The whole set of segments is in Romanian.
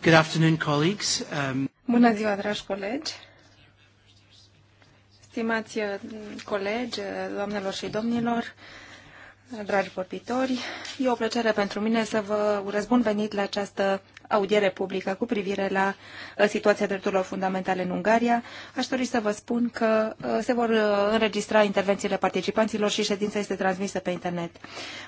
Good afternoon, colleagues. Um, Bună ziua, dragi colegi. Stimați uh, colegi, uh, doamnelor și domnilor, dragi vorbitori, e o plăcere pentru mine să vă urez bun venit la această audiere publică cu privire la uh, situația drepturilor fundamentale în Ungaria. Aș dori să vă spun că uh, se vor uh, înregistra intervențiile participanților și ședința este transmisă pe internet.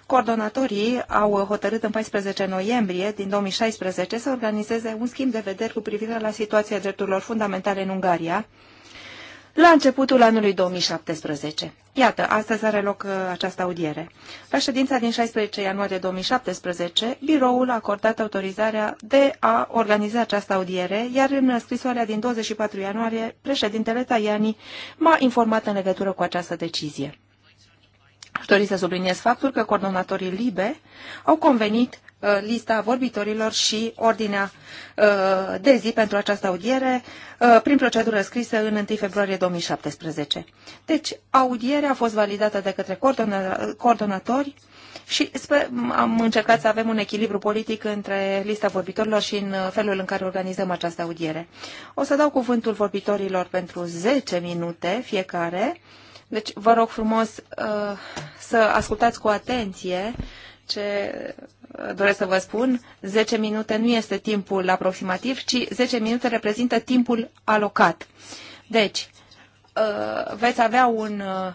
Coordonatorii au hotărât în 14 noiembrie din 2016 să organizeze un schimb de vederi cu privire la situația drepturilor fundamentale în Ungaria la începutul anului 2017. Iată, astăzi are loc uh, această audiere. La ședința din 16 ianuarie 2017, biroul a acordat autorizarea de a organiza această audiere, iar în scrisoarea din 24 ianuarie, președintele Taiani m-a informat în legătură cu această decizie. Aș dori să subliniez faptul că coordonatorii LIBE au convenit uh, lista vorbitorilor și ordinea uh, de zi pentru această audiere uh, prin procedură scrisă în 1 februarie 2017. Deci, audierea a fost validată de către coordonatori și am încercat să avem un echilibru politic între lista vorbitorilor și în felul în care organizăm această audiere. O să dau cuvântul vorbitorilor pentru 10 minute fiecare deci vă rog frumos uh, să ascultați cu atenție ce uh, doresc să vă spun. 10 minute nu este timpul aproximativ, ci 10 minute reprezintă timpul alocat. Deci, uh, veți avea un, uh,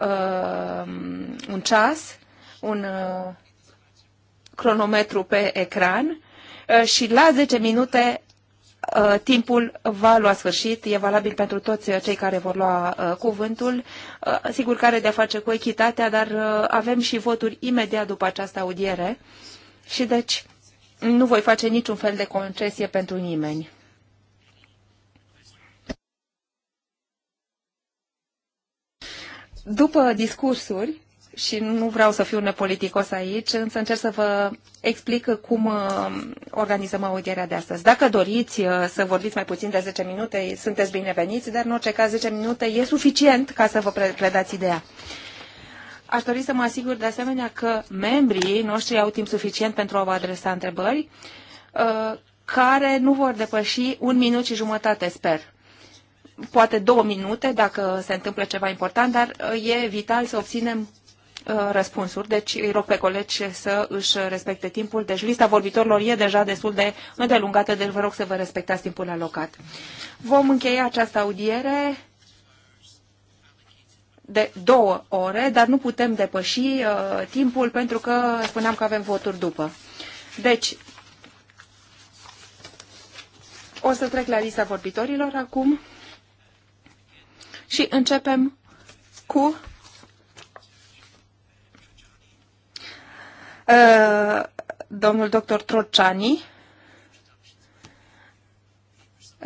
um, un ceas, un uh, cronometru pe ecran uh, și la 10 minute Uh, timpul va lua sfârșit, e valabil pentru toți uh, cei care vor lua uh, cuvântul, sigur care de a face cu echitatea, dar avem și voturi imediat după această audiere și deci nu voi face niciun fel de concesie pentru nimeni. După discursuri, și nu vreau să fiu nepoliticos aici, însă încerc să vă explic cum uh, organizăm audierea de astăzi. Dacă doriți uh, să vorbiți mai puțin de 10 minute, sunteți bineveniți, dar în orice caz 10 minute e suficient ca să vă predați ideea. Aș dori să mă asigur de asemenea că membrii noștri au timp suficient pentru a vă adresa întrebări, uh, care nu vor depăși un minut și jumătate, sper poate două minute dacă se întâmplă ceva important, dar e vital să obținem Uh, răspunsuri, deci îi rog pe colegi să își respecte timpul. Deci lista vorbitorilor e deja destul de îndelungată, deci vă rog să vă respectați timpul alocat. Vom încheia această audiere de două ore, dar nu putem depăși uh, timpul pentru că spuneam că avem voturi după. Deci, o să trec la lista vorbitorilor acum și începem cu Uh, domnul dr. Trociani.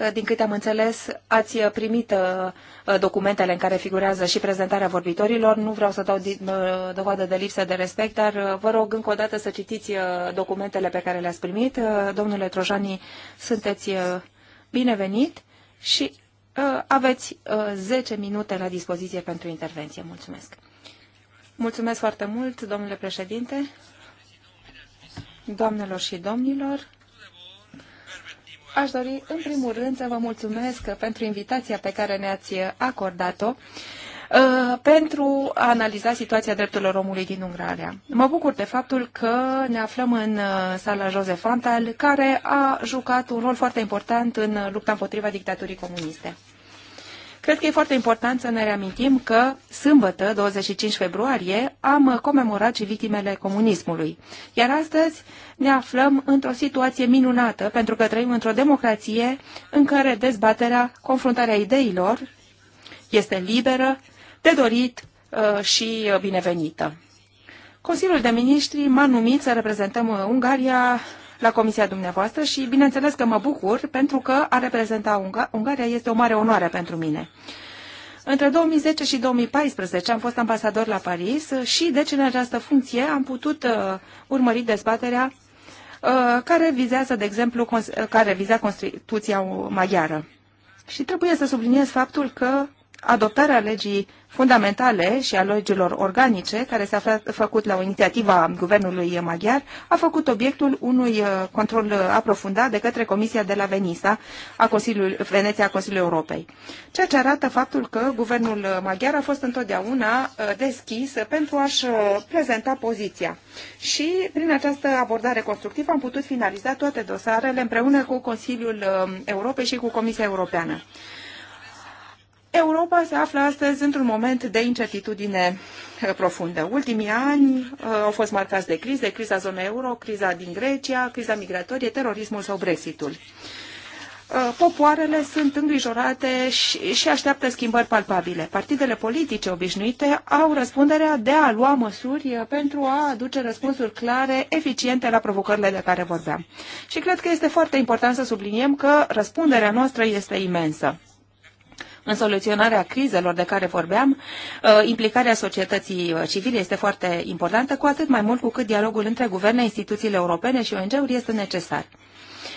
Uh, din câte am înțeles, ați primit uh, documentele în care figurează și prezentarea vorbitorilor. Nu vreau să dau dovadă de lipsă de respect, dar vă rog încă o dată să citiți documentele pe care le-ați primit. Domnule Trojani, sunteți binevenit și aveți 10 minute la dispoziție pentru intervenție. Mulțumesc! Mulțumesc foarte mult, domnule președinte. Doamnelor și domnilor, aș dori în primul rând să vă mulțumesc pentru invitația pe care ne-ați acordat-o uh, pentru a analiza situația drepturilor omului din Ungaria. Mă bucur de faptul că ne aflăm în uh, sala Josef Antal, care a jucat un rol foarte important în lupta împotriva dictaturii comuniste. Cred că e foarte important să ne reamintim că sâmbătă, 25 februarie, am comemorat și victimele comunismului. Iar astăzi ne aflăm într-o situație minunată, pentru că trăim într-o democrație în care dezbaterea, confruntarea ideilor este liberă, de dorit uh, și binevenită. Consiliul de Ministri m-a numit să reprezentăm uh, Ungaria la comisia dumneavoastră și bineînțeles că mă bucur pentru că a reprezenta Ungaria este o mare onoare pentru mine. Între 2010 și 2014 am fost ambasador la Paris și deci în această funcție am putut uh, urmări dezbaterea uh, care vizează, de exemplu, care vizea Constituția maghiară. Și trebuie să subliniez faptul că adoptarea legii fundamentale și a legilor organice, care s-a făcut la o inițiativă a guvernului maghiar, a făcut obiectul unui uh, control aprofundat de către Comisia de la Venisa, a Consiliului, Veneția a Consiliului Europei. Ceea ce arată faptul că guvernul maghiar a fost întotdeauna uh, deschis pentru a-și uh, prezenta poziția. Și prin această abordare constructivă am putut finaliza toate dosarele împreună cu Consiliul Europei și cu Comisia Europeană. Europa se află astăzi într-un moment de incertitudine eh, profundă. Ultimii ani eh, au fost marcați de crize, criza zonei euro, criza din Grecia, criza migratorie, terorismul sau Brexitul. Eh, popoarele sunt îngrijorate și, și așteaptă schimbări palpabile. Partidele politice obișnuite au răspunderea de a lua măsuri pentru a aduce răspunsuri clare, eficiente la provocările de care vorbeam. Și cred că este foarte important să subliniem că răspunderea noastră este imensă în soluționarea crizelor de care vorbeam, uh, implicarea societății uh, civile este foarte importantă, cu atât mai mult cu cât dialogul între guverne, instituțiile europene și ONG-uri este necesar.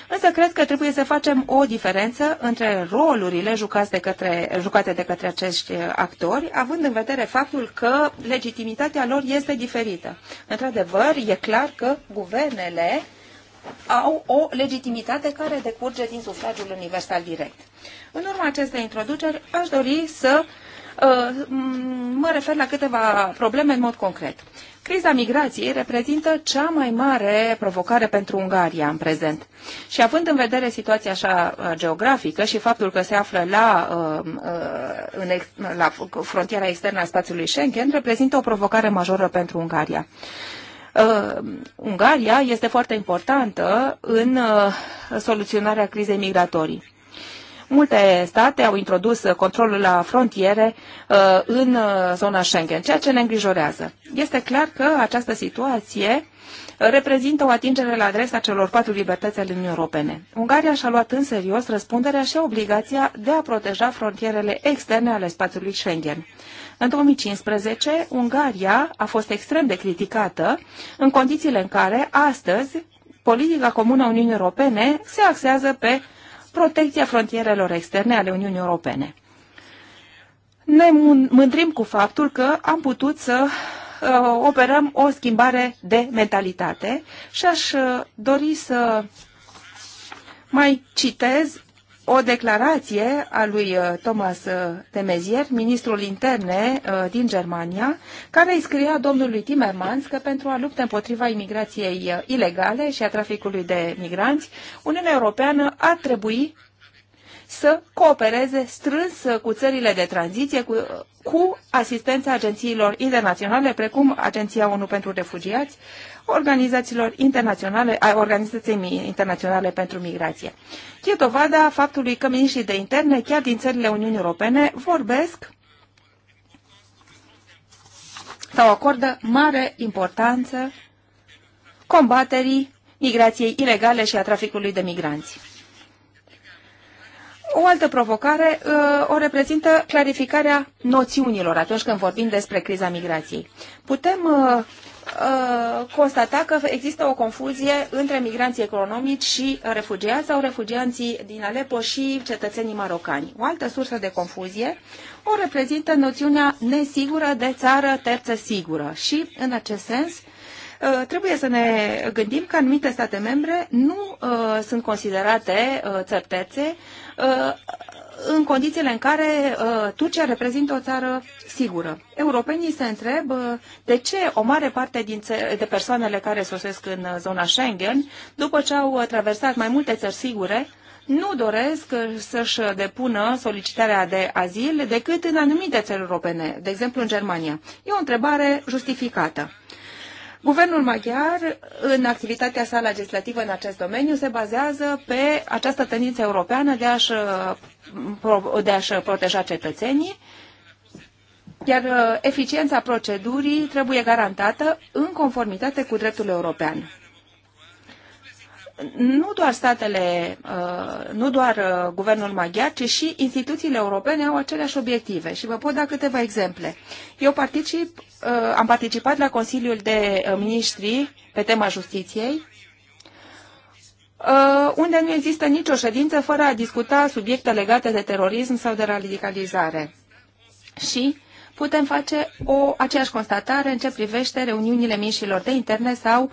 Însă cred că trebuie să facem o diferență între rolurile jucate de către, jucate de către acești uh, actori, având în vedere faptul că legitimitatea lor este diferită. Într-adevăr, e clar că guvernele au o legitimitate care decurge din sufragiul universal direct. În urma acestei introduceri, aș dori să uh, mă refer la câteva probleme în mod concret. Criza migrației reprezintă cea mai mare provocare pentru Ungaria în prezent. Și având în vedere situația așa uh, geografică și faptul că se află la, uh, uh, în, la frontiera externă a spațiului Schengen, reprezintă o provocare majoră pentru Ungaria. Ungaria este foarte importantă în soluționarea crizei migratorii. Multe state au introdus controlul la frontiere uh, în uh, zona Schengen, ceea ce ne îngrijorează. Este clar că această situație reprezintă o atingere la adresa celor patru libertăți ale Uniunii Europene. Ungaria și-a luat în serios răspunderea și obligația de a proteja frontierele externe ale spațiului Schengen. În 2015, Ungaria a fost extrem de criticată în condițiile în care, astăzi, politica comună a Uniunii Europene se axează pe protecția frontierelor externe ale Uniunii Europene. Ne mândrim cu faptul că am putut să uh, operăm o schimbare de mentalitate și aș uh, dori să mai citez o declarație a lui uh, Thomas uh, de Mezier, ministrul interne uh, din Germania, care îi scria domnului Timmermans că pentru a lupta împotriva imigrației ilegale și a traficului de migranți, Uniunea Europeană ar trebui să coopereze strâns cu țările de tranziție, cu, cu asistența agențiilor internaționale, precum Agenția ONU pentru Refugiați, organizațiilor internaționale, a Organizației Internaționale pentru Migrație. E dovada faptului că miniștrii de interne, chiar din țările Uniunii Europene, vorbesc sau acordă mare importanță combaterii migrației ilegale și a traficului de migranți. O altă provocare uh, o reprezintă clarificarea noțiunilor atunci când vorbim despre criza migrației. Putem uh, Uh, constata că există o confuzie între migranții economici și refugiați sau refugianții din Alepo și cetățenii marocani. O altă sursă de confuzie o reprezintă noțiunea nesigură de țară terță sigură și, în acest sens, uh, trebuie să ne gândim că anumite state membre nu uh, sunt considerate uh, țărtețe, uh, în condițiile în care uh, Turcia reprezintă o țară sigură. Europenii se întreb uh, de ce o mare parte din de persoanele care sosesc în uh, zona Schengen, după ce au uh, traversat mai multe țări sigure, nu doresc uh, să-și depună solicitarea de azil decât în anumite țări europene, de exemplu în Germania. E o întrebare justificată. Guvernul maghiar, în activitatea sa legislativă în acest domeniu, se bazează pe această tendință europeană de a-și, de a-și proteja cetățenii, iar eficiența procedurii trebuie garantată în conformitate cu dreptul european nu doar statele, uh, nu doar uh, guvernul maghiar, ci și instituțiile europene au aceleași obiective. Și vă pot da câteva exemple. Eu particip, uh, am participat la Consiliul de Ministri pe tema justiției, unde nu există nicio ședință fără a discuta subiecte legate de terorism sau de radicalizare. Și putem face o aceeași constatare în ce privește reuniunile minșilor de interne sau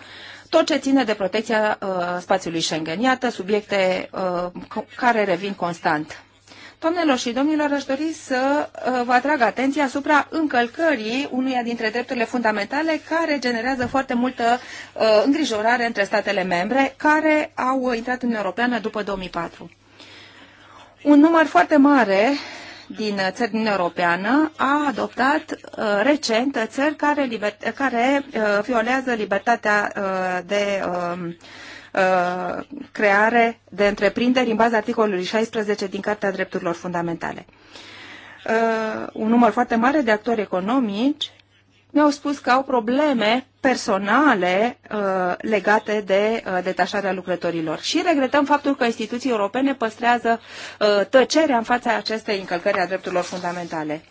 tot ce ține de protecția uh, spațiului Schengen. Iată subiecte uh, care revin constant. Domnilor și domnilor, aș dori să uh, vă atrag atenția asupra încălcării unuia dintre drepturile fundamentale care generează foarte multă uh, îngrijorare între statele membre care au intrat în Europeană după 2004. Un număr foarte mare din uh, țări din Europeană a adoptat uh, recent uh, țări care, liber, care violează libertatea de um, creare de întreprinderi în baza articolului 16 din Cartea Drepturilor Fundamentale. Un număr foarte mare de actori economici mi-au spus că au probleme personale uh, legate de uh, detașarea lucrătorilor. Și regretăm faptul că instituții europene păstrează uh, tăcerea în fața acestei încălcări a drepturilor fundamentale.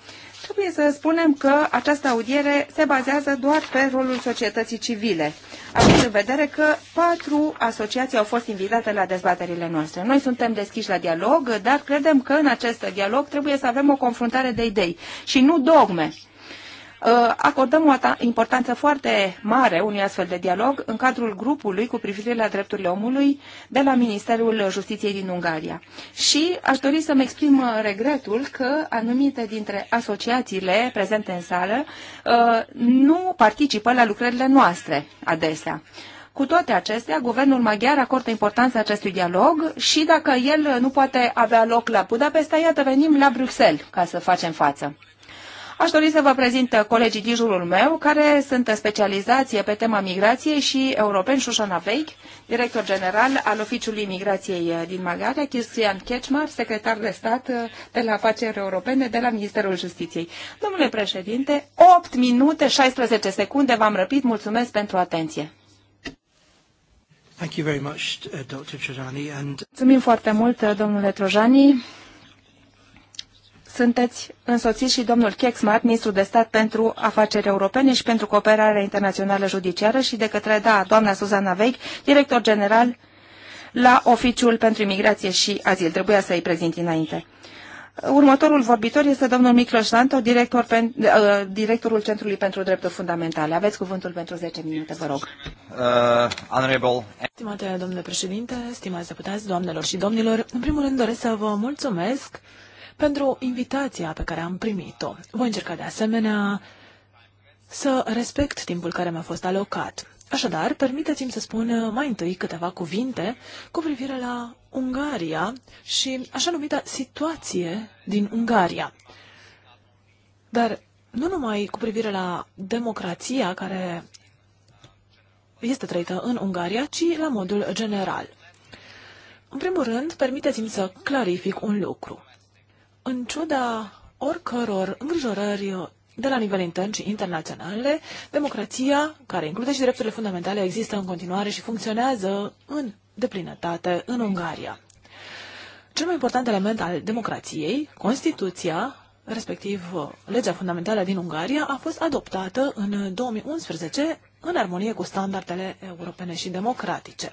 Trebuie să spunem că această audiere se bazează doar pe rolul societății civile, având în vedere că patru asociații au fost invitate la dezbaterile noastre. Noi suntem deschiși la dialog, dar credem că în acest dialog trebuie să avem o confruntare de idei și nu dogme. Uh, acordăm o importanță foarte mare unui astfel de dialog în cadrul grupului cu privire la drepturile omului de la Ministerul Justiției din Ungaria. Și aș dori să-mi exprim uh, regretul că anumite dintre asociațiile prezente în sală uh, nu participă la lucrările noastre adesea. Cu toate acestea, guvernul maghiar acordă importanța acestui dialog și dacă el nu poate avea loc la Budapesta, iată venim la Bruxelles ca să facem față. Aș dori să vă prezint colegii din jurul meu, care sunt specializație pe tema migrației și europeni, Șușana Veic, director general al Oficiului Migrației eh, din Magarea, Cristian Kecmar, secretar de stat eh, de la afaceri europene de la Ministerul Justiției. Domnule președinte, 8 minute 16 secunde v-am răpit. Mulțumesc pentru atenție. Thank you very much, eh, Dr. Trojani, and... Mulțumim foarte mult, domnule Trojani sunteți însoțit și domnul Kexmat, ministru de stat pentru afaceri europene și pentru cooperarea internațională judiciară și de către, da, doamna Suzana Veig, director general la Oficiul pentru Imigrație și Azil. Trebuia să-i prezint înainte. Următorul vorbitor este domnul Miclos Lanto, director pen, uh, directorul Centrului pentru Drepturi Fundamentale. Aveți cuvântul pentru 10 minute, vă rog. Uh, Stimate domnule președinte, stimați deputați, doamnelor și domnilor, în primul rând doresc să vă mulțumesc uh, pentru invitația pe care am primit-o. Voi încerca de asemenea să respect timpul care mi-a fost alocat. Așadar, permiteți-mi să spun mai întâi câteva cuvinte cu privire la Ungaria și așa numita situație din Ungaria. Dar nu numai cu privire la democrația care este trăită în Ungaria, ci la modul general. În primul rând, permiteți-mi să clarific un lucru în ciuda oricăror îngrijorări de la nivel intern și internaționale, democrația, care include și drepturile fundamentale, există în continuare și funcționează în deplinătate în Ungaria. Cel mai important element al democrației, Constituția, respectiv uh, legea fundamentală din Ungaria, a fost adoptată în 2011 în armonie cu standardele europene și democratice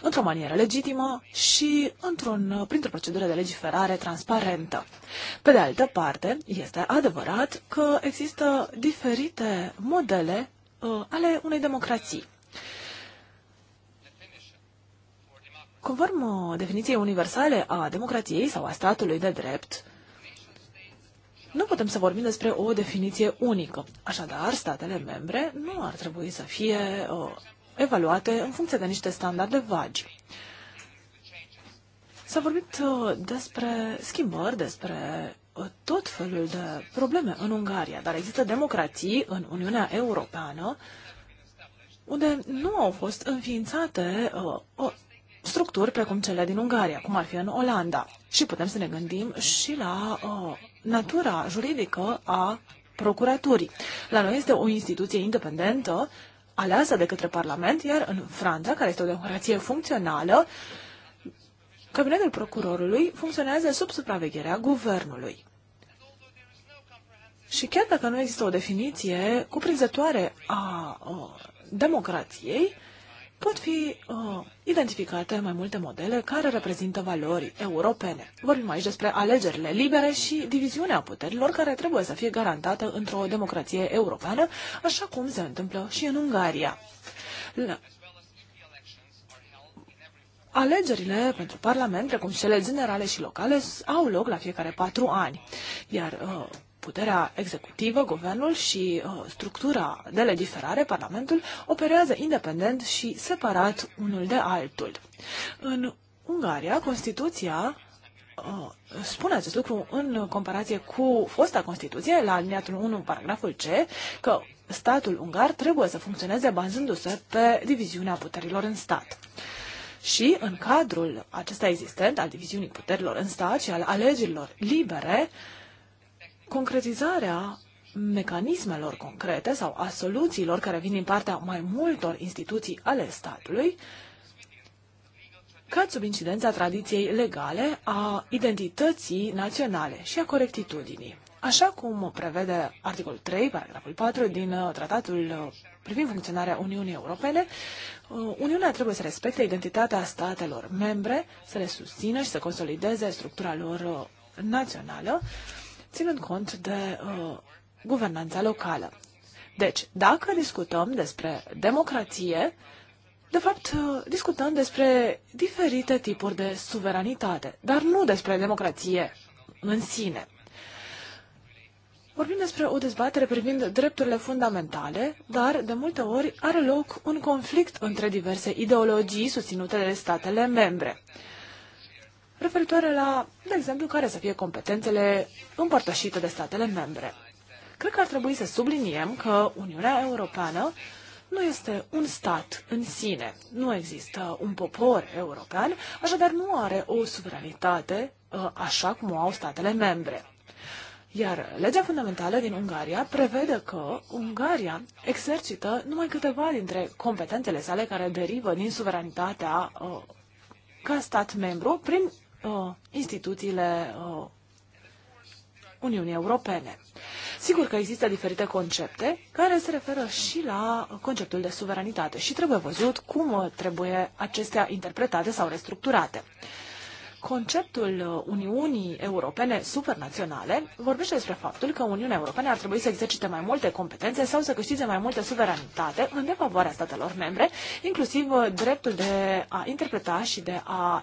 într-o manieră legitimă și într-un, printr-o procedură de legiferare transparentă. Pe de altă parte, este adevărat că există diferite modele uh, ale unei democrații. Conform uh, definiției universale a democrației sau a statului de drept, nu putem să vorbim despre o definiție unică. Așadar, statele membre nu ar trebui să fie uh, evaluate în funcție de niște standarde vagi. S-a vorbit uh, despre schimbări, despre uh, tot felul de probleme în Ungaria, dar există democrații în Uniunea Europeană unde nu au fost înființate uh, o, structuri precum cele din Ungaria, cum ar fi în Olanda. Și putem să ne gândim și la natura juridică a procuraturii. La noi este o instituție independentă aleasă de către Parlament, iar în Franța, care este o democrație funcțională, cabinetul procurorului funcționează sub supravegherea guvernului. Și chiar dacă nu există o definiție cuprinzătoare a, a uh, democrației, pot fi uh, identificate mai multe modele care reprezintă valori europene. Vorbim aici despre alegerile libere și diviziunea puterilor care trebuie să fie garantată într-o democrație europeană, așa cum se întâmplă și în Ungaria. La Alegerile pentru Parlament, precum cele generale și locale, au loc la fiecare patru ani, iar uh, puterea executivă, guvernul și uh, structura de legiferare, Parlamentul, operează independent și separat unul de altul. În Ungaria, Constituția uh, spune acest lucru în comparație cu fosta Constituție, la alineatul 1, paragraful C, că statul ungar trebuie să funcționeze bazându-se pe diviziunea puterilor în stat. Și în cadrul acesta existent al diviziunii puterilor în stat și al alegerilor libere, uh, concretizarea mecanismelor concrete sau a soluțiilor care vin din partea mai multor instituții ale statului, cad sub incidența tradiției legale a identității naționale și a corectitudinii. Așa cum prevede articolul 3, paragraful 4 din uh, tratatul uh, privind funcționarea Uniunii Europene, uh, Uniunea trebuie să respecte identitatea statelor membre, să le susțină și să consolideze structura lor națională ținând cont de uh, guvernanța locală. Deci, dacă discutăm despre democrație, de fapt, uh, discutăm despre diferite tipuri de suveranitate, dar nu despre democrație în sine. Vorbim despre o dezbatere privind drepturile fundamentale, dar de multe ori are loc un conflict între diverse ideologii susținute de statele membre referitoare la, de exemplu, care să fie competențele împărtășite de statele membre. Cred că ar trebui să subliniem că Uniunea Europeană nu este un stat în sine. Nu există un popor european, așadar nu are o suveranitate uh, așa cum o au statele membre. Iar legea fundamentală din Ungaria prevede că Ungaria exercită numai câteva dintre competențele sale care derivă din suveranitatea uh, ca stat membru prin Uh, instituțiile uh, Uniunii Europene. Sigur că există diferite concepte care se referă și la conceptul de suveranitate și trebuie văzut cum uh, trebuie acestea interpretate sau restructurate. Conceptul Uniunii Europene supernaționale vorbește despre faptul că Uniunea Europeană ar trebui să exercite mai multe competențe sau să câștige mai multă suveranitate în defavoarea statelor membre, inclusiv dreptul de a interpreta și de a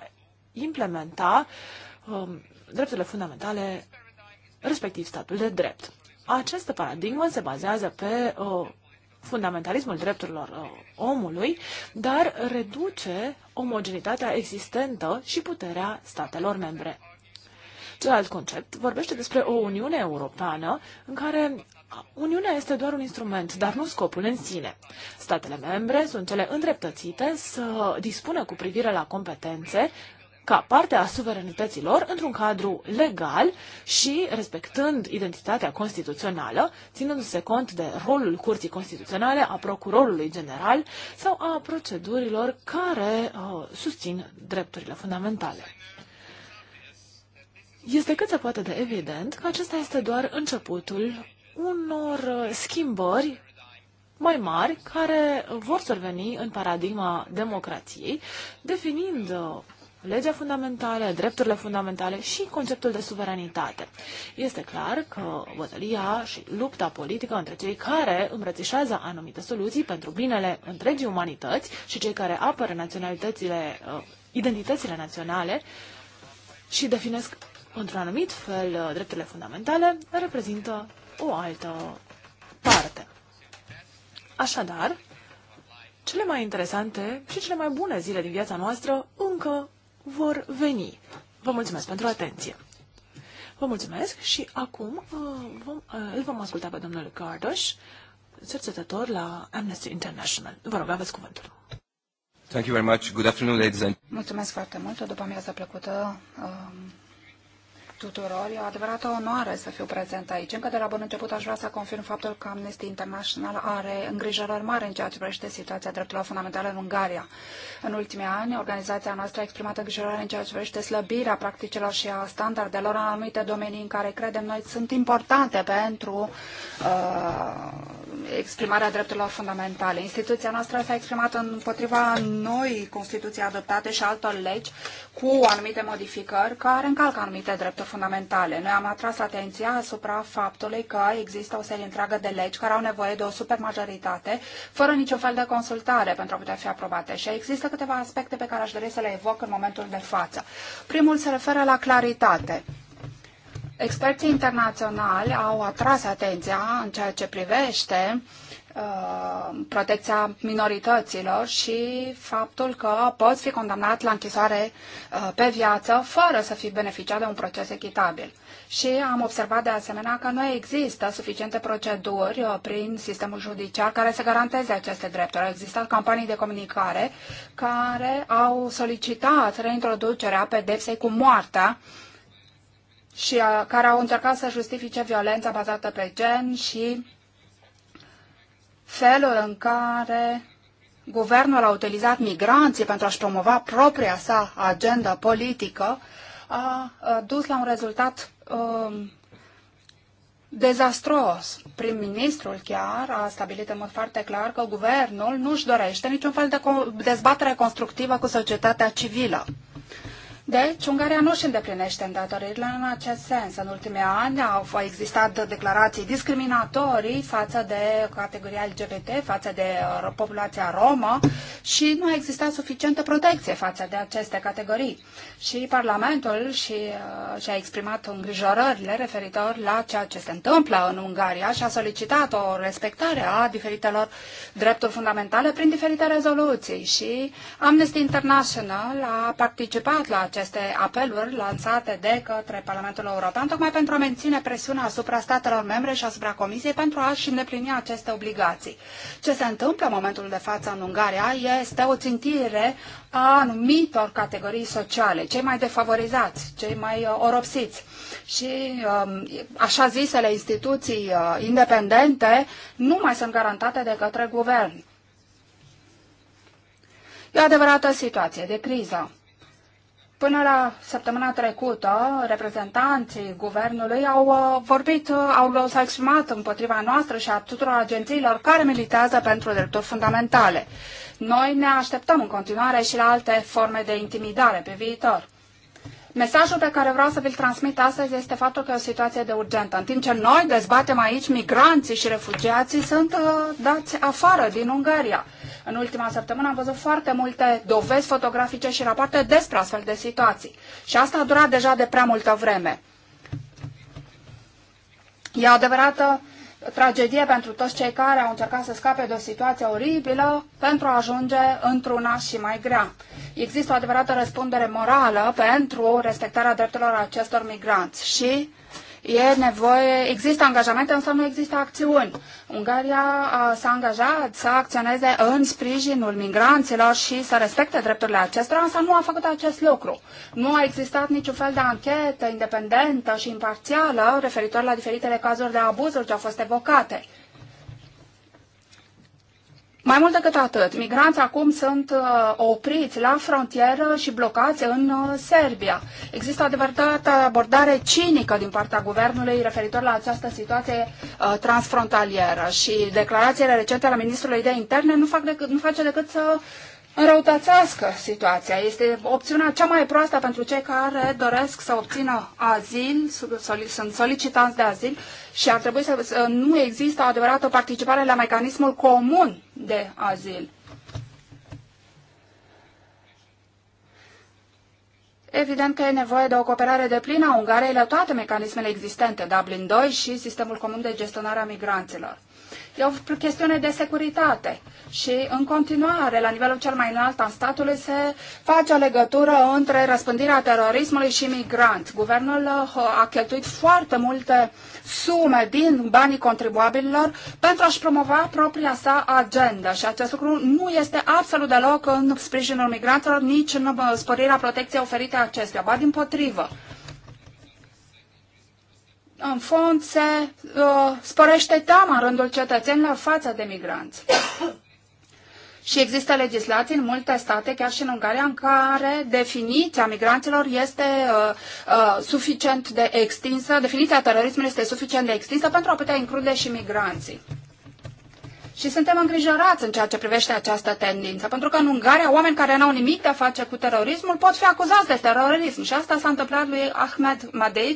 implementa um, drepturile fundamentale, respectiv statul de drept. Această paradigmă se bazează pe uh, fundamentalismul drepturilor uh, omului, dar reduce omogenitatea existentă și puterea statelor membre. Celălalt concept vorbește despre o Uniune Europeană în care Uniunea este doar un instrument, dar nu scopul în sine. Statele membre sunt cele îndreptățite să dispună cu privire la competențe ca parte a suverenităților într-un cadru legal și respectând identitatea constituțională, ținându-se cont de rolul Curții Constituționale, a Procurorului General sau a procedurilor care uh, susțin drepturile fundamentale. Este cât se poate de evident că acesta este doar începutul unor uh, schimbări mai mari care vor surveni în paradigma democrației, definind uh, legea fundamentală, drepturile fundamentale și conceptul de suveranitate. Este clar că bătălia și lupta politică între cei care îmbrățișează anumite soluții pentru binele întregii umanități și cei care apără naționalitățile, uh, identitățile naționale și definesc într-un anumit fel uh, drepturile fundamentale, reprezintă o altă parte. Așadar, cele mai interesante și cele mai bune zile din viața noastră încă vor veni. Vă mulțumesc pentru atenție. Vă mulțumesc și acum uh, vom, uh, îl vom asculta pe domnul Cardoș, cercetător la Amnesty International. Vă rog, aveți cuvântul. Thank you very much. Good afternoon, ladies and... Mulțumesc foarte mult. O după amiază plăcută. Um tuturor. E o adevărată onoare să fiu prezent aici. Încă de la bun început aș vrea să confirm faptul că Amnesty International are îngrijorări mari în ceea ce privește situația drepturilor fundamentale în Ungaria. În ultimii ani, organizația noastră a exprimat îngrijorări în ceea ce privește slăbirea practicilor și a standardelor în anumite domenii în care credem noi sunt importante pentru uh, exprimarea drepturilor fundamentale. Instituția noastră s-a exprimat împotriva noi Constituții adoptate și altor legi cu anumite modificări care încalcă anumite drepturi fundamentale. Noi am atras atenția asupra faptului că există o serie întreagă de legi care au nevoie de o supermajoritate fără niciun fel de consultare pentru a putea fi aprobate. Și există câteva aspecte pe care aș dori să le evoc în momentul de față. Primul se referă la claritate. Experții internaționali au atras atenția în ceea ce privește uh, protecția minorităților și faptul că poți fi condamnat la închisoare uh, pe viață fără să fi beneficiat de un proces echitabil. Și am observat de asemenea că nu există suficiente proceduri uh, prin sistemul judiciar care să garanteze aceste drepturi. Au existat campanii de comunicare care au solicitat reintroducerea pedepsei cu moartea și a, care au încercat să justifice violența bazată pe gen și felul în care guvernul a utilizat migranții pentru a-și promova propria sa agenda politică a, a dus la un rezultat a, um, dezastros. Prim-ministrul chiar a stabilit în mod foarte clar că guvernul nu și dorește niciun fel de dezbatere constructivă cu societatea civilă. Deci, Ungaria nu își îndeplinește îndatoririle în acest sens. În ultimii ani au existat declarații discriminatorii față de categoria LGBT, față de uh, populația romă și nu a existat suficientă protecție față de aceste categorii. Și Parlamentul și, uh, și-a exprimat îngrijorările referitor la ceea ce se întâmplă în Ungaria și a solicitat o respectare a diferitelor drepturi fundamentale prin diferite rezoluții. Și Amnesty International a participat la acest aceste apeluri lansate de către Parlamentul European, tocmai pentru a menține presiunea asupra statelor membre și asupra Comisiei pentru a-și îndeplini aceste obligații. Ce se întâmplă în momentul de față în Ungaria este o țintire a anumitor categorii sociale, cei mai defavorizați, cei mai uh, oropsiți. Și um, așa zisele instituții uh, independente nu mai sunt garantate de către guvern. E o adevărată situație de criză. Până la săptămâna trecută, reprezentanții guvernului au uh, vorbit, uh, au, uh, s-au exprimat împotriva noastră și a tuturor agențiilor care militează pentru drepturi fundamentale. Noi ne așteptăm în continuare și la alte forme de intimidare pe viitor. Mesajul pe care vreau să vi-l transmit astăzi este faptul că e o situație de urgentă. În timp ce noi dezbatem aici, migranții și refugiații sunt uh, dați afară din Ungaria. În ultima săptămână am văzut foarte multe dovezi fotografice și rapoarte despre astfel de situații. Și asta a durat deja de prea multă vreme. E adevărată tragedie pentru toți cei care au încercat să scape de o situație oribilă pentru a ajunge într-una și mai grea. Există o adevărată răspundere morală pentru respectarea drepturilor acestor migranți și uh, e nevoie, există angajamente, însă nu există acțiuni. Ungaria s-a angajat să acționeze în sprijinul migranților și să respecte drepturile acestora, însă nu a făcut acest lucru. Nu a existat niciun fel de anchetă independentă și imparțială referitor la diferitele cazuri de abuzuri ce au fost evocate. Mai mult decât atât, migranți acum sunt uh, opriți la frontieră și blocați în uh, Serbia. Există adevărată abordare cinică din partea guvernului referitor la această situație uh, transfrontalieră și declarațiile recente ale ministrului de interne nu, fac decât, nu face decât să înrăutățească situația. Este opțiunea cea mai proastă pentru cei care doresc să obțină azil, sunt solicitanți de azil și ar trebui să, să nu există o adevărată participare la mecanismul comun de azil. Evident că e nevoie de o cooperare de plină a Ungariei la toate mecanismele existente, Dublin 2 și sistemul comun de gestionare a migranților. E o chestiune de securitate și în continuare, la nivelul cel mai înalt al statului, se face o legătură între răspândirea terorismului și migrant. Guvernul uh, a cheltuit foarte multe sume din banii contribuabililor pentru a-și promova propria sa agenda și acest lucru nu este absolut deloc în sprijinul migranților, nici în uh, sporirea protecției oferite acestea, ba din potrivă în fond, se uh, sporește teama în rândul cetățenilor față de migranți. Și există legislații în multe state, chiar și în Ungaria, în care definiția migranților este uh, uh, suficient de extinsă, definiția terorismului este suficient de extinsă pentru a putea include și migranții. Și suntem îngrijorați în ceea ce privește această tendință, pentru că în Ungaria oameni care n-au nimic de a face cu terorismul pot fi acuzați de terorism. Și asta s-a întâmplat lui Ahmed Madej,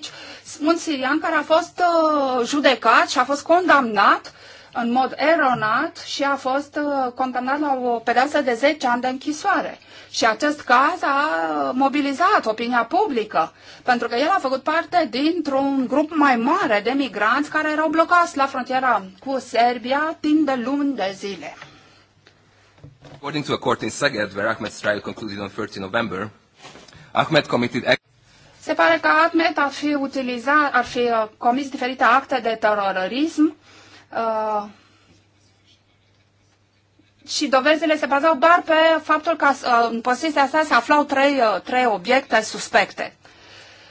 un sirian care a fost uh, judecat și a fost condamnat în mod eronat și a fost uh, condamnat la o pedeapsă de 10 ani de închisoare. Și acest caz a uh, mobilizat opinia publică, pentru că el a făcut parte dintr-un grup mai mare de migranți care erau blocați la frontiera cu Serbia timp de luni de zile. According to a court in Szeged, where Ahmed's trial concluded on 30 November, Ahmed committed se pare că Ahmed ar fi, utilizat, ar fi uh, comis diferite acte de terorism Uh, și dovezile se bazau doar pe faptul că uh, în posesia sa se aflau trei, uh, trei obiecte suspecte.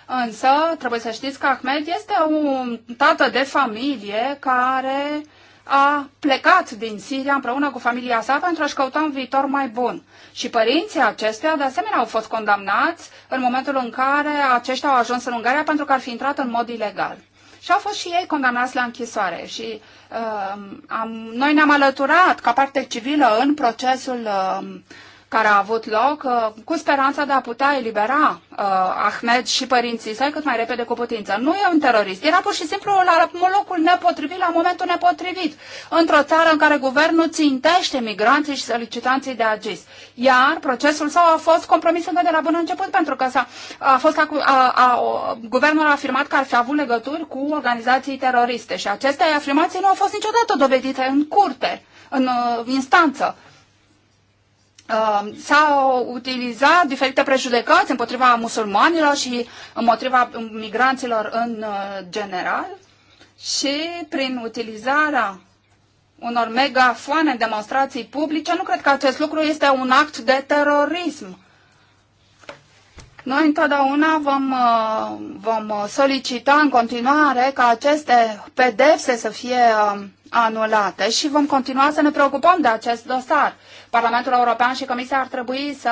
Însă, trebuie să știți că Ahmed este un tată de familie care a plecat din Siria împreună cu familia sa pentru a-și căuta un viitor mai bun. Și părinții acestuia, de asemenea, au fost condamnați în momentul în care aceștia au ajuns în Ungaria pentru că ar fi intrat în mod ilegal și au fost și ei condamnați la închisoare. Și uh, am, noi ne-am alăturat ca parte civilă în procesul uh, care a avut loc uh, cu speranța de a putea elibera uh, Ahmed și părinții săi cât mai repede cu putință. Nu e un terorist, era pur și simplu la locul nepotrivit, la momentul nepotrivit, într-o țară în care guvernul țintește migranții și solicitanții de agis. Iar procesul său a fost compromis încă de la bun început, pentru că s-a, a fost, a, a, a, guvernul a afirmat că ar fi avut legături cu organizații teroriste și aceste afirmații nu au fost niciodată dovedite în curte, în uh, instanță. Um, s-au utilizat diferite prejudecăți împotriva musulmanilor și împotriva migranților în uh, general și prin utilizarea unor megafoane în demonstrații publice, nu cred că acest lucru este un act de terorism. Noi întotdeauna vom, uh, vom solicita în continuare ca aceste pedepse să fie uh, anulate și vom continua să ne preocupăm de acest dosar. Parlamentul European și Comisia ar trebui să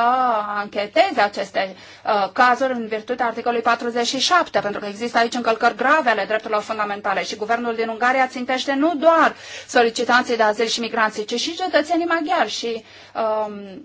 ancheteze aceste uh, cazuri în virtutea articolului 47, pentru că există aici încălcări grave ale drepturilor fundamentale și guvernul din Ungaria țintește nu doar solicitanții de azil și migranții, ci și cetățenii maghiari și um,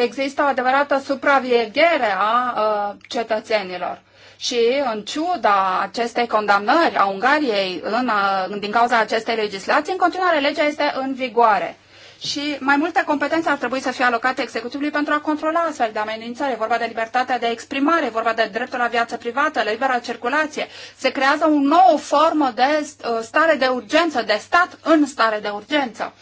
există o adevărată supraveghere a uh, cetățenilor. Și în ciuda acestei condamnări a Ungariei în, uh, din cauza acestei legislații, în continuare legea este în vigoare. Și mai multe competențe ar trebui să fie alocate executivului pentru a controla astfel de amenințări. E vorba de libertatea de exprimare, e vorba de dreptul la viață privată, la libera circulație. Se creează o nouă formă de stare de urgență, de stat în stare de urgență.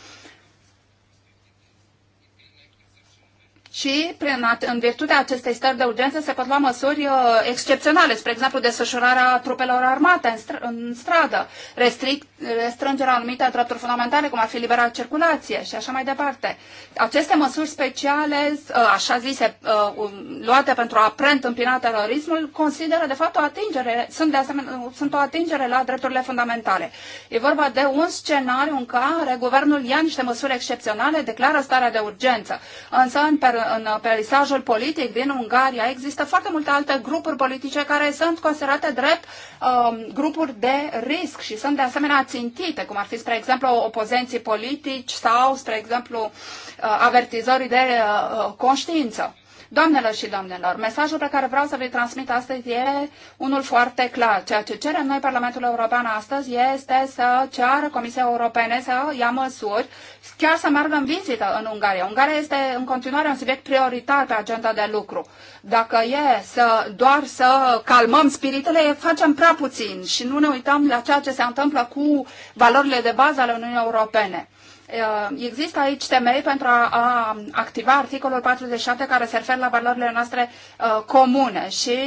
și prin, în virtutea acestei stări de urgență se pot lua măsuri uh, excepționale, spre exemplu desfășurarea trupelor armate în, str- în stradă, restrict, restrângerea anumite drepturi fundamentale, cum ar fi libera circulație și așa mai departe. Aceste măsuri speciale, uh, așa zise, uh, luate pentru a preîntâmpina terorismul, consideră de fapt o atingere, sunt, de asemenea, uh, sunt o atingere la drepturile fundamentale. E vorba de un scenariu în care guvernul ia niște măsuri excepționale, declară starea de urgență. Însă, în per- în peisajul politic din Ungaria există foarte multe alte grupuri politice care sunt considerate drept um, grupuri de risc și sunt de asemenea țintite, cum ar fi, spre exemplu, opozenții politici sau, spre exemplu, uh, avertizorii de uh, uh conștiință. Doamnelor și domnilor, mesajul pe care vreau să vi-l transmit astăzi e unul foarte clar. Ceea ce cerem noi Parlamentul European astăzi este să ceară Comisia Europene să ia măsuri, chiar să meargă în vizită în Ungaria. Ungaria este în continuare un subiect prioritar pe agenda de lucru. Dacă e să doar să calmăm spiritele, facem prea puțin și nu ne uităm la ceea ce se întâmplă cu valorile de bază ale Uniunii Europene. Uh, există aici temei pentru a activa articolul 47 care se referă la valorile noastre uh, comune și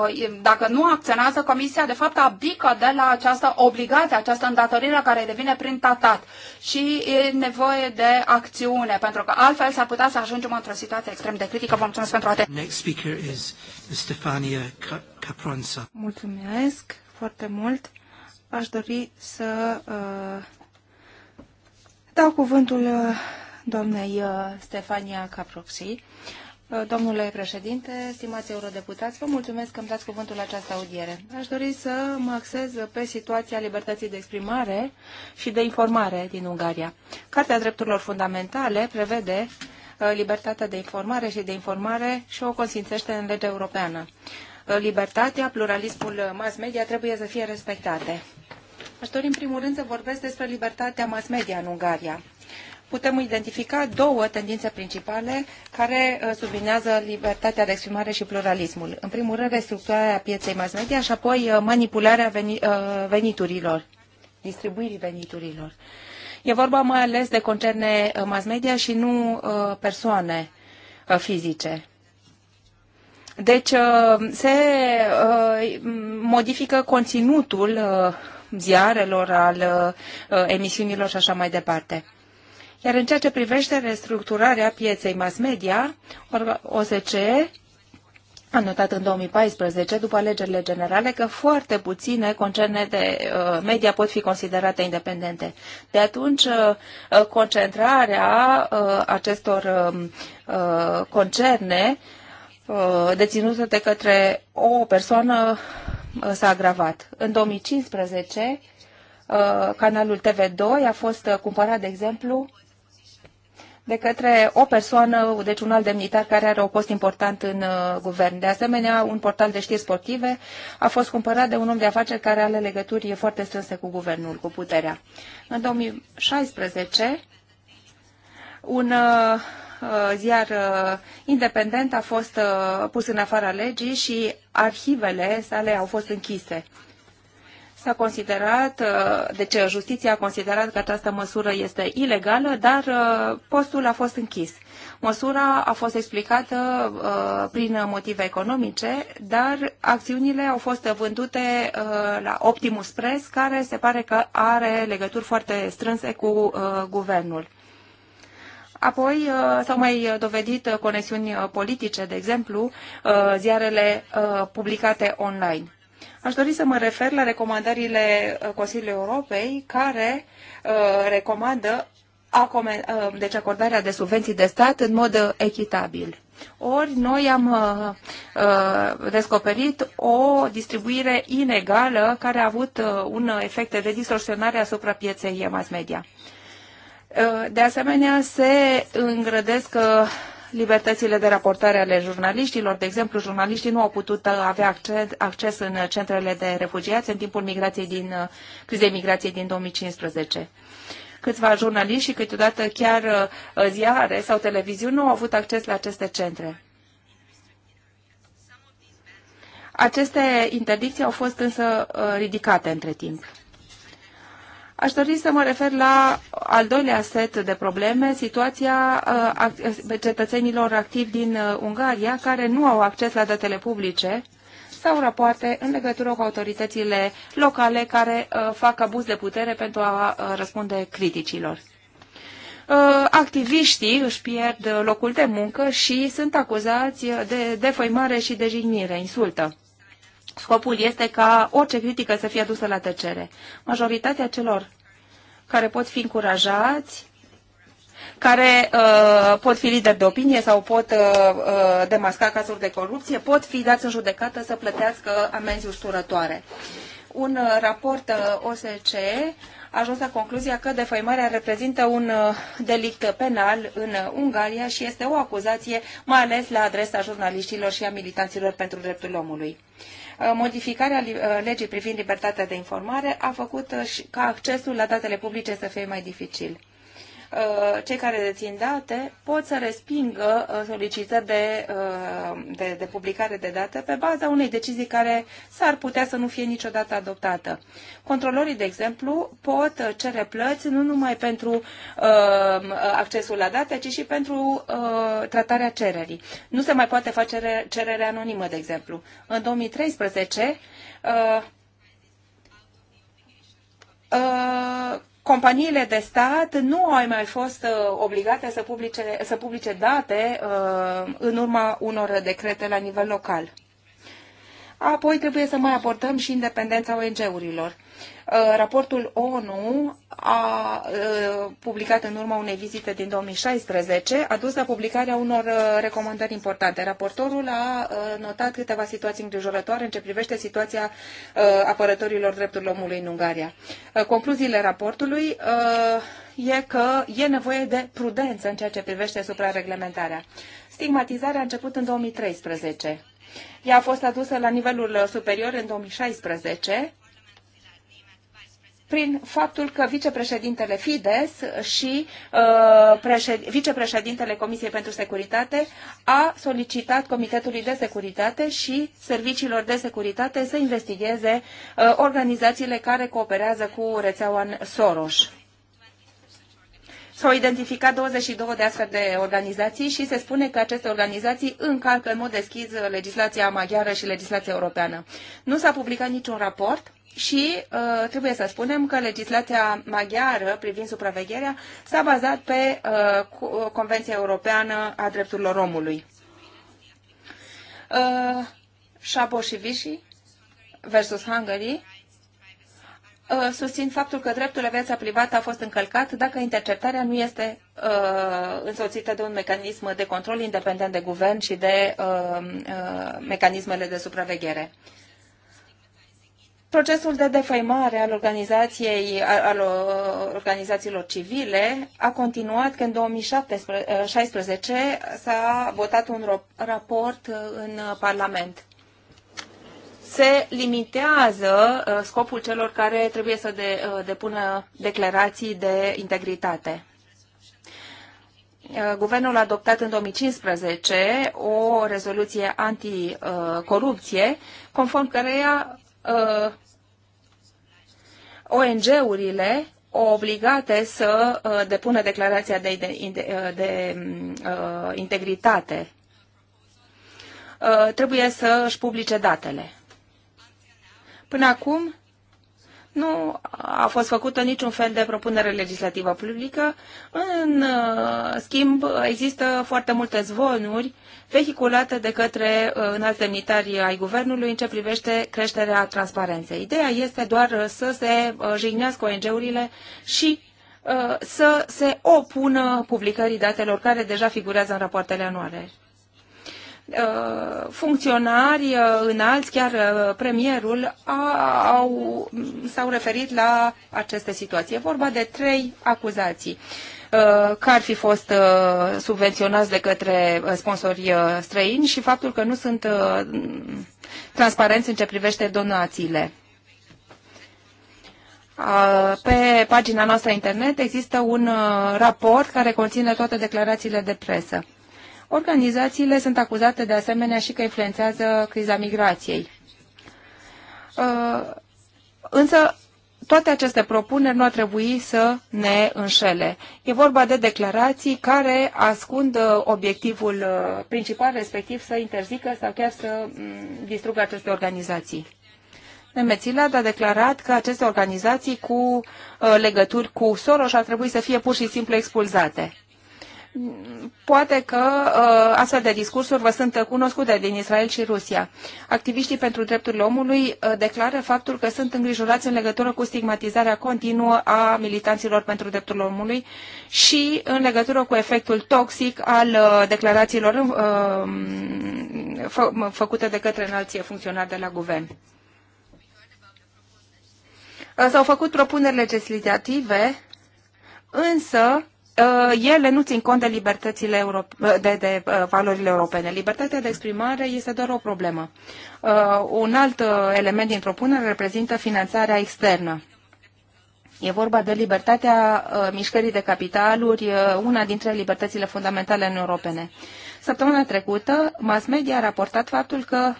uh, dacă nu acționează Comisia, de fapt abdică de la această obligație, această îndatorire care devine prin tatat și e nevoie de acțiune pentru că altfel s-ar putea să ajungem într-o situație extrem de critică. Vă mulțumesc pentru atenție. Next speaker is Stefania Mulțumesc foarte mult. Aș dori să uh Dau cuvântul uh, doamnei uh, Stefania Caproxi. Uh, domnule președinte, stimați eurodeputați, vă mulțumesc că îmi dați cuvântul la această audiere. Aș dori să mă axez pe situația libertății de exprimare și de informare din Ungaria. Cartea Drepturilor Fundamentale prevede libertatea de informare și de informare și o consințește în legea europeană. Libertatea, pluralismul mass media trebuie să fie respectate. Aș dori în primul rând să vorbesc despre libertatea mass media în Ungaria. Putem identifica două tendințe principale care uh, sublinează libertatea de exprimare și pluralismul. În primul rând, restructurarea pieței mass media și apoi uh, manipularea uh, veniturilor, distribuirii veniturilor. E vorba mai ales de concerne mass media și nu persoane fizice. Deci se modifică conținutul ziarelor, al uh, emisiunilor și așa mai departe. Iar în ceea ce privește restructurarea pieței mass media, OSCE a notat în 2014, după alegerile generale, că foarte puține concerne de uh, media pot fi considerate independente. De atunci, uh, concentrarea acestor um, concerne deținute de către o persoană Uh, s-a agravat. În 2015, uh, canalul TV2 a fost uh, cumpărat, de exemplu, de către o persoană, deci un alt demnitar care are un post important în guvern. De asemenea, un portal de știri sportive a fost cumpărat de un om de afaceri care are legături foarte strânse cu guvernul, cu puterea. În 2016, un Uh, ziar uh, independent a fost uh, pus în afara legii și arhivele sale au fost închise. S-a considerat, deci justiția a considerat că această măsură este ilegală, dar postul a fost închis. Măsura a fost explicată prin motive economice, dar acțiunile au fost vândute la Optimus Press, care se pare că are legături foarte strânse cu guvernul. Apoi uh, s-au mai uh, dovedit uh, conexiuni politice, de exemplu, ziarele publicate online. Aș dori să mă refer la recomandările Consiliului Europei, care recomandă deci acordarea de subvenții de stat în mod echitabil. Ori noi am descoperit o distribuire inegală care a avut un efect de distorsionare asupra pieței mass media. Uh, de asemenea, se îngrădesc uh, libertățile de raportare ale jurnaliștilor. De exemplu, jurnaliștii nu au putut uh, avea acces, în centrele de refugiați în timpul migrației din, crizei migrației din 2015 câțiva jurnaliști și câteodată chiar ziare sau televiziuni nu au avut acces la aceste centre. Aceste interdicții au fost însă ridicate între timp. Aș dori să mă refer la al doilea set de probleme, situația uh, cetățenilor activi din uh, Ungaria care nu au acces la datele publice sau rapoarte în legătură cu autoritățile locale care uh, fac abuz de putere pentru a răspunde criticilor. Activiștii își pierd locul de muncă și sunt acuzați de defăimare și de jignire, insultă. Scopul este ca orice critică să fie adusă la tăcere. Majoritatea celor care pot fi încurajați, care uh, pot fi lideri de opinie sau pot uh, uh demasca cazuri de corupție, pot fi dați în judecată să plătească amenzi usturătoare. Un uh, raport uh, OSCE ajuns la concluzia că defăimarea reprezintă un uh, delict penal în uh, Ungaria și este o acuzație, mai ales la adresa jurnaliștilor și a militanților pentru dreptul omului. Uh, modificarea legii privind libertatea de informare a făcut ca accesul la datele publice să fie mai dificil. Uh, cei care dețin date pot să respingă uh, solicitări de, uh, de, de publicare de date pe baza unei decizii care s-ar putea să nu fie niciodată adoptată. Controlorii, de exemplu, pot cere plăți nu numai pentru accesul la date, ci și pentru tratarea cererii. Nu se mai poate face cerere anonimă, de exemplu. În 2013, Uh, companiile de stat nu au mai fost uh, obligate să publice, să publice date uh, în urma unor decrete la nivel local. Apoi trebuie să mai aportăm și independența ONG-urilor. Uh, raportul ONU a uh, publicat în urma unei vizite din 2016, a dus la publicarea unor uh, recomandări importante. Raportorul a notat câteva situații îngrijorătoare în ce privește situația apărătorilor drepturilor omului în Ungaria. Concluziile raportului e că e nevoie de prudență în ceea ce privește suprareglementarea. Stigmatizarea a început în 2013 ea a fost adusă la nivelul uh, superior în 2016 prin faptul că vicepreședintele Fides și uh, vicepreședintele Comisiei pentru Securitate a solicitat Comitetului de Securitate și Serviciilor de Securitate să investigheze uh, organizațiile care cooperează cu rețeaua Soros. S-au identificat 22 de astfel de organizații și se spune că aceste organizații încalcă în mod deschis legislația maghiară și legislația europeană. Nu s-a publicat niciun raport și uh, trebuie să spunem că legislația maghiară privind supravegherea s-a bazat pe uh, Convenția Europeană a Drepturilor Omului. Uh, Șapo și Vișii versus Hungary Uh, susțin faptul că dreptul la viața privată a fost încălcat dacă interceptarea nu este uh, însoțită de un mecanism de control independent de guvern și de uh, uh, mecanismele de supraveghere. Procesul de defăimare al, organizației, al uh, organizațiilor civile a continuat când în 2016 uh, s-a votat un raport în Parlament se limitează uh, scopul celor care trebuie să de, uh, depună declarații de integritate. Uh, guvernul a adoptat în 2015 o rezoluție anticorupție, conform căreia ONG-urile obligate să depună declarația de, de, de, de integritate trebuie să își publice datele. Până acum nu a fost făcută niciun fel de propunere legislativă publică. În uh, schimb, există foarte multe zvonuri vehiculate de către uh, înalți demnitari ai guvernului în ce privește creșterea transparenței. Ideea este doar uh, să se jignească ONG-urile și să se opună publicării datelor care deja figurează în rapoartele anuale. Uh, funcționari uh, înalți, chiar uh, premierul, au, s-au referit la aceste situații. E vorba de trei acuzații că ar fi fost subvenționați de către sponsori străini și faptul că nu sunt transparenți în ce privește donațiile. Pe pagina noastră internet există un raport care conține toate declarațiile de presă. Organizațiile sunt acuzate de asemenea și că influențează criza migrației. Uh, însă, toate aceste propuneri nu ar trebui să ne înșele. E vorba de declarații care ascund uh, obiectivul uh, principal, respectiv să interzică sau chiar să mm, distrugă aceste organizații. Nemețilad a declarat că aceste organizații cu legături cu Soros ar trebui să fie pur și simplu expulzate. Poate că uh, astfel de discursuri vă sunt cunoscute din Israel și Rusia. Activiștii pentru drepturile omului uh, declară faptul că sunt îngrijorați în legătură cu stigmatizarea continuă a militanților pentru drepturile omului și în legătură cu efectul toxic al uh, declarațiilor uh, fă, făcute de către înalții funcționari de la guvern. Uh, s-au făcut propuneri legislative, însă Uh, ele nu țin cont de libertățile europe, uh, de, de uh, valorile europene. Libertatea de exprimare este doar o problemă. Un alt element din propunere reprezintă finanțarea externă. E vorba de libertatea mișcării de capitaluri, una dintre libertățile fundamentale în europene. Săptămâna trecută, mass media a raportat faptul că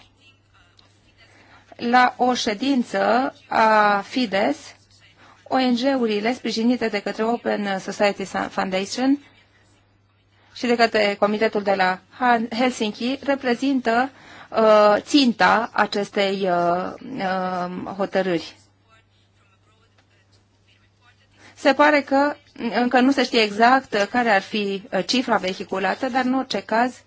la o ședință a Fides, ONG-urile sprijinite de către Open Society Foundation și de către Comitetul de la Helsinki reprezintă uh, ținta acestei uh, uh, hotărâri. Se pare că încă nu se știe exact care ar fi uh, cifra vehiculată, dar în orice caz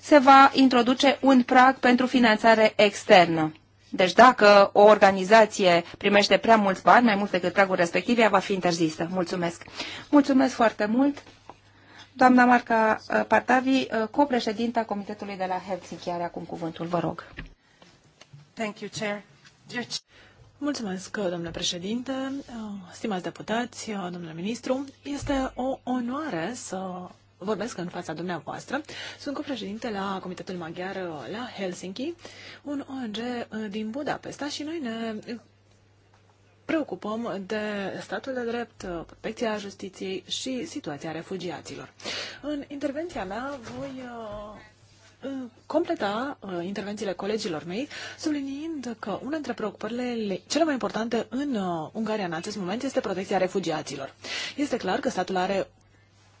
se va introduce un prag pentru finanțare externă. Deci dacă o organizație primește prea mulți bani, mai mult decât pragul respectiv, ea va fi interzisă. Mulțumesc. Mulțumesc foarte mult. Doamna Marca uh, Partavi, uh, copreședinta Comitetului de la Helsinki, are acum cuvântul. Vă rog. Thank you, Chair. Mulțumesc, domnule președinte, uh, stimați deputați, domnule ministru. Este o onoare să vorbesc în fața dumneavoastră. Sunt copreședinte la Comitetul Maghiar uh, la Helsinki, un ONG uh, din Budapesta și noi ne uh, preocupăm de statul de drept, protecția justiției și situația refugiaților. În intervenția mea voi completa intervențiile colegilor mei, subliniind că una dintre preocupările cele mai importante în Ungaria în acest moment este protecția refugiaților. Este clar că statul are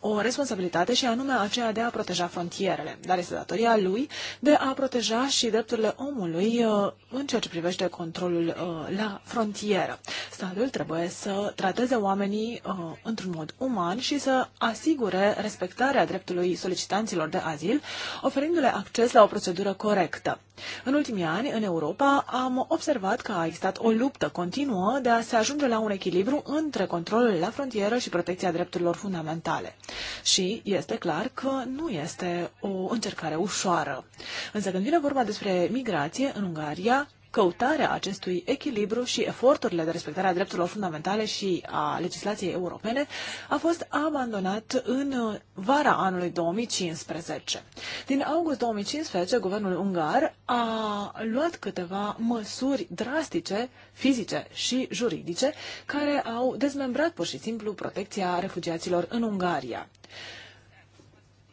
o responsabilitate și anume aceea de a proteja frontierele, dar este datoria lui de a proteja și drepturile omului uh, în ceea ce privește controlul uh, la frontieră. Statul trebuie să trateze oamenii uh, într-un mod uman și să asigure respectarea dreptului solicitanților de azil, oferindu-le acces la o procedură corectă. În ultimii ani, în Europa, am observat că a existat o luptă continuă de a se ajunge la un echilibru între controlul la frontieră și protecția drepturilor fundamentale. Și este clar că nu este o încercare ușoară. Însă când vine vorba despre migrație în Ungaria, căutarea acestui echilibru și eforturile de respectare a drepturilor fundamentale și a legislației europene a fost abandonat în uh, vara anului 2015. Din august 2015, guvernul ungar a luat câteva măsuri drastice, fizice și juridice, care au dezmembrat pur și simplu protecția refugiaților în Ungaria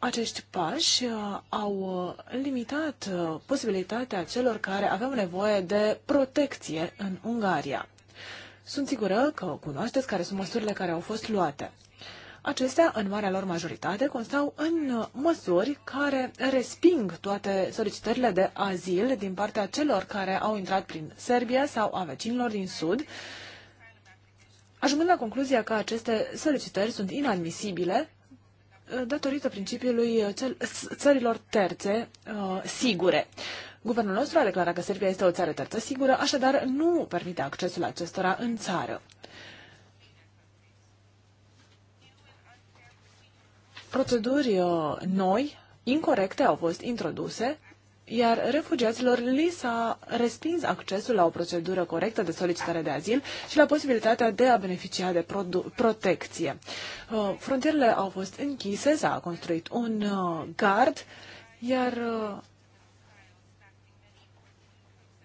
acești pași uh, au uh, limitat uh, posibilitatea celor care aveau nevoie de protecție în Ungaria. Sunt sigură că cunoașteți care sunt măsurile care au fost luate. Acestea, în marea lor majoritate, constau în măsuri care resping toate solicitările de azil din partea celor care au intrat prin Serbia sau a vecinilor din Sud, ajungând la concluzia că aceste solicitări sunt inadmisibile datorită principiului uh, țărilor terțe uh, sigure. Guvernul nostru a declarat că Serbia este o țară terță sigură, așadar nu permite accesul acestora în țară. Proceduri uh, noi, incorrecte, au fost introduse iar refugiaților li s-a respins accesul la o procedură corectă de solicitare de azil și la posibilitatea de a beneficia de protecție. Uh, frontierele au fost închise, s-a construit un uh, gard, iar uh,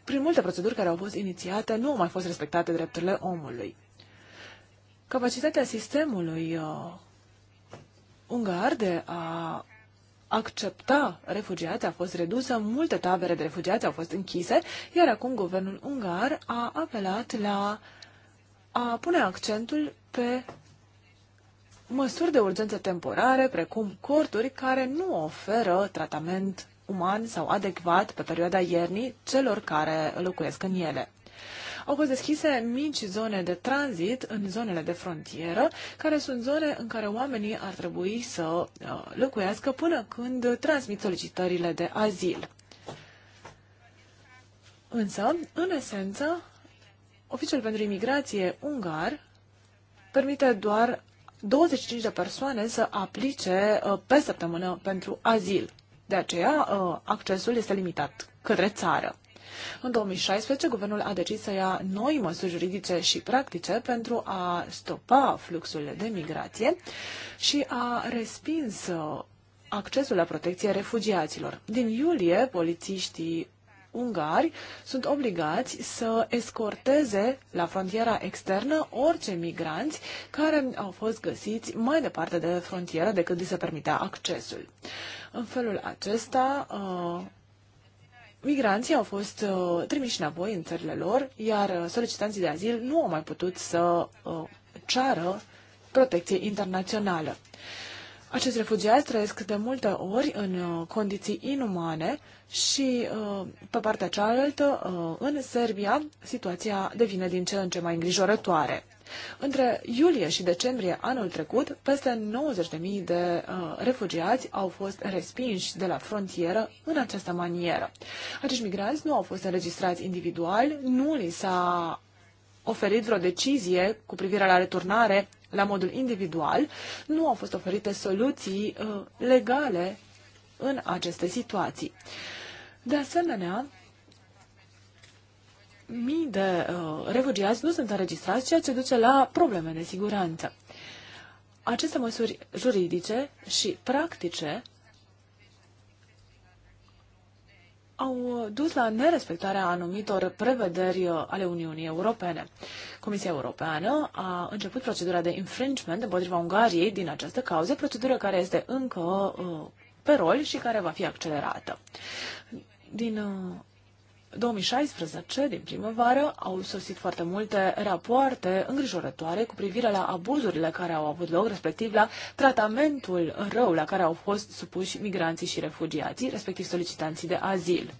prin multe proceduri care au fost inițiate, nu au mai fost respectate drepturile omului. Capacitatea sistemului uh, ungar de a accepta refugiați a fost redusă, multe tabere de refugiați au fost închise, iar acum guvernul ungar a apelat la a pune accentul pe măsuri de urgență temporare, precum corturi care nu oferă tratament uman sau adecvat pe perioada iernii celor care locuiesc în ele. Au fost deschise mici zone de tranzit în zonele de frontieră, care sunt zone în care oamenii ar trebui să uh, locuiască până când transmit solicitările de azil. Însă, în esență, oficiul pentru imigrație ungar permite doar 25 de persoane să aplice uh, pe săptămână pentru azil. De aceea, uh, accesul este limitat către țară. În 2016, guvernul a decis să ia noi măsuri juridice și practice pentru a stopa fluxurile de migrație și a respins uh, accesul la protecție refugiaților. Din iulie, polițiștii ungari sunt obligați să escorteze la frontiera externă orice migranți care au fost găsiți mai departe de frontieră decât li se permitea accesul. În felul acesta, uh, migranții au fost uh, trimiși înapoi în țările lor, iar uh, solicitanții de azil nu au mai putut să uh, ceară protecție internațională. Acești refugiați trăiesc de multe ori în uh, condiții inumane și, uh, pe partea cealaltă, în Serbia, situația devine din ce în ce mai îngrijorătoare. Între iulie și decembrie anul trecut, peste 90.000 de uh, refugiați au fost respinși de la frontieră în această manieră. Acești migranți nu au fost înregistrați individual, nu li s-a oferit vreo decizie cu privire la returnare la modul individual, nu au fost oferite soluții uh, legale în aceste situații. De asemenea, mii de uh, refugiați nu sunt înregistrați, ceea ce duce la probleme de siguranță. Aceste măsuri juridice și practice au dus la nerespectarea anumitor prevederi uh, ale Uniunii Europene. Comisia Europeană a început procedura de infringement împotriva Ungariei din această cauză, procedură care este încă uh, pe rol și care va fi accelerată. Din uh, 2016, din primăvară, au sosit foarte multe rapoarte îngrijorătoare cu privire la abuzurile care au avut loc, respectiv la tratamentul rău la care au fost supuși migranții și refugiații, respectiv solicitanții de azil.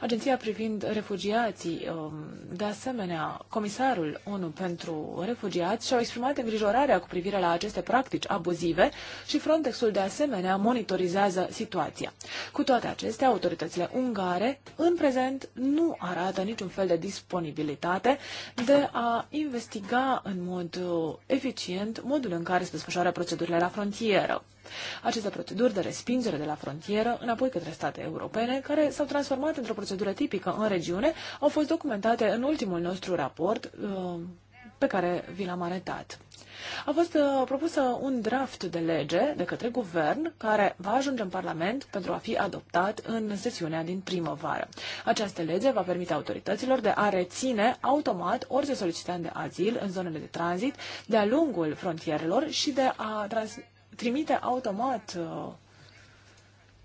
Agenția privind refugiații, um, de asemenea, comisarul ONU pentru refugiați și-au exprimat îngrijorarea cu privire la aceste practici abuzive și Frontexul, de asemenea, monitorizează situația. Cu toate acestea, autoritățile ungare, în prezent, nu arată niciun fel de disponibilitate de a investiga în mod uh, eficient modul în care se desfășoară procedurile la frontieră. Aceste proceduri de respingere de la frontieră înapoi către state europene, care s-au transformat într-o procedură tipică în regiune, au fost documentate în ultimul nostru raport uh, pe care vi l-am arătat. A fost uh, propusă un draft de lege de către guvern care va ajunge în Parlament pentru a fi adoptat în sesiunea din primăvară. Această lege va permite autorităților de a reține automat orice solicitant de azil în zonele de tranzit de-a lungul frontierelor și de a trans- trimite automat uh,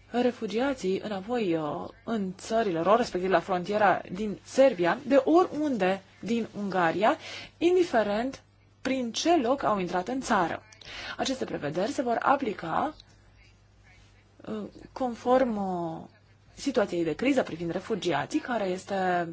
refugiații înapoi uh, în țările lor, respectiv la frontiera din Serbia, de oriunde din Ungaria, indiferent prin ce loc au intrat în țară. Aceste prevederi se vor aplica uh, conform situației de criză privind refugiații, care este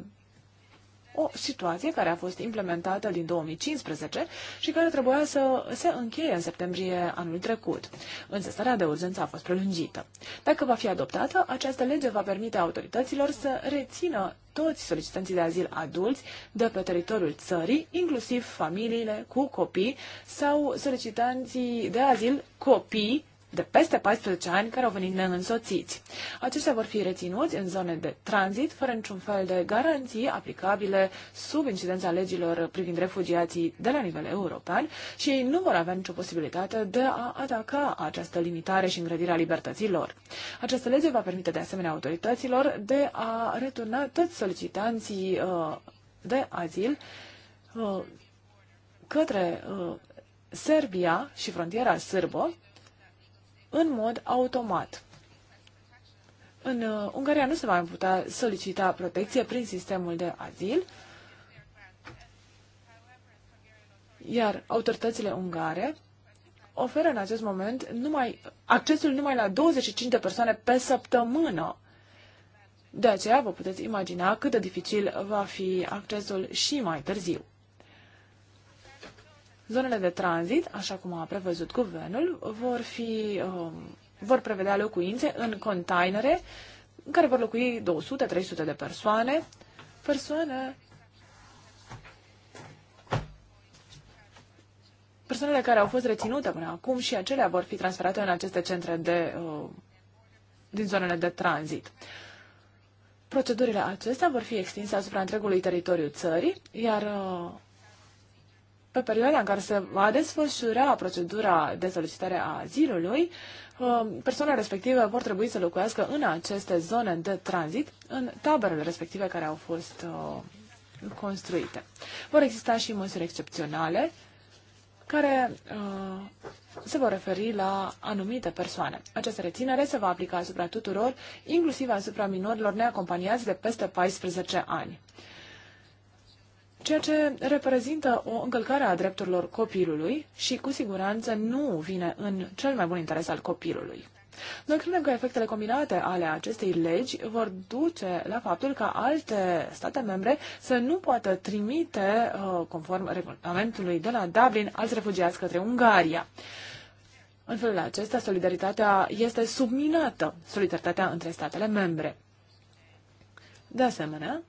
o situație care a fost implementată din 2015 și care trebuia să se încheie în septembrie anul trecut. Însă starea de urgență a fost prelungită. Dacă va fi adoptată, această lege va permite autorităților să rețină toți solicitanții de azil adulți de pe teritoriul țării, inclusiv familiile cu copii sau solicitanții de azil copii de peste 14 ani care au venit neînsoțiți. Aceștia vor fi reținuți în zone de tranzit, fără niciun fel de garanții aplicabile sub incidența legilor privind refugiații de la nivel european și ei nu vor avea nicio posibilitate de a ataca această limitare și îngrădirea libertății lor. Această lege va permite de asemenea autorităților de a returna toți solicitanții uh, de azil uh, către uh, Serbia și frontiera sârbă, în mod automat. În uh, Ungaria nu se va putea solicita protecție prin sistemul de azil, iar autoritățile ungare oferă în acest moment numai, accesul numai la 25 de persoane pe săptămână. De aceea vă puteți imagina cât de dificil va fi accesul și mai târziu. Zonele de tranzit, așa cum a prevăzut guvernul, vor, fi, um, vor prevedea locuințe în containere în care vor locui 200-300 de persoane, persoane persoanele care au fost reținute până acum și acelea vor fi transferate în aceste centre de, uh, din zonele de tranzit. Procedurile acestea vor fi extinse asupra întregului teritoriu țării, iar uh, pe perioada în care se va desfășura procedura de solicitare a azilului, um, persoanele respective vor trebui să locuiască în aceste zone de tranzit, în taberele respective care au fost uh, construite. Vor exista și măsuri excepționale care uh, se vor referi la anumite persoane. Această reținere se va aplica asupra tuturor, inclusiv asupra minorilor neacompaniați de peste 14 ani ceea ce reprezintă o încălcare a drepturilor copilului și cu siguranță nu vine în cel mai bun interes al copilului. Noi credem că efectele combinate ale acestei legi vor duce la faptul ca alte state membre să nu poată trimite, uh, conform regulamentului de la Dublin, alți refugiați către Ungaria. În felul acesta, solidaritatea este subminată, solidaritatea între statele membre. De asemenea,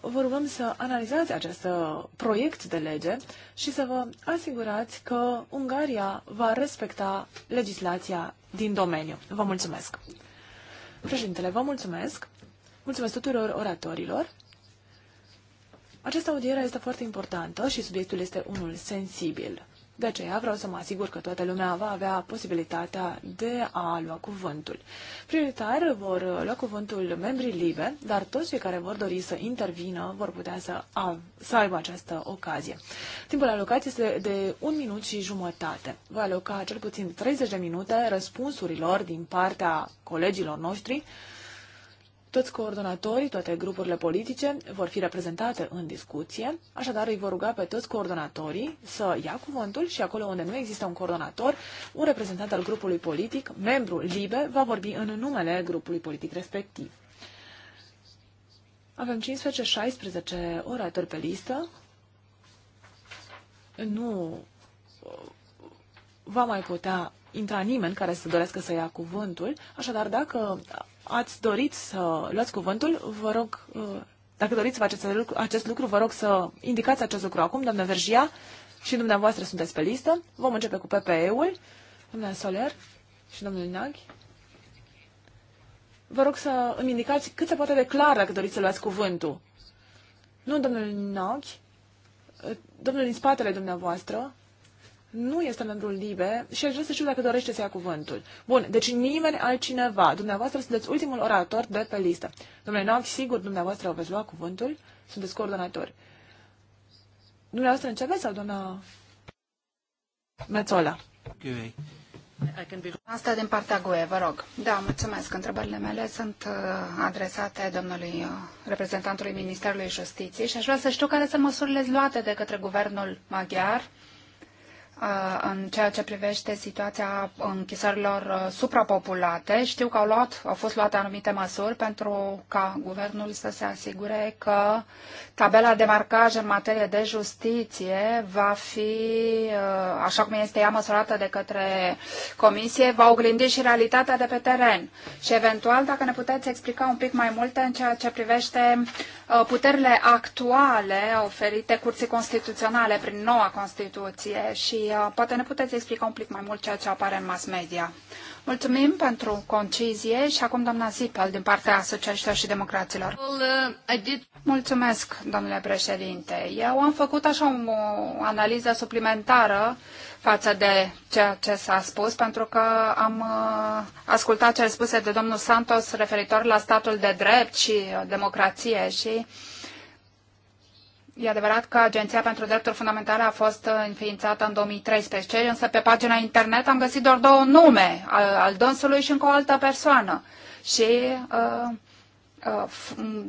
vă rugăm să analizați acest uh, proiect de lege și să vă asigurați că Ungaria va respecta legislația din domeniu. Vă mulțumesc! Președintele, vă mulțumesc! Mulțumesc tuturor oratorilor! Această audiere este foarte importantă și subiectul este unul sensibil. De aceea vreau să mă asigur că toată lumea va avea posibilitatea de a lua cuvântul. Prioritar vor lua cuvântul membrii libe, dar toți cei care vor dori să intervină vor putea să, a, să aibă această ocazie. Timpul alocat este de un minut și jumătate. Voi aloca cel puțin 30 de minute răspunsurilor din partea colegilor noștri toți coordonatorii, toate grupurile politice vor fi reprezentate în discuție, așadar îi vor ruga pe toți coordonatorii să ia cuvântul și acolo unde nu există un coordonator, un reprezentant al grupului politic, membru liber va vorbi în numele grupului politic respectiv. Avem 15-16 oratori pe listă. Nu va mai putea intra nimeni care să dorească să ia cuvântul, așadar dacă ați dorit să luați cuvântul, vă rog, uh, dacă doriți să faceți acest lucru, vă rog să indicați acest lucru acum, doamna Vergia, și dumneavoastră sunteți pe listă. Vom începe cu PPE-ul, doamna Soler și domnul Naghi. Vă rog să îmi indicați cât se poate de clar dacă doriți să luați cuvântul. Nu, domnul Naghi, uh, domnul din spatele dumneavoastră, nu este membrul LIBE și aș vrea să știu dacă dorește să ia cuvântul. Bun, deci nimeni altcineva. Dumneavoastră sunteți ultimul orator de pe listă. Domnule Nauc, sigur, dumneavoastră veți lua cuvântul. Sunteți coordonatori. Dumneavoastră începeți sau doamna Mețola? Okay. Asta din partea GUE, vă rog. Da, mulțumesc. Întrebările mele sunt uh, adresate domnului uh, reprezentantului Ministerului Justiției și aș vrea să știu care sunt măsurile luate de către guvernul maghiar Uh, în ceea ce privește situația închisorilor uh, suprapopulate. Știu că au, luat, au fost luate anumite măsuri pentru ca guvernul să se asigure că tabela de marcaj în materie de justiție va fi, uh, așa cum este ea măsurată de către comisie, va oglindi și realitatea de pe teren. Și eventual, dacă ne puteți explica un pic mai multe în ceea ce privește puterile actuale oferite Curții Constituționale prin noua Constituție și Uh, poate ne puteți explica un pic mai mult ceea ce apare în mass media. Mulțumim pentru concizie și acum doamna Zipel din partea Socialiștilor și Democraților. Uh, Mulțumesc, domnule președinte. Eu am făcut așa o analiză suplimentară față de ceea ce s-a spus, pentru că am uh, ascultat cele spuse de domnul Santos referitor la statul de drept și democrație și uh, E adevărat că Agenția pentru Drepturi Fundamentale a fost înființată în 2013, însă pe pagina internet am găsit doar două nume, al, al dânsului și încă o altă persoană. Și uh, Uh,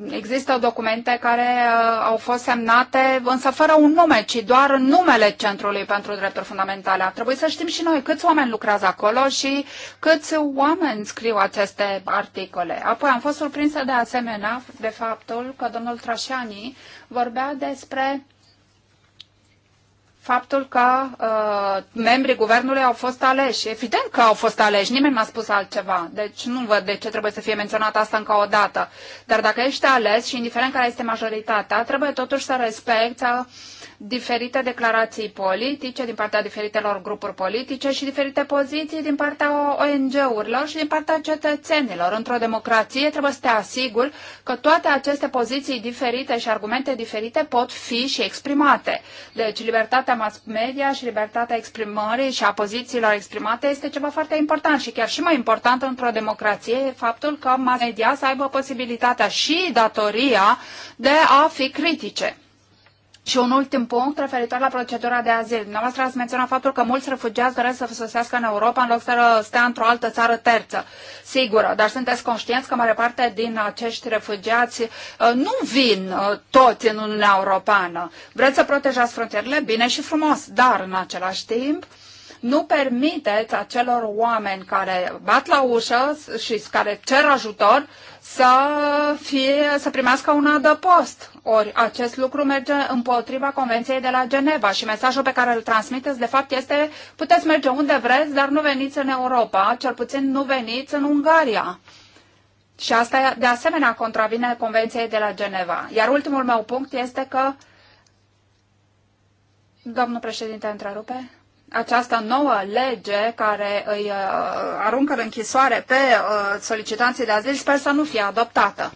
există documente care uh, au fost semnate, însă fără un nume, ci doar numele Centrului pentru Drepturi Fundamentale. Ar trebui să știm și noi câți oameni lucrează acolo și câți oameni scriu aceste articole. Apoi am fost surprinsă de asemenea de faptul că domnul Trașani vorbea despre faptul că uh, membrii guvernului au fost aleși. Evident că au fost aleși, nimeni m a spus altceva. Deci nu văd de ce trebuie să fie menționat asta încă o dată. Dar dacă ești ales și indiferent care este majoritatea, trebuie totuși să respecti uh, diferite declarații politice din partea diferitelor grupuri politice și diferite poziții din partea ONG-urilor și din partea cetățenilor. Într-o democrație trebuie să te asiguri că toate aceste poziții diferite și argumente diferite pot fi și exprimate. Deci libertatea mass media și libertatea exprimării și a pozițiilor exprimate este ceva foarte important și chiar și mai important într-o democrație e faptul că mass media să aibă posibilitatea și datoria de a fi critice. Și un ultim punct referitor la procedura de azil. Dumneavoastră ați menționat faptul că mulți refugiați doresc să sosească în Europa în loc să stea într-o altă țară terță. Sigură, dar sunteți conștienți că mare parte din acești refugiați uh, nu vin uh, toți în Uniunea Europeană. Vreți să protejați frontierele? Bine și frumos, dar în același timp nu permiteți acelor oameni care bat la ușă și care cer ajutor să, fie, să primească un adăpost. Ori acest lucru merge împotriva Convenției de la Geneva și mesajul pe care îl transmiteți de fapt este puteți merge unde vreți, dar nu veniți în Europa, cel puțin nu veniți în Ungaria. Și asta de asemenea contravine Convenției de la Geneva. Iar ultimul meu punct este că Domnul președinte, întrerupe? această nouă lege care îi uh, aruncă în închisoare pe uh, solicitanții de azil, sper să nu fie adoptată.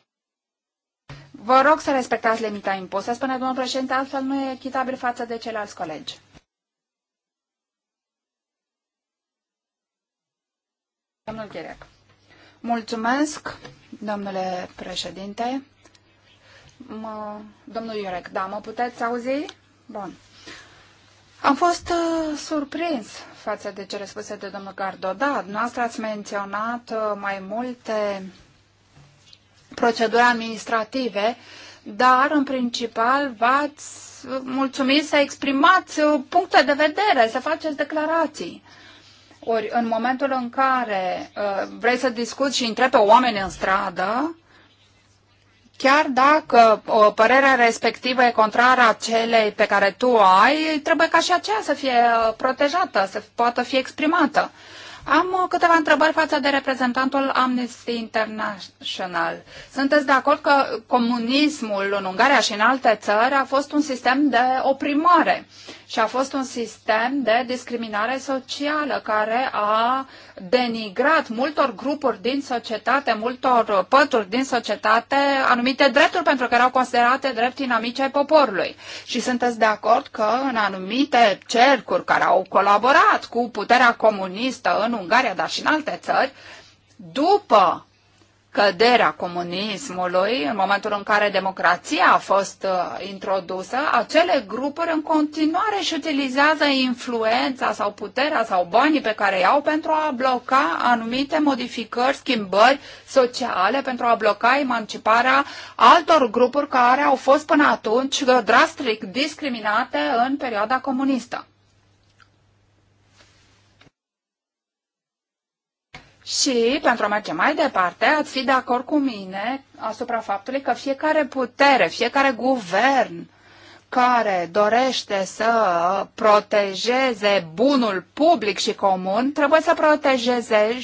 Vă rog să respectați limita impusă, spune domnul președinte, altfel nu e echitabil față de ceilalți colegi. Domnul Ghirec. Mulțumesc, domnule președinte. Mă... Domnul Iurec, da, mă puteți auzi? Bun. Am fost uh, surprins față de cele spuse de domnul Gardo. Da, noastră ați menționat uh, mai multe proceduri administrative, dar în principal v-ați uh, mulțumit să exprimați uh, puncte de vedere, să faceți declarații. Ori în momentul în care uh, vrei să discuți și întrebi pe oameni în stradă, chiar dacă o părere respectivă e contrară a celei pe care tu o ai, trebuie ca și aceea să fie uh, protejată, să poată fi exprimată. Am uh, câteva întrebări față de reprezentantul Amnesty International. Sunteți de acord că comunismul în Ungaria și în alte țări a fost un sistem de oprimare și a fost un sistem de discriminare socială care a denigrat multor grupuri din societate, multor pături din societate, anumite drepturi pentru că erau considerate drept inamice ai poporului. Și sunteți de acord că în anumite cercuri care au colaborat cu puterea comunistă în Ungaria, dar și în alte țări, după căderea comunismului, în momentul în care democrația a fost uh, introdusă, acele grupuri în continuare își utilizează influența sau puterea sau banii pe care i au pentru a bloca anumite modificări, schimbări sociale, pentru a bloca emanciparea altor grupuri care au fost până atunci drastic discriminate în perioada comunistă. Și, pentru a merge mai departe, ați fi de acord cu mine asupra faptului că fiecare putere, fiecare guvern care dorește să protejeze bunul public și comun, trebuie să protejeze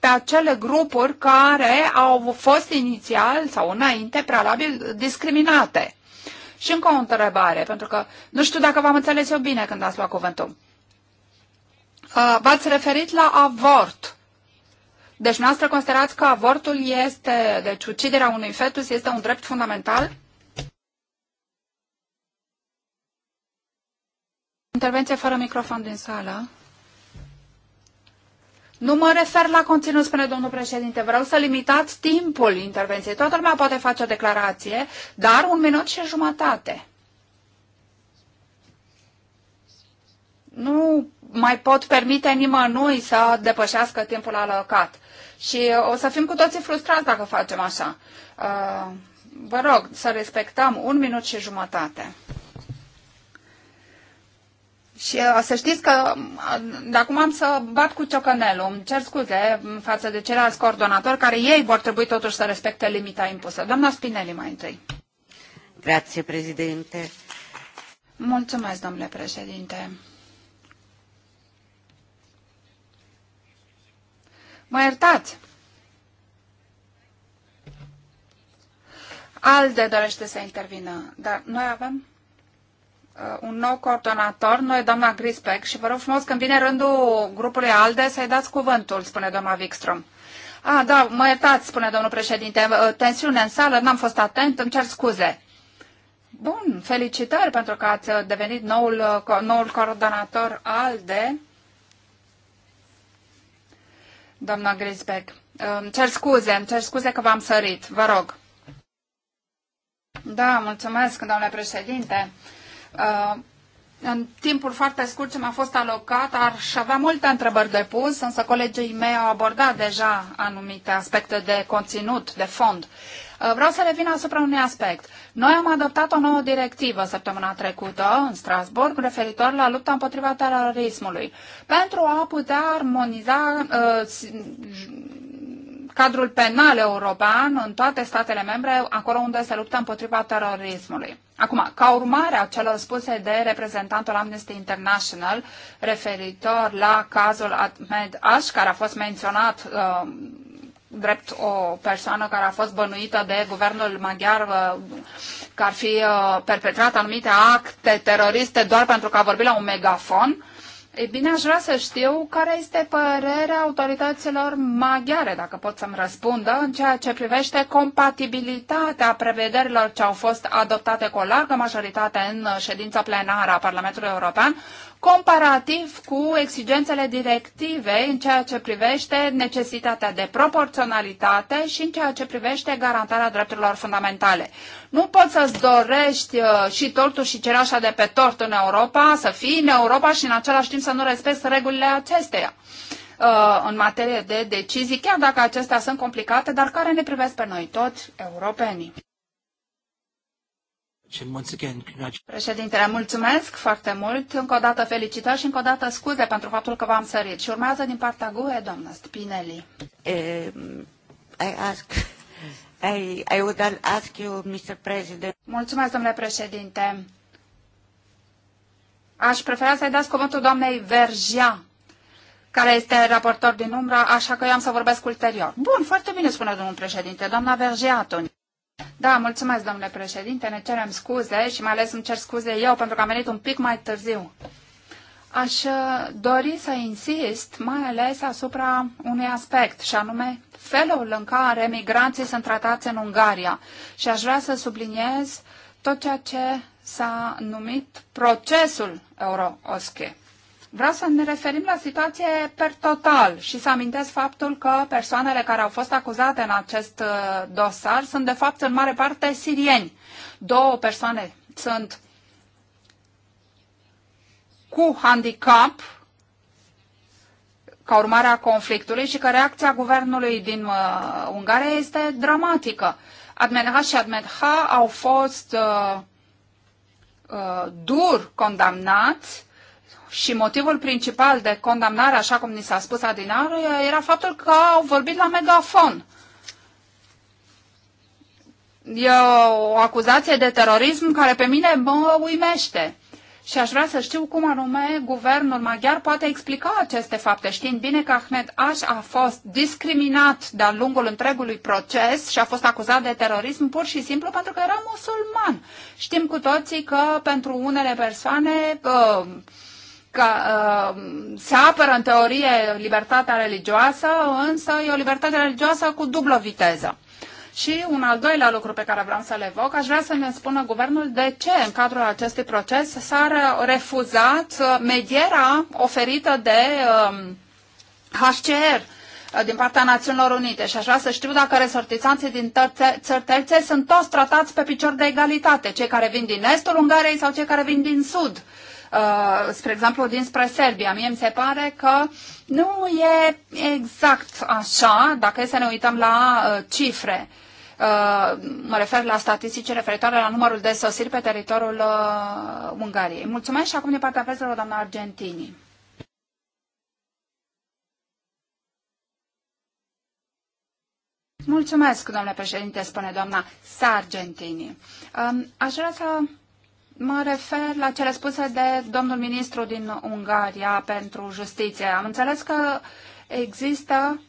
pe acele grupuri care au fost inițial sau înainte prealabil discriminate. Și încă o întrebare, pentru că nu știu dacă v-am înțeles eu bine când ați luat cuvântul. Uh, v-ați referit la avort deci, noastră considerați că avortul este, deci uciderea unui fetus este un drept fundamental? Intervenție fără microfon din sală. Nu mă refer la conținut, spune domnul președinte. Vreau să limitați timpul intervenției. Toată lumea poate face o declarație, dar un minut și jumătate. mai pot permite nimănui să depășească timpul alocat. Și o să fim cu toții frustrați dacă facem așa. Uh, vă rog să respectăm un minut și jumătate. Și uh, să știți că uh, de acum am să bat cu ciocănelul. Îmi cer scuze față de ceilalți coordonatori care ei vor trebui totuși să respecte limita impusă. Doamna Spinelli mai întâi. Grazie, președinte. Mulțumesc, domnule președinte. Mă iertați! ALDE dorește să intervină, dar noi avem uh, un nou coordonator, noi doamna Grispec și vă rog frumos când vine rândul grupului ALDE să-i dați cuvântul, spune doamna Wikström. A, ah, da, mă iertați, spune domnul președinte, uh, tensiune în sală, n-am fost atent, îmi cer scuze. Bun, felicitări pentru că ați uh, devenit noul, uh, noul coordonator ALDE doamna Grisbeck. Îmi cer scuze, îmi cer scuze că v-am sărit. Vă rog. Da, mulțumesc, domnule președinte. Uh, în timpul foarte scurt ce mi-a fost alocat, aș avea multe întrebări de pus, însă colegii mei au abordat deja anumite aspecte de conținut, de fond. Uh, vreau să revin asupra unui aspect. Noi am adoptat o nouă directivă săptămâna trecută în Strasburg referitor la lupta împotriva terorismului pentru a putea armoniza uh, cadrul penal european în toate statele membre, acolo unde se luptă împotriva terorismului. Acum, ca urmare a celor spuse de reprezentantul Amnesty International referitor la cazul Ahmed Ash, care a fost menționat uh, drept o persoană care a fost bănuită de guvernul maghiar uh, că ar fi uh, perpetrat anumite acte teroriste doar pentru că a vorbit la un megafon. Ei bine, aș vrea să știu care este părerea autorităților maghiare, dacă pot să-mi răspundă, în ceea ce privește compatibilitatea prevederilor ce au fost adoptate cu o largă majoritate în uh, ședința plenară a Parlamentului European comparativ cu exigențele directive în ceea ce privește necesitatea de proporționalitate și în ceea ce privește garantarea drepturilor fundamentale. Nu poți să-ți dorești uh, și tortul și cereașa de pe tort în Europa, să fii în Europa și în același timp să nu respecti regulile acesteia uh, în materie de decizii, chiar dacă acestea sunt complicate, dar care ne privesc pe noi toți, europenii. Președintele, mulțumesc foarte mult. Încă o dată felicitări și încă o dată scuze pentru faptul că v-am sărit. Și urmează din partea GUE, doamnă Spinelli. Eh, I ask, I, I would ask you, Mr. President. Mulțumesc, domnule președinte. Aș prefera să-i dați cuvântul doamnei Vergea, care este raportor din umbra, așa că eu am să vorbesc ulterior. Bun, foarte bine spune domnul președinte, doamna Vergea atunci. Da, mulțumesc, domnule președinte, ne cerem scuze și mai ales îmi cer scuze eu pentru că am venit un pic mai târziu. Aș uh, dori să insist mai ales asupra unui aspect, și anume felul în care migranții sunt tratați în Ungaria. Și aș vrea să subliniez tot ceea ce s-a numit procesul Euro-OSCE. Vreau să ne referim la situație per total și să amintesc faptul că persoanele care au fost acuzate în acest uh, dosar sunt de fapt în mare parte sirieni. Două persoane sunt cu handicap ca urmare a conflictului și că reacția guvernului din uh, Ungaria este dramatică. Admenha și Admenha au fost uh, uh, dur condamnați și motivul principal de condamnare, așa cum ni s-a spus adinară, era faptul că au vorbit la megafon. E o acuzație de terorism care pe mine mă uimește. Și aș vrea să știu cum anume guvernul maghiar poate explica aceste fapte, știind bine că Ahmed Aș a fost discriminat de-a lungul întregului proces și a fost acuzat de terorism pur și simplu pentru că era musulman. Știm cu toții că pentru unele persoane uh, că uh, se apără în teorie libertatea religioasă, însă e o libertate religioasă cu dublă viteză. Și un al doilea lucru pe care vreau să-l evoc, aș vrea să ne spună guvernul de ce în cadrul acestui proces s-a refuzat uh, mediera oferită de um, HCR uh, din partea Națiunilor Unite și aș vrea să știu dacă resortițanții din țări terțe sunt toți tratați pe picior de egalitate, cei care vin din estul Ungariei sau cei care vin din sud. Uh, Uh, spre exemplu, dinspre Serbia. Mie mi se pare că nu e exact așa, dacă e să ne uităm la uh, cifre. Uh, mă refer la statistici referitoare la numărul de sosiri pe teritoriul Ungariei. Mulțumesc și acum din partea la doamna Argentini. Mulțumesc, domnule președinte, spune doamna Sargentini. Um, aș vrea să Mă refer la cele spuse de domnul ministru din Ungaria pentru justiție. Am înțeles că există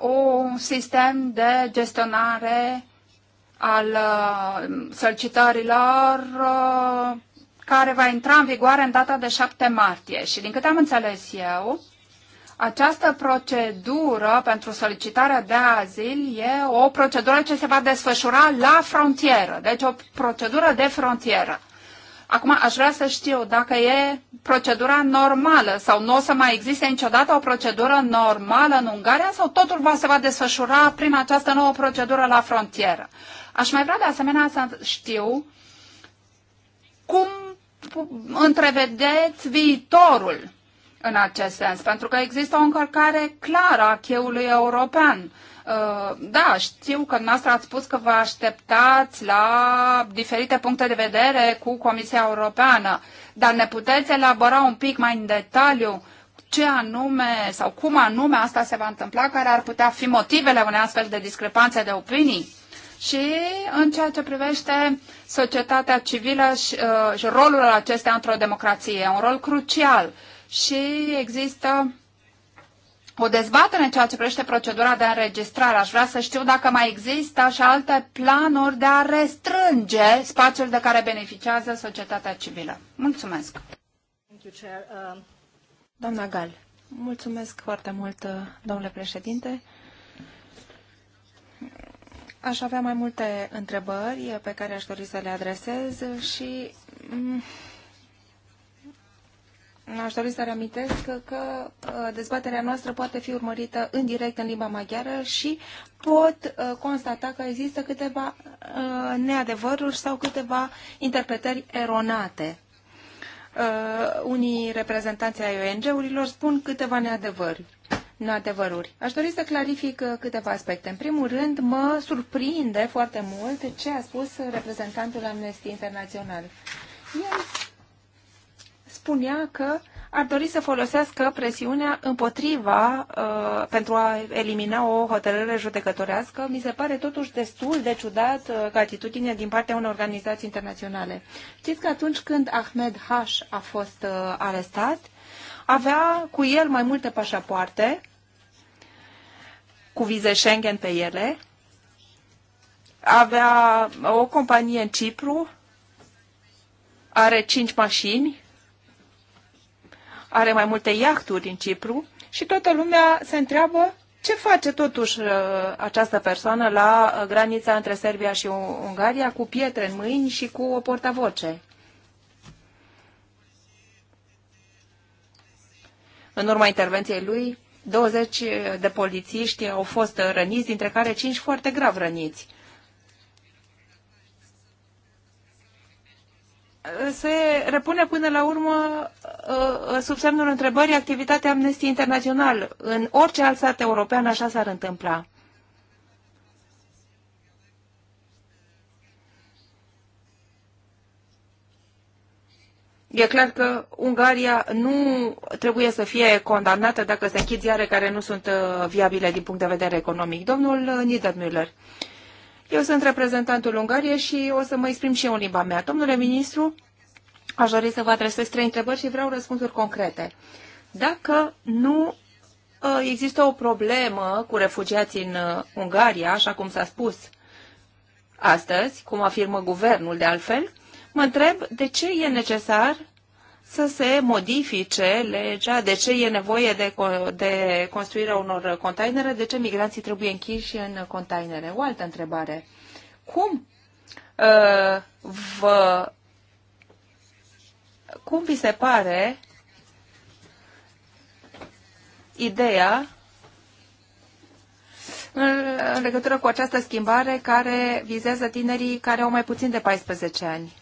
un sistem de gestionare al uh, solicitărilor uh, care va intra în vigoare în data de 7 martie. Și din câte am înțeles eu, această procedură pentru solicitarea de azil e o procedură ce se va desfășura la frontieră, deci o procedură de frontieră. Acum aș vrea să știu dacă e procedura normală sau nu o să mai existe niciodată o procedură normală în Ungaria sau totul va se va desfășura prin această nouă procedură la frontieră. Aș mai vrea de asemenea să știu cum întrevedeți viitorul în acest sens, pentru că există o încărcare clară a cheului european Uh, da, știu că noastră ați spus că vă așteptați la diferite puncte de vedere cu Comisia Europeană, dar ne puteți elabora un pic mai în detaliu ce anume sau cum anume asta se va întâmpla, care ar putea fi motivele unei astfel de discrepanțe de opinii? și în ceea ce privește societatea civilă și, uh, și rolul acestea într-o democrație. un rol crucial și există o dezbatere în ceea ce privește procedura de înregistrare. Aș vrea să știu dacă mai există și alte planuri de a restrânge spațiul de care beneficiază societatea civilă. Mulțumesc! Um, Doamna Gal, mulțumesc foarte mult, uh, domnule președinte. Aș avea mai multe întrebări pe care aș dori să le adresez și mm, Aș dori să reamintesc că, uh, dezbaterea noastră poate fi urmărită în direct în limba maghiară și pot uh, constata că există câteva uh, neadevăruri sau câteva interpretări eronate. Unii reprezentanți ai ONG-urilor spun câteva neadevăruri adevăruri. Aș dori să clarific câteva aspecte. În primul rând, mă surprinde foarte mult ce a spus reprezentantul Amnesty Internațional. El spunea că ar dori să folosească presiunea împotriva uh, pentru a elimina o hotărâre judecătorească. Mi se pare totuși destul de ciudat uh, ca atitudine din partea unor organizații internaționale. Știți că atunci când Ahmed Hash a fost uh, arestat, avea cu el mai multe pașapoarte cu vize Schengen pe ele, avea o companie în Cipru, are cinci mașini, are mai multe iahturi în Cipru și toată lumea se întreabă ce face totuși uh, această persoană la uh, granița între Serbia și Ungaria cu pietre în mâini și cu o portavoce? În urma intervenției lui, 20 uh, de polițiști au fost răniți, dintre care 5 foarte grav răniți. se repune până la urmă uh, sub semnul întrebării activitatea Amnesty International. În orice alt stat european așa s-ar întâmpla. E clar că Ungaria nu trebuie să fie condamnată dacă se închid ziare care nu sunt uh, viabile din punct de vedere economic. Domnul uh, Niedermüller, eu sunt reprezentantul Ungariei și o să mă exprim și eu în limba mea. Domnule ministru, aș dori să vă adresez trei întrebări și vreau răspunsuri concrete. Dacă nu ă, există o problemă cu refugiații în ă, Ungaria, așa cum s-a spus astăzi, cum afirmă guvernul de altfel, mă întreb de ce e necesar să se modifice legea, de ce e nevoie de, de construirea unor containere, de ce migranții trebuie închiși în containere. O altă întrebare. Cum uh, vă cum vi se pare ideea în legătură cu această schimbare care vizează tinerii care au mai puțin de 14 ani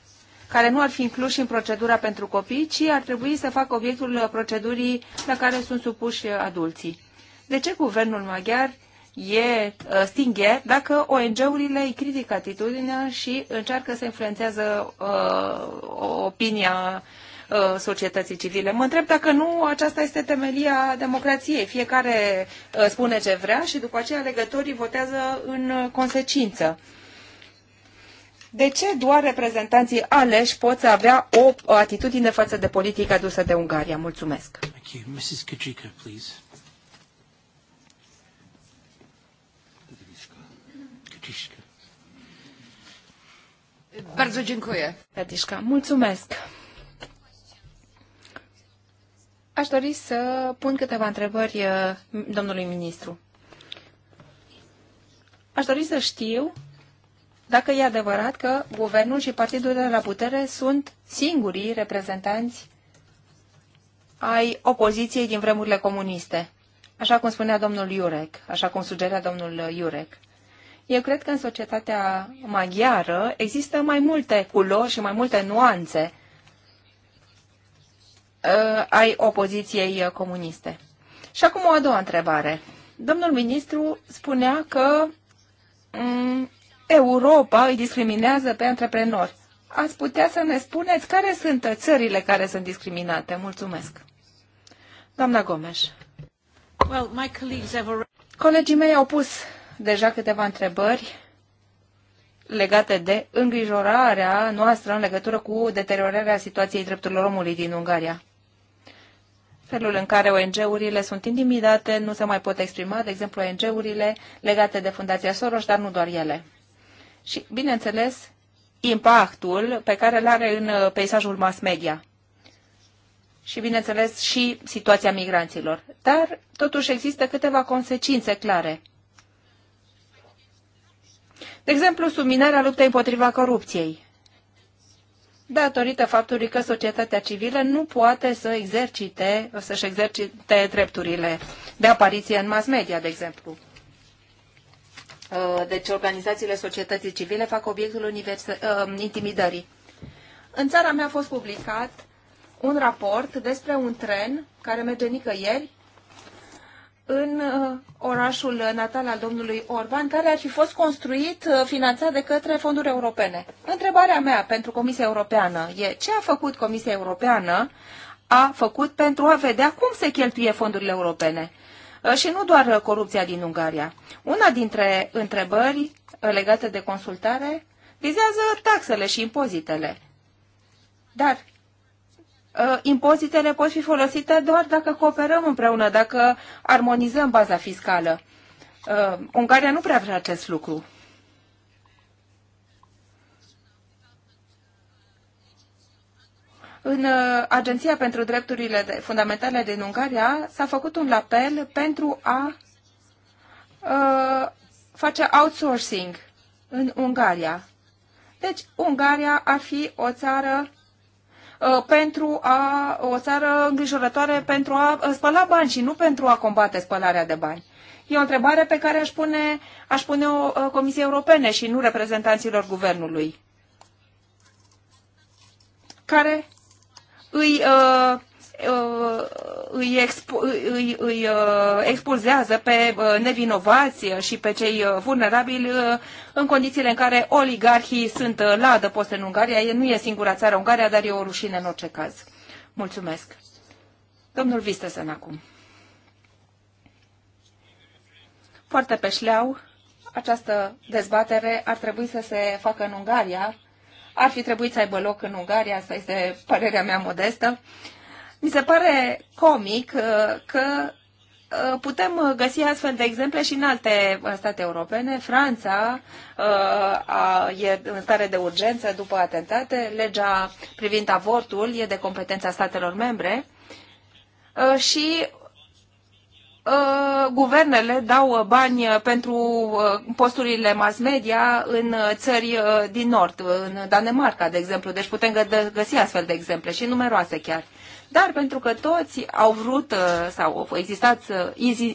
care nu ar fi incluși în procedura pentru copii, ci ar trebui să facă obiectul procedurii la care sunt supuși adulții. De ce guvernul maghiar e uh, stingher dacă ONG-urile îi critică atitudinea și încearcă să influențează uh, opinia uh, societății civile. Mă întreb dacă nu aceasta este temelia democrației. Fiecare uh, spune ce vrea și după aceea legătorii votează în consecință. Uh, de ce doar reprezentanții aleși pot să avea o, atitudine față de politica dusă de Ungaria? Mulțumesc. Thank you. Mrs. please. Bardzo dziękuję. mulțumesc. Aș dori să pun câteva întrebări eh, domnului ministru. Aș dori să știu dacă e adevărat că guvernul și partidul de la putere sunt singurii reprezentanți ai opoziției din vremurile comuniste, așa cum spunea domnul Iurec, așa cum sugerea domnul Iurec. Eu cred că în societatea maghiară există mai multe culori și mai multe nuanțe uh, ai opoziției comuniste. Și acum o a doua întrebare. Domnul ministru spunea că mm, Europa îi discriminează pe antreprenori. Ați putea să ne spuneți care sunt țările care sunt discriminate? Mulțumesc. Doamna Gomes. Well, my colleagues have... Colegii mei au pus deja câteva întrebări legate de îngrijorarea noastră în legătură cu deteriorarea situației drepturilor omului din Ungaria. Felul în care ONG-urile sunt intimidate, nu se mai pot exprima, de exemplu, ONG-urile legate de Fundația Soros, dar nu doar ele și, bineînțeles, impactul pe care îl are în uh, peisajul mass media și, bineînțeles, și situația migranților. Dar, totuși, există câteva consecințe clare. De exemplu, subminarea luptei împotriva corupției, datorită faptului că societatea civilă nu poate să exercite, să-și exercite drepturile de apariție în mass media, de exemplu. Uh, deci organizațiile societății civile fac obiectul universe, uh, intimidării. În țara mea a fost publicat un raport despre un tren care merge nicăieri în uh, orașul natal al domnului Orban, care ar fi fost construit, finanțat de către fonduri europene. Întrebarea mea pentru Comisia Europeană e ce a făcut Comisia Europeană a făcut pentru a vedea cum se cheltuie fondurile europene. Uh, și nu doar uh, corupția din Ungaria. Una dintre întrebări uh, legate de consultare vizează taxele și impozitele. Dar impozitele pot fi folosite doar dacă cooperăm împreună, dacă armonizăm baza fiscală. Ungaria nu prea vrea acest lucru. În uh, Agenția pentru Drepturile Fundamentale din Ungaria s-a făcut un apel pentru a uh, face outsourcing în Ungaria. Deci, Ungaria ar fi o țară uh, pentru a, o țară îngrijorătoare pentru a spăla bani și nu pentru a combate spălarea de bani. E o întrebare pe care aș pune, aș pune o Comisie Europene și nu reprezentanților guvernului, care îi, uh, uh, îi, expu- îi, îi uh, expulzează pe uh, nevinovați și pe cei uh, vulnerabili uh, în condițiile în care oligarhii sunt uh, la adăpost în Ungaria. E, nu e singura țară Ungaria, dar e o rușine în orice caz. Mulțumesc. Domnul Vistesen acum. Foarte pe șleau, această dezbatere ar trebui să se facă în Ungaria, ar fi trebuit să aibă loc în Ungaria, asta este părerea mea modestă. Mi se pare comic uh, că uh, putem uh, găsi astfel de exemple și în alte state europene. Franța e în stare de urgență după atentate. Legea privind avortul e de competența statelor membre. Și Uh, guvernele dau uh, bani uh, pentru posturile mass media în țări din nord, în Danemarca, de exemplu. Deci putem găsi astfel de exemple și numeroase chiar. Dar pentru că toți au vrut sau au existat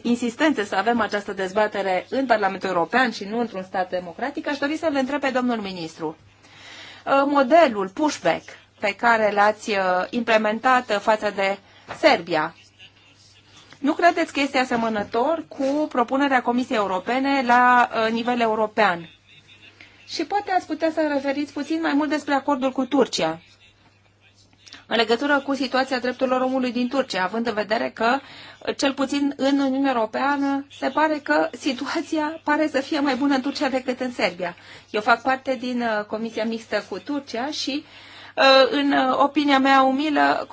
insistențe să avem această dezbatere în Parlamentul European și nu într-un stat democratic, aș dori să le întreb pe domnul ministru. Modelul pushback pe care l-ați implementat față de Serbia, nu credeți că este asemănător cu propunerea Comisiei Europene la uh, nivel european? Și poate ați putea să referiți puțin mai mult despre acordul cu Turcia în legătură cu situația drepturilor omului din Turcia, având în vedere că, uh, cel puțin în Uniunea Europeană, se pare că situația pare să fie mai bună în Turcia decât în Serbia. Eu fac parte din uh, Comisia Mixtă cu Turcia și Uh, în uh, opinia mea umilă,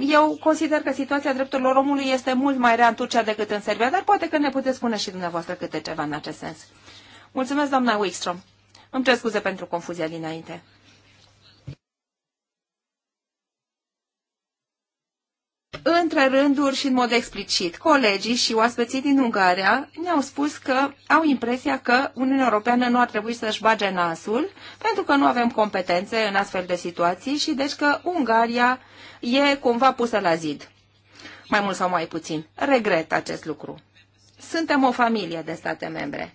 eu consider că situația drepturilor omului este mult mai rea în Turcia decât în Serbia, dar poate că ne puteți spune și dumneavoastră câte ceva în acest sens. Mulțumesc, doamna Wickstrom. Îmi cer scuze pentru confuzia dinainte. între rânduri și în mod explicit. Colegii și oaspeții din Ungaria ne-au spus că au impresia că Uniunea Europeană nu ar trebui să-și bage nasul, pentru că nu avem competențe în astfel de situații și deci că Ungaria e cumva pusă la zid. Mai mult sau mai puțin. Regret acest lucru. Suntem o familie de state membre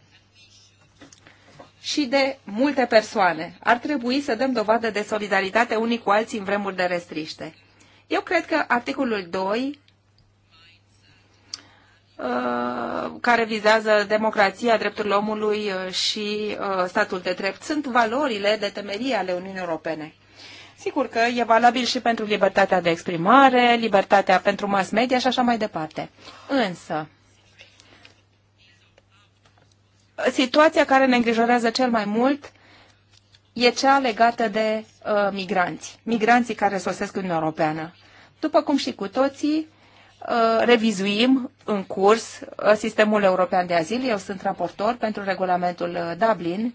și de multe persoane. Ar trebui să dăm dovadă de solidaritate unii cu alții în vremuri de restriște. Eu cred că articolul 2 uh, care vizează democrația, drepturile omului uh, și uh, statul de drept. Sunt valorile de temerie ale Uniunii Europene. Sigur că e valabil și pentru libertatea de exprimare, libertatea pentru mass media și așa mai departe. Însă, situația care ne îngrijorează cel mai mult e cea legată de uh, migranți, migranții care sosesc în Europeană. După cum și cu toții, uh, revizuim în curs uh, sistemul european de azil. Eu sunt raportor pentru regulamentul uh, Dublin,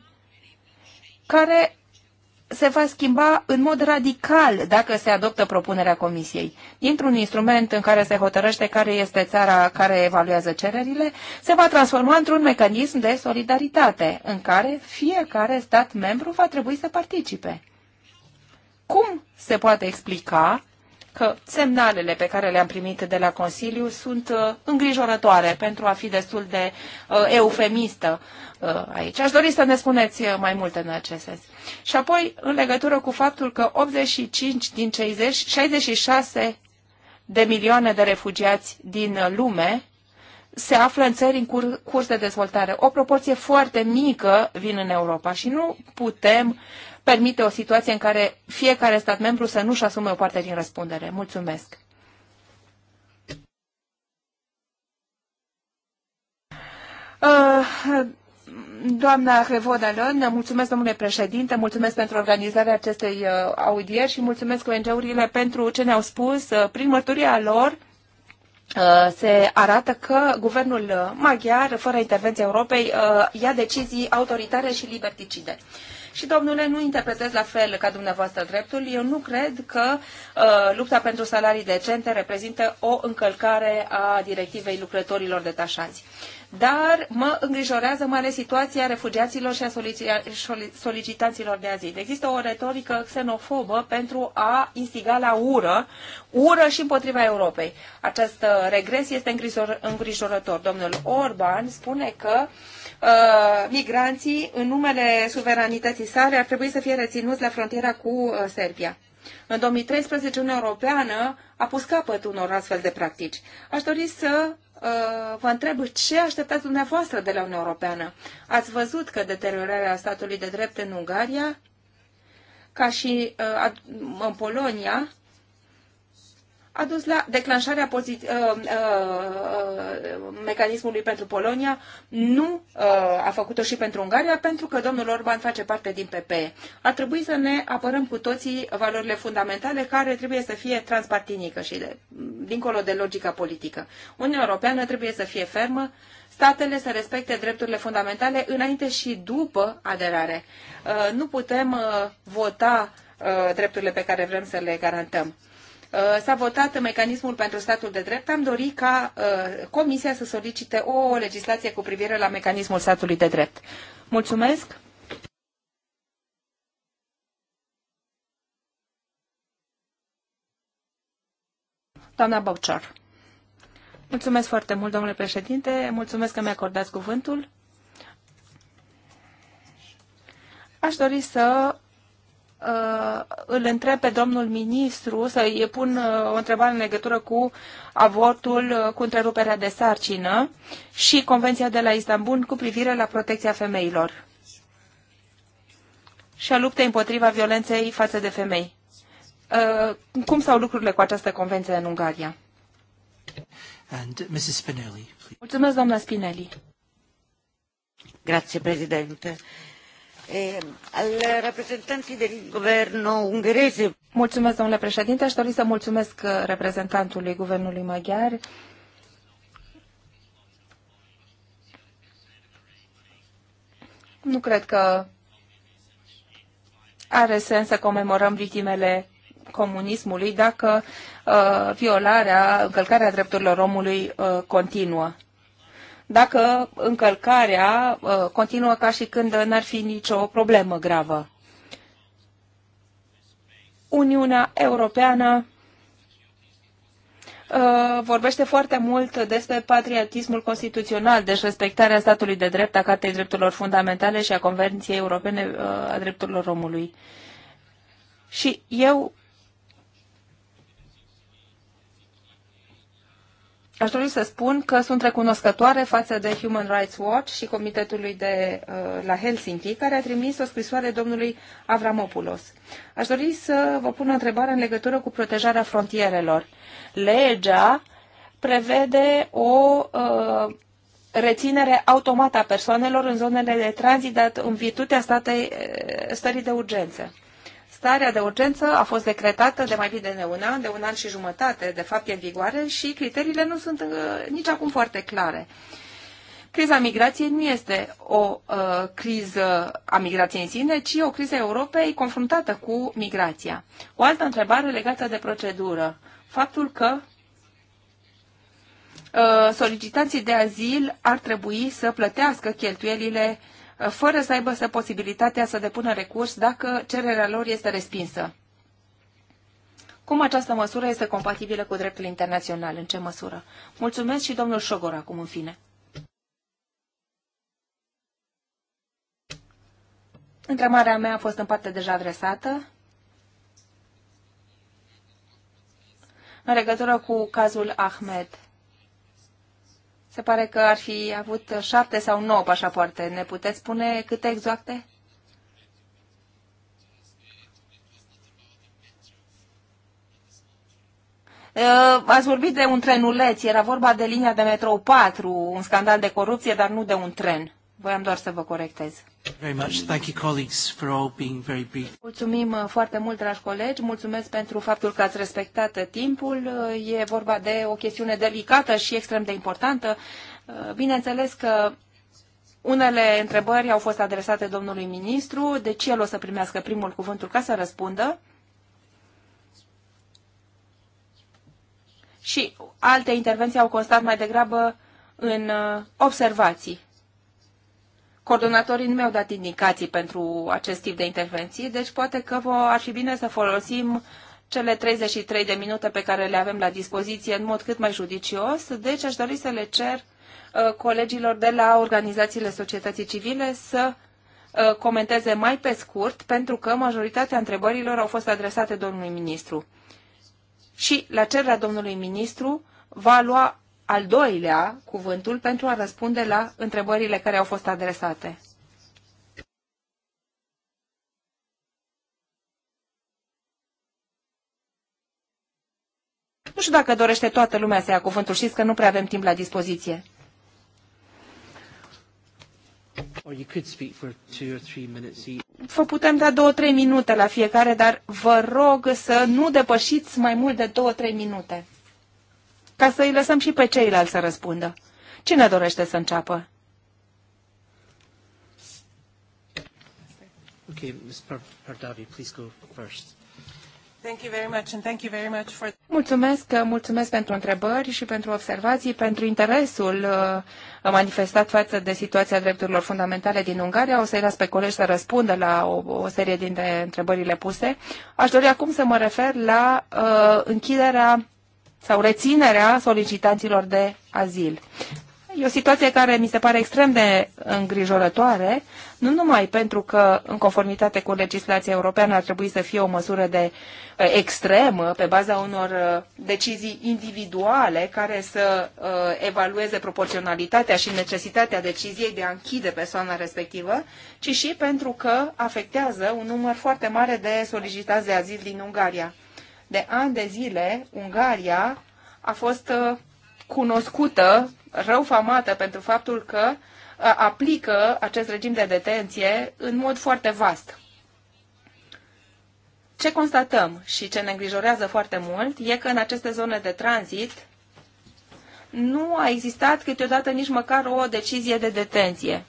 care se va schimba în mod radical dacă se adoptă propunerea Comisiei. Dintr-un instrument în care se hotărăște care este țara care evaluează cererile, se va transforma într-un mecanism de solidaritate, în care fiecare stat membru va trebui să participe. Cum se poate explica că semnalele pe care le-am primit de la Consiliu sunt uh, îngrijorătoare pentru a fi destul de uh, eufemistă uh, aici. Aș dori să ne spuneți mai multe în acest sens. Și apoi, în legătură cu faptul că 85 din cei 60, 66 de milioane de refugiați din lume se află în țări în cur, curs de dezvoltare. O proporție foarte mică vin în Europa și nu putem permite o situație în care fiecare stat membru să nu-și asume o parte din răspundere. Mulțumesc! Uh, Doamna Revodalon, mulțumesc domnule președinte, mulțumesc pentru organizarea acestei uh, audieri și mulțumesc ONG-urile pentru ce ne-au spus. Uh, prin mărturia lor uh, se arată că guvernul maghiar, fără intervenția Europei, ia decizii autoritare și liberticide. Și, domnule, nu interpretez la fel ca dumneavoastră dreptul. Eu nu cred că uh, lupta pentru salarii decente reprezintă o încălcare a directivei lucrătorilor detașați dar mă îngrijorează mai ales situația refugiaților și a solicitanților de azil. Există o retorică xenofobă pentru a instiga la ură, ură și împotriva Europei. Această regres este îngrijorător. Domnul Orban spune că uh, Uh, migranții, în numele suveranității sale, ar trebui să fie reținuți la frontiera cu uh, Serbia. În 2013, Uniunea Europeană a pus capăt unor astfel de practici. Aș dori să uh, vă întreb ce așteptați dumneavoastră de la Uniunea Europeană. Ați văzut că deteriorarea statului de drept în Ungaria, ca și în Polonia, a dus la declanșarea uh, uh, uh, mecanismului pentru Polonia, nu uh, a făcut-o și pentru Ungaria, pentru că domnul Orban face parte din PPE. A trebuit să ne apărăm cu toții valorile fundamentale care trebuie să fie transpartinică și de, dincolo de logica politică. Uniunea Europeană trebuie să fie fermă, statele să respecte drepturile fundamentale înainte și după aderare. Uh, nu putem uh, vota uh, drepturile pe care vrem să le garantăm Uh, s-a votat mecanismul pentru statul de drept, am dorit ca uh, Comisia să solicite o legislație cu privire la mecanismul statului de drept. Mulțumesc! Doamna Băucior. Mulțumesc foarte mult, domnule președinte. Mulțumesc că mi-a acordat cuvântul. Aș dori să Uh, îl întreb pe domnul ministru să-i pun uh, o întrebare în legătură cu avortul, uh, cu întreruperea de sarcină și Convenția de la Istanbul cu privire la protecția femeilor și a luptei împotriva violenței față de femei. Cum stau lucrurile cu această convenție în Ungaria? And Mrs. Spinelli, Mulțumesc, doamna Spinelli. Grazie, președinte. Eh, al reprezentanții ungherese. Mulțumesc, domnule președinte. Aș dori să mulțumesc uh, reprezentantului guvernului maghiar. Nu cred că are sens să comemorăm victimele comunismului dacă uh, violarea, încălcarea drepturilor omului uh, continuă dacă încălcarea uh, continuă ca și când n-ar fi nicio problemă gravă. Uniunea Europeană uh, vorbește foarte mult despre patriotismul constituțional, deci respectarea statului de drept, a Cartei Drepturilor Fundamentale și a Convenției Europene uh, a Drepturilor Omului. Și eu Aș dori să spun că sunt recunoscătoare față de Human Rights Watch și Comitetului de uh, la Helsinki, care a trimis o scrisoare domnului Avramopoulos. Aș dori să vă pun o întrebare în legătură cu protejarea frontierelor. Legea prevede o uh, reținere automată a persoanelor în zonele de tranzit în virtutea statei, uh, stării de urgență starea de urgență a fost decretată de mai bine de un an, de un an și jumătate, de fapt e în vigoare și criteriile nu sunt uh, nici acum foarte clare. Criza migrației nu este o uh, criză a migrației în sine, ci o criză a Europei confruntată cu migrația. O altă întrebare legată de procedură. Faptul că uh, solicitanții de azil ar trebui să plătească cheltuielile uh, fără să aibă să posibilitatea să depună recurs dacă cererea lor este respinsă. Cum această măsură este compatibilă cu dreptul internațional? În ce măsură? Mulțumesc și domnul Șogor acum în fine. Întrebarea mea a fost în parte deja adresată. În legătură cu cazul Ahmed, se pare că ar fi avut șapte sau nouă pașapoarte. Ne puteți spune câte exacte? Uh, ați vorbit de un trenuleț, era vorba de linia de metrou 4, un scandal de corupție, dar nu de un tren. Voiam doar să vă corectez. Very much. Thank you, colleagues, for all being very brief. Mulțumim uh, foarte mult, dragi colegi, mulțumesc pentru faptul că ați respectat uh, timpul. Uh, e vorba de o chestiune delicată și extrem de importantă. Bineînțeles că unele întrebări au fost adresate domnului ministru, deci el o să primească primul cuvântul ca să răspundă. Și alte intervenții au constat mai degrabă în observații coordonatorii nu mi-au dat indicații pentru acest tip de intervenții, deci poate că ar fi bine să folosim cele 33 de minute pe care le avem la dispoziție în mod cât mai judicios, deci aș dori să le cer uh, colegilor de la organizațiile societății civile să uh, comenteze mai pe scurt, pentru că majoritatea întrebărilor au fost adresate domnului ministru. Și la cererea domnului ministru va lua al doilea cuvântul pentru a răspunde la întrebările care au fost adresate. Nu știu dacă dorește toată lumea să ia cuvântul. Știți că nu prea avem timp la dispoziție. Vă putem da două-trei minute la fiecare, dar vă rog să nu depășiți mai mult de două-trei minute ca să i lăsăm și pe ceilalți să răspundă. Cine dorește să înceapă? Ms. Pardavi, please go first. Mulțumesc, mulțumesc pentru întrebări și pentru observații, pentru interesul uh, manifestat față de situația drepturilor fundamentale din Ungaria. O să-i las pe colegi să răspundă la o, o serie dintre întrebările puse. Aș dori acum să mă refer la uh, închiderea sau reținerea solicitanților de azil. E o situație care mi se pare extrem de îngrijorătoare, nu numai pentru că, în conformitate cu legislația europeană, ar trebui să fie o măsură de uh, extremă, pe baza unor uh, decizii individuale care să uh, evalueze proporționalitatea și necesitatea deciziei de a închide persoana respectivă, ci și pentru că afectează un număr foarte mare de solicitați de azil din Ungaria. De ani de zile, Ungaria a fost uh, cunoscută, răufamată pentru faptul că uh, aplică acest regim de detenție în mod foarte vast. Ce constatăm și ce ne îngrijorează foarte mult e că în aceste zone de tranzit nu a existat câteodată nici măcar o decizie de detenție.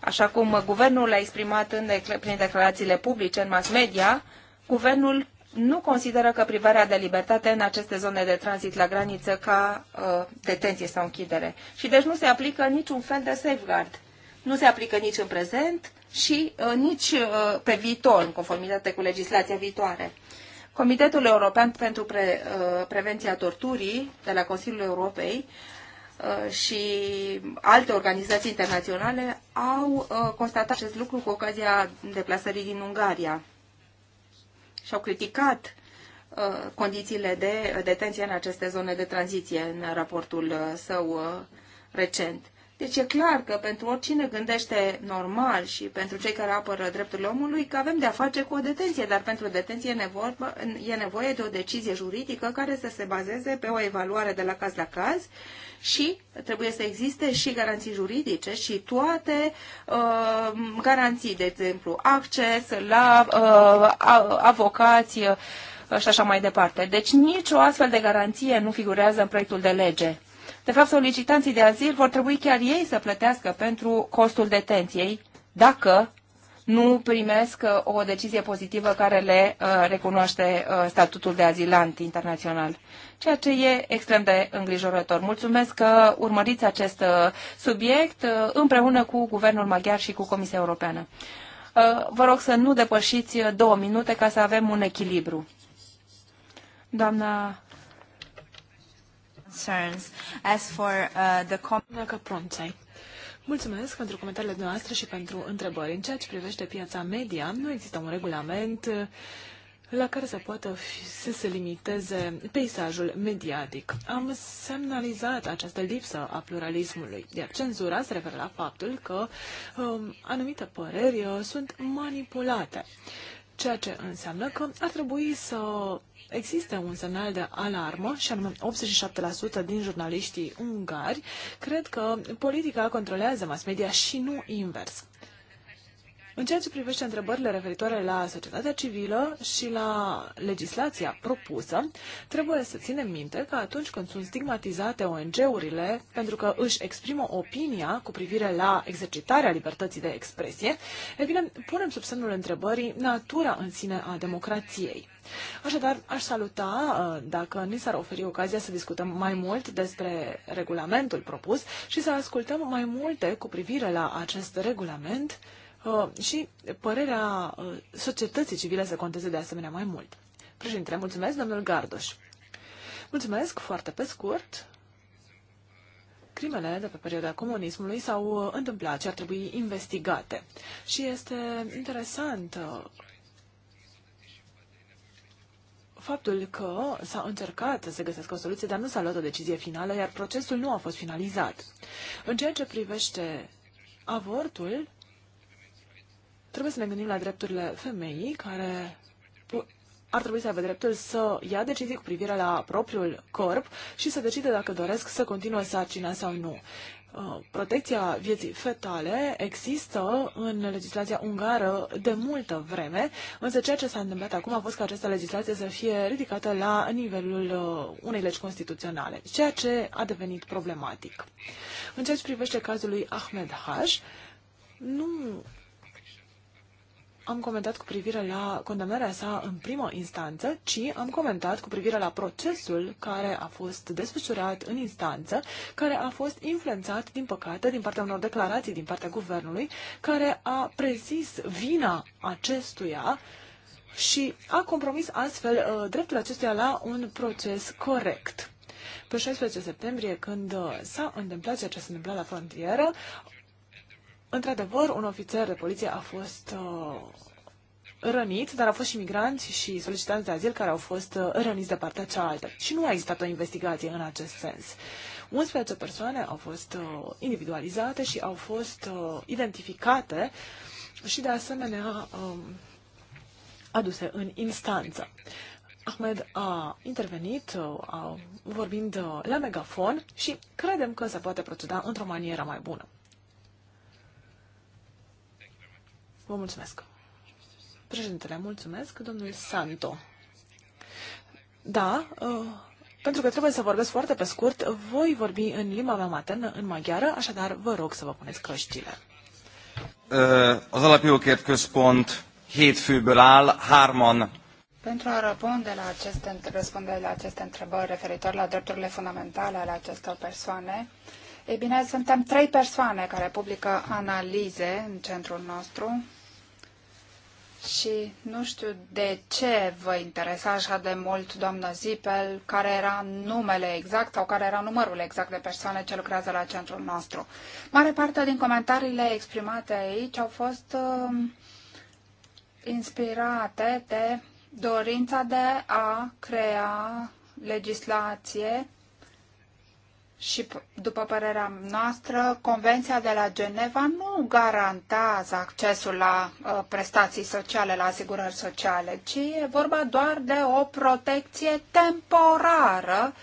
Așa cum guvernul a exprimat în decla- prin declarațiile publice în mass media, guvernul nu consideră că privarea de libertate în aceste zone de tranzit la graniță ca uh, detenție sau închidere. Și deci nu se aplică niciun fel de safeguard. Nu se aplică nici în prezent și uh, nici uh, pe viitor, în conformitate cu legislația viitoare. Comitetul European pentru Pre, uh, Prevenția Torturii de la Consiliul Europei uh, și alte organizații internaționale au uh, constatat acest lucru cu ocazia deplasării din Ungaria și au criticat uh, condițiile de detenție în aceste zone de tranziție în raportul uh, său uh, recent. Deci e clar că pentru oricine gândește normal și pentru cei care apără drepturile omului că avem de-a face cu o detenție, dar pentru detenție e nevoie, de o decizie juridică care să se bazeze pe o evaluare de la caz la caz și trebuie să existe și garanții juridice și toate uh, garanții, de exemplu, acces la uh, avocație uh, și așa mai departe. Deci nicio astfel de garanție nu figurează în proiectul de lege. De fapt, solicitanții de azil vor trebui chiar ei să plătească pentru costul detenției, dacă nu primesc uh, o decizie pozitivă care le uh, recunoaște uh, statutul de azilant internațional, ceea ce e extrem de îngrijorător. Mulțumesc că urmăriți acest subiect împreună cu Guvernul Maghiar și cu Comisia Europeană. Vă rog să nu depășiți două minute ca să avem un echilibru. Doamna concerns. As for uh, the Dacă Mulțumesc pentru comentariile noastre și pentru întrebări. În ceea ce privește piața media, nu există un regulament uh, la care să poată fi, să se limiteze peisajul mediatic. Am semnalizat această lipsă a pluralismului, iar cenzura se referă la faptul că um, anumite păreri uh, sunt manipulate, ceea ce înseamnă că ar trebui să există un semnal de alarmă și anume 87% din jurnaliștii ungari cred că politica controlează mass media și nu invers. În ceea ce privește întrebările referitoare la societatea civilă și la legislația propusă, trebuie să ținem minte că atunci când sunt stigmatizate ONG-urile pentru că își exprimă opinia cu privire la exercitarea libertății de expresie, e bine, punem sub semnul întrebării natura în sine a democrației. Așadar, aș saluta uh, dacă ni s-ar oferi ocazia să discutăm mai mult despre regulamentul propus și să ascultăm mai multe cu privire la acest regulament Uh, și părerea uh, societății civile să conteze de asemenea mai mult. Președinte, mulțumesc, domnul Gardoș. Mulțumesc, foarte pe scurt. Crimele de pe perioada comunismului s-au uh, întâmplat și ar trebui investigate. Și este interesant faptul că s-a încercat să se găsească o soluție, dar nu s-a luat o decizie finală, iar procesul nu a fost finalizat. În ceea ce privește avortul, Trebuie să ne gândim la drepturile femeii care ar trebui să aibă dreptul să ia decizii cu privire la propriul corp și să decide dacă doresc să continue sarcina sau nu. Uh, protecția vieții fetale există în legislația ungară de multă vreme, însă ceea ce s-a întâmplat acum a fost ca această legislație să fie ridicată la nivelul uh, unei legi constituționale, ceea ce a devenit problematic. În ceea ce privește cazul lui Ahmed Haj, nu am comentat cu privire la condamnarea sa în primă instanță, ci am comentat cu privire la procesul care a fost desfășurat în instanță, care a fost influențat, din păcate, din partea unor declarații din partea guvernului, care a prezis vina acestuia și a compromis astfel uh, dreptul acestuia la un proces corect. Pe 16 septembrie, când uh, s-a întâmplat ceea ce s-a întâmplat la frontieră, Într-adevăr, un ofițer de poliție a fost uh, rănit, dar au fost și migranți și solicitanți de azil care au fost uh, răniți de partea cealaltă. Și nu a existat o investigație în acest sens. 11 persoane au fost uh, individualizate și au fost uh, identificate și, de asemenea, um, aduse în instanță. Ahmed a intervenit uh, a, vorbind uh, la megafon și credem că se poate proceda într-o manieră mai bună. Vă mulțumesc. Președintele, mulțumesc, domnul Santo. Da, uh, pentru că trebuie să vorbesc foarte pe scurt, voi vorbi în limba mea maternă, în maghiară, așadar vă rog să vă puneți căștile. Uh, az Alapjogért Központ hét főből áll, hárman pentru a răspunde la aceste, răspunde la aceste întrebări referitor la drepturile fundamentale ale acestor persoane, e bine, suntem trei persoane care publică analize în centrul nostru și nu știu de ce vă interesa așa de mult, doamnă Zipel, care era numele exact sau care era numărul exact de persoane ce lucrează la centrul nostru. Mare parte din comentariile exprimate aici au fost uh, inspirate de dorința de a crea legislație și, după părerea noastră, Convenția de la Geneva nu garantează accesul la uh, prestații sociale, la asigurări sociale, ci e vorba doar de o protecție temporară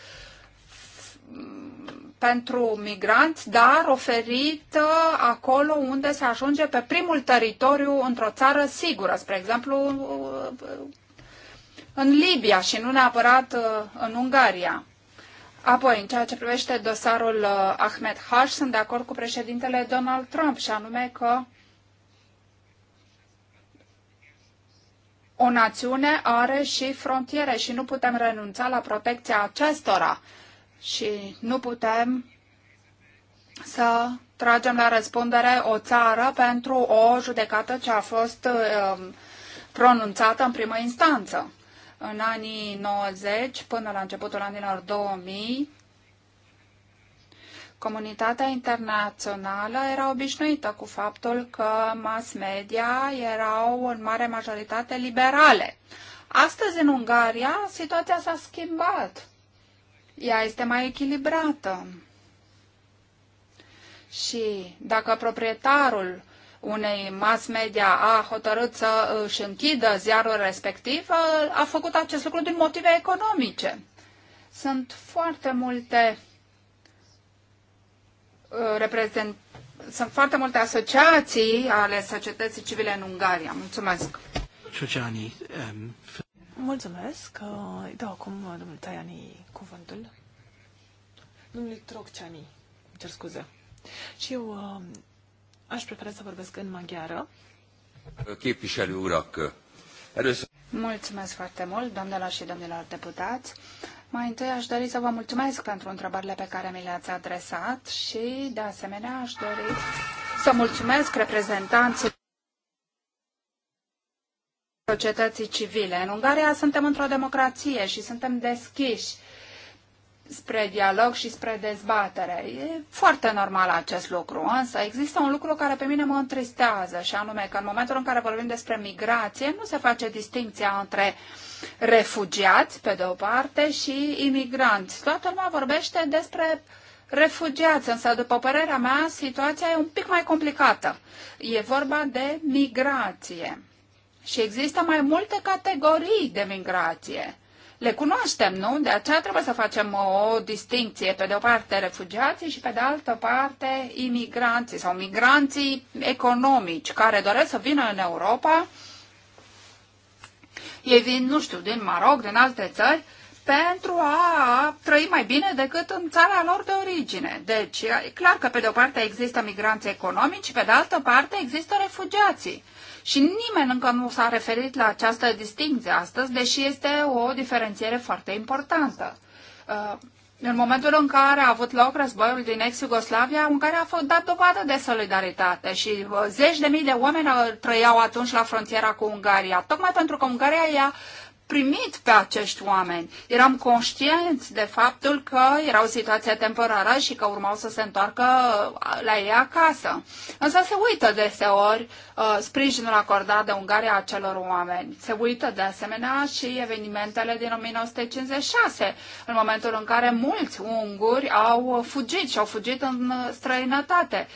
mm, pentru migranți, dar oferită acolo unde se ajunge pe primul teritoriu într-o țară sigură, spre exemplu uh, în Libia și nu neapărat uh, în Ungaria. Apoi, în ceea ce privește dosarul uh, Ahmed Hash, sunt de acord cu președintele Donald Trump și anume că o națiune are și frontiere și nu putem renunța la protecția acestora și nu putem să tragem la răspundere o țară pentru o judecată ce a fost uh, pronunțată în primă instanță în anii 90 până la începutul anilor 2000, comunitatea internațională era obișnuită cu faptul că mass media erau în mare majoritate liberale. Astăzi, în Ungaria, situația s-a schimbat. Ea este mai echilibrată. Și dacă proprietarul unei mass media a hotărât să își închidă ziarul respectiv, a făcut acest lucru din motive economice. Sunt foarte multe uh, reprezent... sunt foarte multe asociații ale societății civile în Ungaria. Mulțumesc! Um, Mulțumesc! Da dau acum uh, domnul Taiani cuvântul. Domnul Trocciani, cer scuze. Și eu Aș prefera să vorbesc în maghiară. Képviselő urak, először... Mulțumesc foarte mult, doamnelor și domnilor deputați. Mai întâi aș dori să vă mulțumesc pentru întrebările pe care mi le-ați adresat și, de asemenea, aș dori să mulțumesc reprezentanții societății civile. În Ungaria suntem într-o democrație și suntem deschiși spre dialog și spre dezbatere. E foarte normal acest lucru, însă există un lucru care pe mine mă întristează și anume că în momentul în care vorbim despre migrație nu se face distinția între refugiați, pe de o parte, și imigranți. Toată lumea vorbește despre refugiați, însă, după părerea mea, situația e un pic mai complicată. E vorba de migrație. Și există mai multe categorii de migrație le cunoaștem, nu? De aceea trebuie să facem o distinție, pe de o parte refugiații și pe de altă parte imigranții sau migranții economici care doresc să vină în Europa. Ei vin, nu știu, din Maroc, din alte țări, pentru a trăi mai bine decât în țara lor de origine. Deci, e clar că pe de o parte există migranți economici și pe de altă parte există refugiații. Și nimeni încă nu s-a referit la această distinție astăzi, deși este o diferențiere foarte importantă. Uh, în momentul în care a avut loc războiul din ex-Iugoslavia, în care a fost dat dovadă de solidaritate și uh, zeci de mii de oameni uh, trăiau atunci la frontiera cu Ungaria, tocmai pentru că Ungaria i-a primit pe acești oameni. Eram conștienți de faptul că era o situație temporară și că urmau să se întoarcă uh, la ei acasă. Însă se uită deseori uh, sprijinul acordat de Ungaria acelor oameni. Se uită de asemenea și evenimentele din 1956, în momentul în care mulți unguri au fugit și au fugit în străinătate.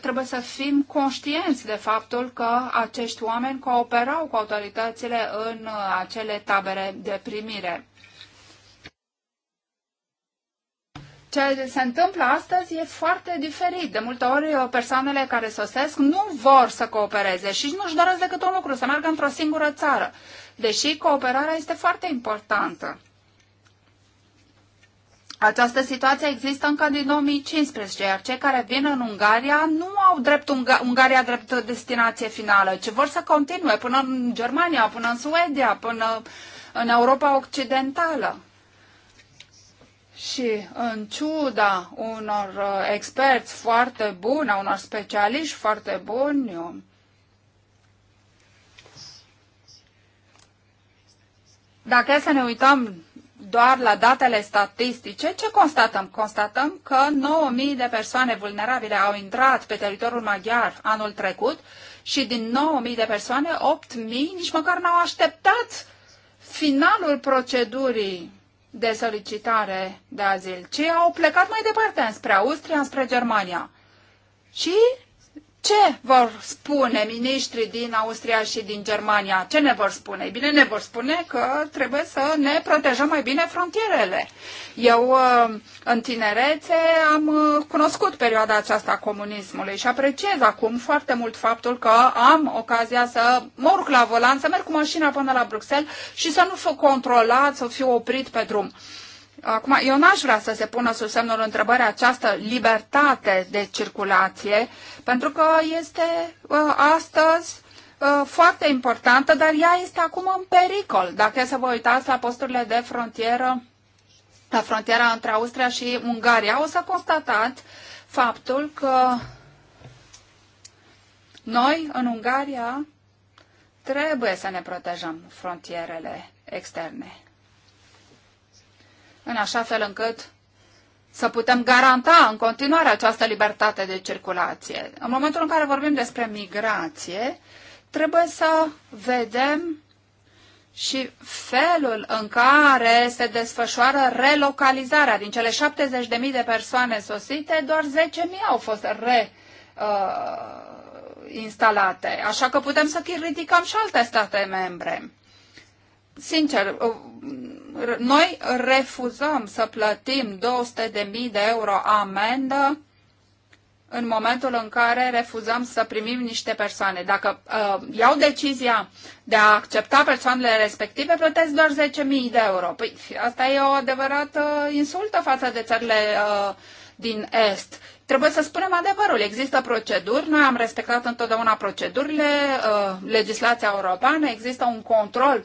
Trebuie să fim conștienți de faptul că acești oameni cooperau cu autoritățile în uh, acele tabere de primire. Ce se întâmplă astăzi e foarte diferit. De multe ori uh, persoanele care sosesc nu vor să coopereze și nu-și doresc decât un lucru, să meargă într-o singură țară. Deși cooperarea este foarte importantă. Această situație există încă din 2015, iar cei care vin în Ungaria nu au drept Unga- Ungaria drept destinație finală, ci vor să continue până în Germania, până în Suedia, până în Europa Occidentală. Și în ciuda unor uh, experți foarte buni, a unor specialiști foarte buni, uh, dacă e să ne uităm doar la datele statistice, ce constatăm? Constatăm că 9.000 de persoane vulnerabile au intrat pe teritoriul maghiar anul trecut și din 9.000 de persoane, 8.000 nici măcar n-au așteptat finalul procedurii de solicitare de azil, ci au plecat mai departe, spre Austria, spre Germania. Și ce vor spune miniștrii din Austria și din Germania? Ce ne vor spune? Bine, ne vor spune că trebuie să ne protejăm mai bine frontierele. Eu, uh, în tinerețe, am uh, cunoscut perioada aceasta comunismului și apreciez acum foarte mult faptul că am ocazia să mă urc la volan, să merg cu mașina până la Bruxelles și să nu fiu controlat, să fiu oprit pe drum. Acum, eu n-aș vrea să se pună sub semnul întrebării această libertate de circulație, pentru că este uh, astăzi uh, foarte importantă, dar ea este acum în pericol. Dacă e să vă uitați la posturile de frontieră, la frontiera între Austria și Ungaria, o să constatați faptul că noi, în Ungaria, trebuie să ne protejăm frontierele externe în așa fel încât să putem garanta în continuare această libertate de circulație. În momentul în care vorbim despre migrație, trebuie să vedem și felul în care se desfășoară relocalizarea. Din cele 70.000 de persoane sosite, doar 10.000 au fost re uh, instalate. Așa că putem să ridicăm și alte state membre sincer, noi refuzăm să plătim 200.000 de euro amendă în momentul în care refuzăm să primim niște persoane. Dacă uh, iau decizia de a accepta persoanele respective, plătesc doar 10.000 de euro. Păi asta e o adevărată insultă față de țările uh, din Est. Trebuie să spunem adevărul. Există proceduri, noi am respectat întotdeauna procedurile, uh, legislația europeană, există un control uh,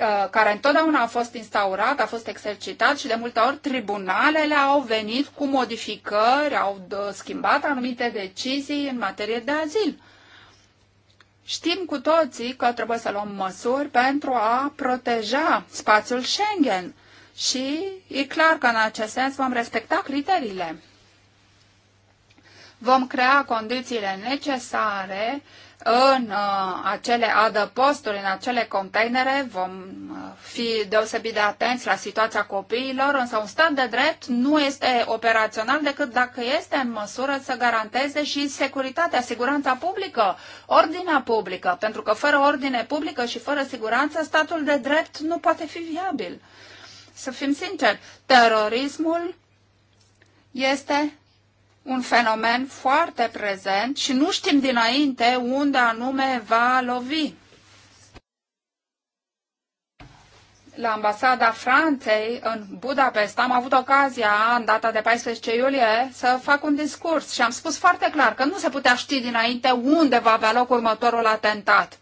Uh, care întotdeauna a fost instaurat, a fost exercitat și de multe ori tribunalele au venit cu modificări, au schimbat anumite decizii în materie de azil. Știm cu toții că trebuie să luăm măsuri pentru a proteja spațiul Schengen și e clar că în acest sens vom respecta criteriile. Vom crea condițiile necesare în uh, acele adăposturi, în acele containere, vom uh, fi deosebit de atenți la situația copiilor, însă un stat de drept nu este operațional decât dacă este în măsură să garanteze și securitatea, siguranța publică, ordinea publică, pentru că fără ordine publică și fără siguranță, statul de drept nu poate fi viabil. Să fim sinceri, terorismul este un fenomen foarte prezent și nu știm dinainte unde anume va lovi. La ambasada Franței, în Budapest, am avut ocazia, în data de 14 iulie, să fac un discurs și am spus foarte clar că nu se putea ști dinainte unde va avea loc următorul atentat.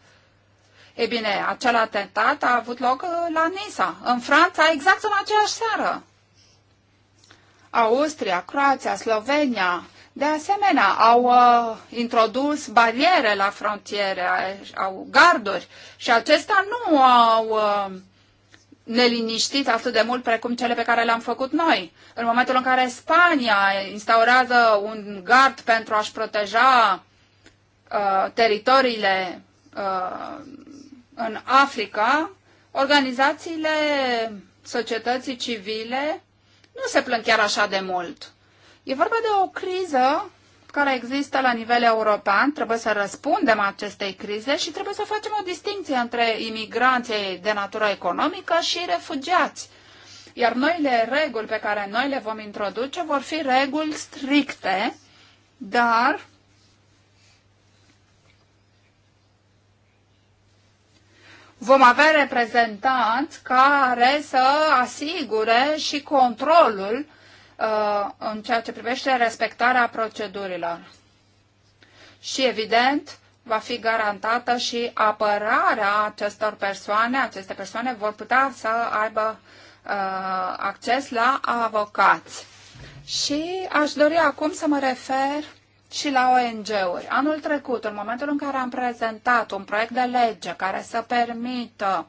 Ei bine, acel atentat a avut loc uh, la Nisa, în Franța, exact în aceeași seară. Austria, Croația, Slovenia, de asemenea, au uh, introdus bariere la frontiere, au garduri și acestea nu au uh, neliniștit atât de mult precum cele pe care le-am făcut noi. În momentul în care Spania instaurează un gard pentru a-și proteja uh, teritoriile uh, în Africa, organizațiile societății civile nu se plâng chiar așa de mult. E vorba de o criză care există la nivel european, trebuie să răspundem acestei crize și trebuie să facem o distinție între imigranții de natură economică și refugiați. Iar noile reguli pe care noi le vom introduce vor fi reguli stricte, dar vom avea reprezentanți care să asigure și controlul uh, în ceea ce privește respectarea procedurilor. Și evident, va fi garantată și apărarea acestor persoane. Aceste persoane vor putea să aibă uh, acces la avocați. Și aș dori acum să mă refer și la ONG-uri. Anul trecut, în momentul în care am prezentat un proiect de lege care să permită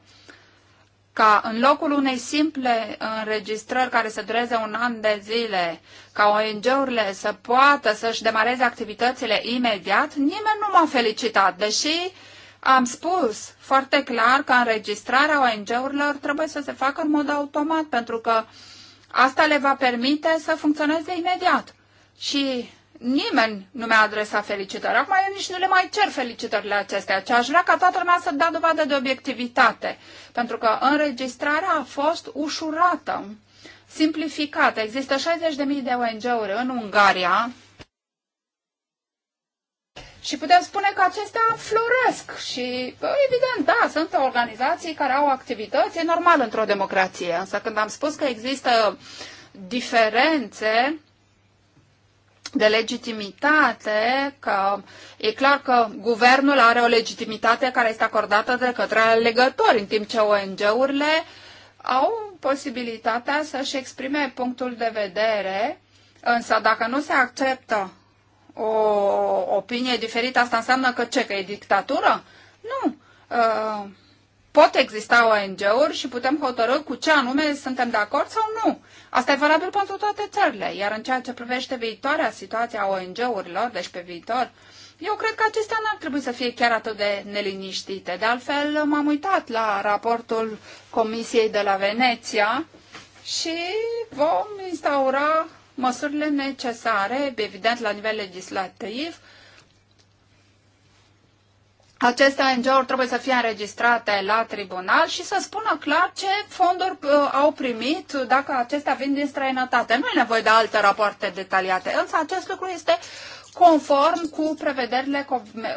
ca în locul unei simple înregistrări care să dureze un an de zile, ca ONG-urile să poată să-și demareze activitățile imediat, nimeni nu m-a felicitat, deși am spus foarte clar că înregistrarea ONG-urilor trebuie să se facă în mod automat, pentru că asta le va permite să funcționeze imediat. Și nimeni nu mi-a adresat felicitări. Acum eu nici nu le mai cer felicitările acestea, ci aș vrea ca toată lumea să dea dovadă de obiectivitate, pentru că înregistrarea a fost ușurată, simplificată. Există 60.000 de ONG-uri în Ungaria și putem spune că acestea floresc și, evident, da, sunt organizații care au activități, e normal într-o democrație, însă când am spus că există diferențe, de legitimitate, că e clar că guvernul are o legitimitate care este acordată de către alegători, în timp ce ONG-urile au posibilitatea să-și exprime punctul de vedere, însă dacă nu se acceptă o opinie diferită, asta înseamnă că ce, că e dictatură? Nu. Uh, pot exista ONG-uri și putem hotărâ cu ce anume suntem de acord sau nu. Asta e valabil pentru toate țările, iar în ceea ce privește viitoarea situație a ONG-urilor, deci pe viitor, eu cred că acestea n-ar trebui să fie chiar atât de neliniștite. De altfel, m-am uitat la raportul Comisiei de la Veneția și vom instaura măsurile necesare, evident, la nivel legislativ, aceste ONG-uri trebuie să fie înregistrate la tribunal și să spună clar ce fonduri uh, au primit dacă acestea vin din străinătate. Nu e nevoie de alte rapoarte detaliate, însă acest lucru este conform cu prevederile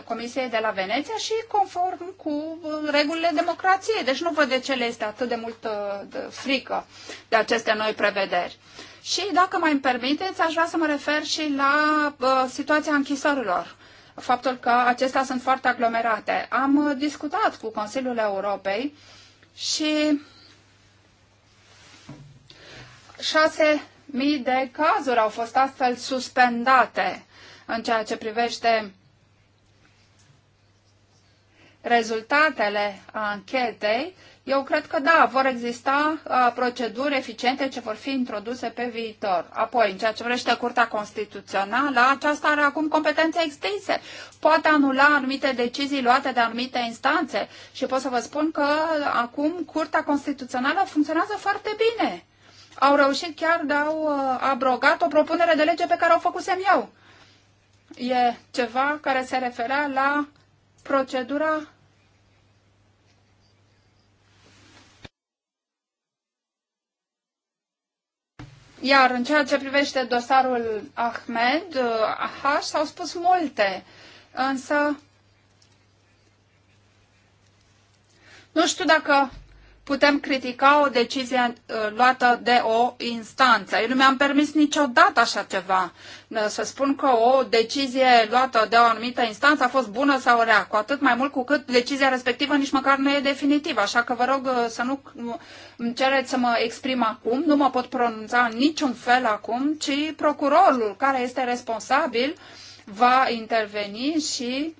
Comisiei de la Veneția și conform cu uh, regulile democrației. Deci nu văd de ce le este atât de mult uh, frică de aceste noi prevederi. Și dacă mai îmi permiteți, aș vrea să mă refer și la uh, situația închisorilor faptul că acestea sunt foarte aglomerate. Am discutat cu Consiliul Europei și 6.000 de cazuri au fost astfel suspendate în ceea ce privește rezultatele anchetei eu cred că da, vor exista uh, proceduri eficiente ce vor fi introduse pe viitor. Apoi, în ceea ce vrește Curtea Constituțională, aceasta are acum competențe extinse. Poate anula anumite decizii luate de anumite instanțe și pot să vă spun că uh, acum Curtea Constituțională funcționează foarte bine. Au reușit chiar de au uh, abrogat o propunere de lege pe care o făcusem eu. E ceva care se referea la procedura Iar în ceea ce privește dosarul Ahmed, aha, uh, s-au spus multe, însă nu știu dacă putem critica o decizie uh, luată de o instanță. Eu nu mi-am permis niciodată așa ceva. Să spun că o decizie luată de o anumită instanță a fost bună sau rea, cu atât mai mult cu cât decizia respectivă nici măcar nu e definitivă. Așa că vă rog uh, să nu îmi cereți să mă exprim acum, nu mă pot pronunța în niciun fel acum, ci procurorul care este responsabil va interveni și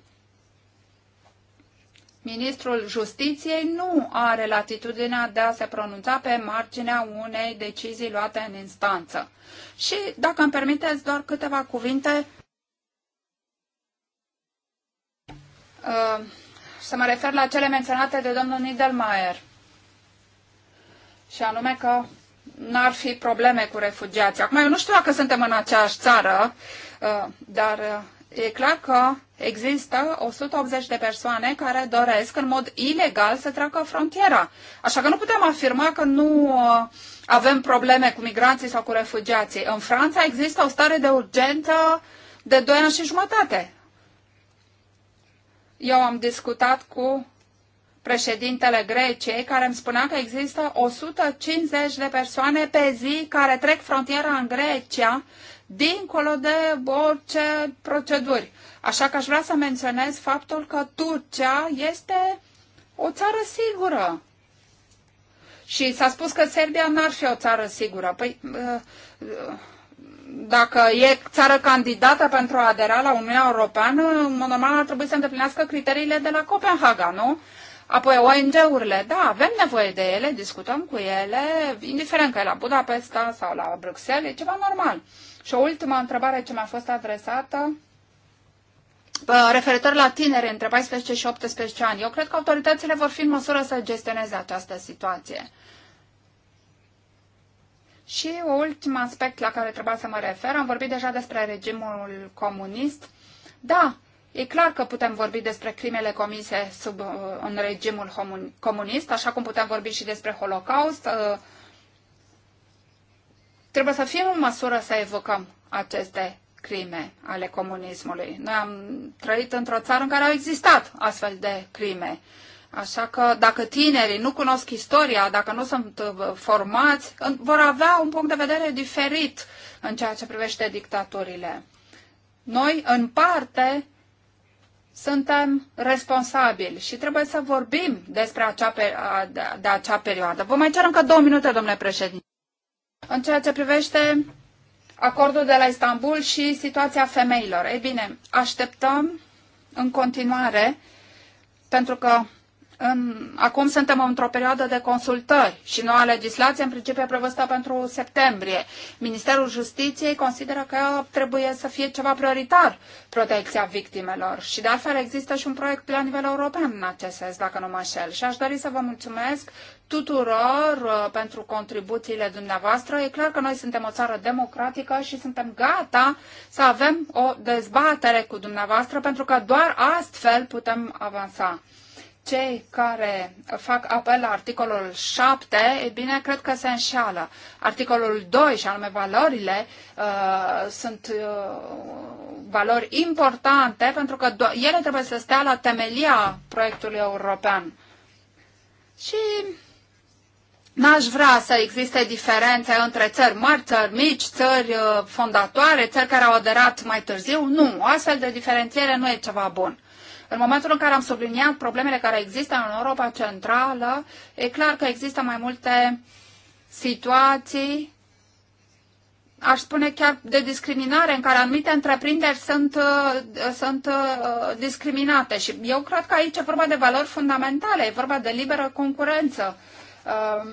Ministrul Justiției nu are latitudinea de a se pronunța pe marginea unei decizii luate în instanță. Și, dacă îmi permiteți, doar câteva cuvinte uh, să mă refer la cele menționate de domnul Niedermayer. Și anume că n-ar fi probleme cu refugiații. Acum, eu nu știu dacă suntem în aceeași țară, uh, dar uh, e clar că există 180 de persoane care doresc în mod ilegal să treacă frontiera. Așa că nu putem afirma că nu uh, avem probleme cu migranții sau cu refugiații. În Franța există o stare de urgență de 2 ani și jumătate. Eu am discutat cu președintele Greciei, care îmi spunea că există 150 de persoane pe zi care trec frontiera în Grecia dincolo de orice proceduri. Așa că aș vrea să menționez faptul că Turcia este o țară sigură. Și s-a spus că Serbia n-ar fi o țară sigură. Păi, uh, uh, dacă e țară candidată pentru a adera la Uniunea Europeană, în mod normal ar trebui să îndeplinească criteriile de la Copenhaga, nu? Apoi ONG-urile, da, avem nevoie de ele, discutăm cu ele, indiferent că e la Budapesta sau la Bruxelles, e ceva normal. Și o ultima întrebare ce mi-a fost adresată, referitor la tineri între 14 și 18 ani. Eu cred că autoritățile vor fi în măsură să gestioneze această situație. Și ultim aspect la care trebuia să mă refer, am vorbit deja despre regimul comunist. Da, e clar că putem vorbi despre crimele comise sub, uh, în regimul comunist, așa cum putem vorbi și despre Holocaust, uh, Trebuie să fim în măsură să evocăm aceste crime ale comunismului. Noi am trăit într-o țară în care au existat astfel de crime. Așa că dacă tinerii nu cunosc istoria, dacă nu sunt uh, formați, vor avea un punct de vedere diferit în ceea ce privește dictaturile. Noi, în parte, suntem responsabili și trebuie să vorbim despre acea, de acea perioadă. Vă mai cer încă două minute, domnule președinte. În ceea ce privește acordul de la Istanbul și situația femeilor. Ei bine, așteptăm în continuare, pentru că în, acum suntem într-o perioadă de consultări și noua legislație în principiu e prevăzută pentru septembrie. Ministerul Justiției consideră că trebuie să fie ceva prioritar protecția victimelor și de altfel există și un proiect la nivel european în acest sens, dacă nu mă șel. Și aș dori să vă mulțumesc tuturor uh, pentru contribuțiile dumneavoastră. E clar că noi suntem o țară democratică și suntem gata să avem o dezbatere cu dumneavoastră pentru că doar astfel putem avansa cei care fac apel la articolul 7, e bine, cred că se înșeală. Articolul 2, și anume valorile, uh, sunt uh, valori importante pentru că ele trebuie să stea la temelia proiectului european. Și N-aș vrea să existe diferențe între țări mari, țări mici, țări uh, fondatoare, țări care au aderat mai târziu. Nu, o astfel de diferențiere nu e ceva bun. În momentul în care am subliniat problemele care există în Europa Centrală, e clar că există mai multe situații, aș spune chiar de discriminare, în care anumite întreprinderi sunt, uh, sunt uh, discriminate. Și eu cred că aici e vorba de valori fundamentale, e vorba de liberă concurență Um,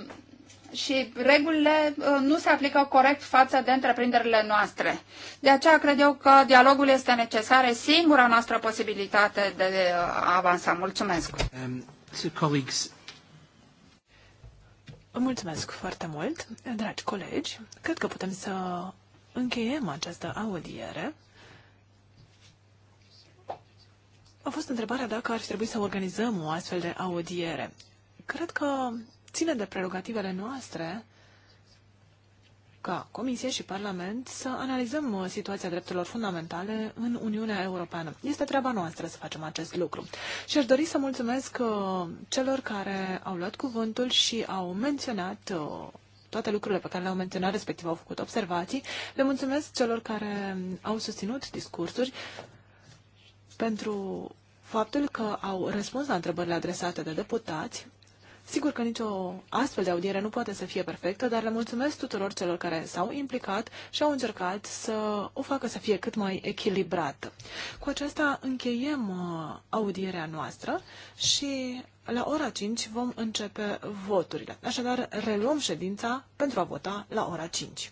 și regulile uh, nu se aplică corect față de întreprinderile noastre. De aceea cred eu că dialogul este necesar, singura noastră posibilitate de uh, a avansa. Mulțumesc! Um, mulțumesc foarte mult, dragi colegi. Cred că putem să încheiem această audiere. A fost întrebarea dacă ar trebui să organizăm o astfel de audiere. Cred că ține de prerogativele noastre ca Comisie și Parlament să analizăm uh, situația drepturilor fundamentale în Uniunea Europeană. Este treaba noastră să facem acest lucru. Și aș dori să mulțumesc uh, celor care au luat cuvântul și au menționat uh, toate lucrurile pe care le-au menționat, respectiv au făcut observații. Le mulțumesc celor care au susținut discursuri pentru faptul că au răspuns la întrebările adresate de deputați Sigur că nicio astfel de audiere nu poate să fie perfectă, dar le mulțumesc tuturor celor care s-au implicat și au încercat să o facă să fie cât mai echilibrată. Cu aceasta încheiem uh, audierea noastră și la ora 5 vom începe voturile. Așadar, reluăm ședința pentru a vota la ora 5.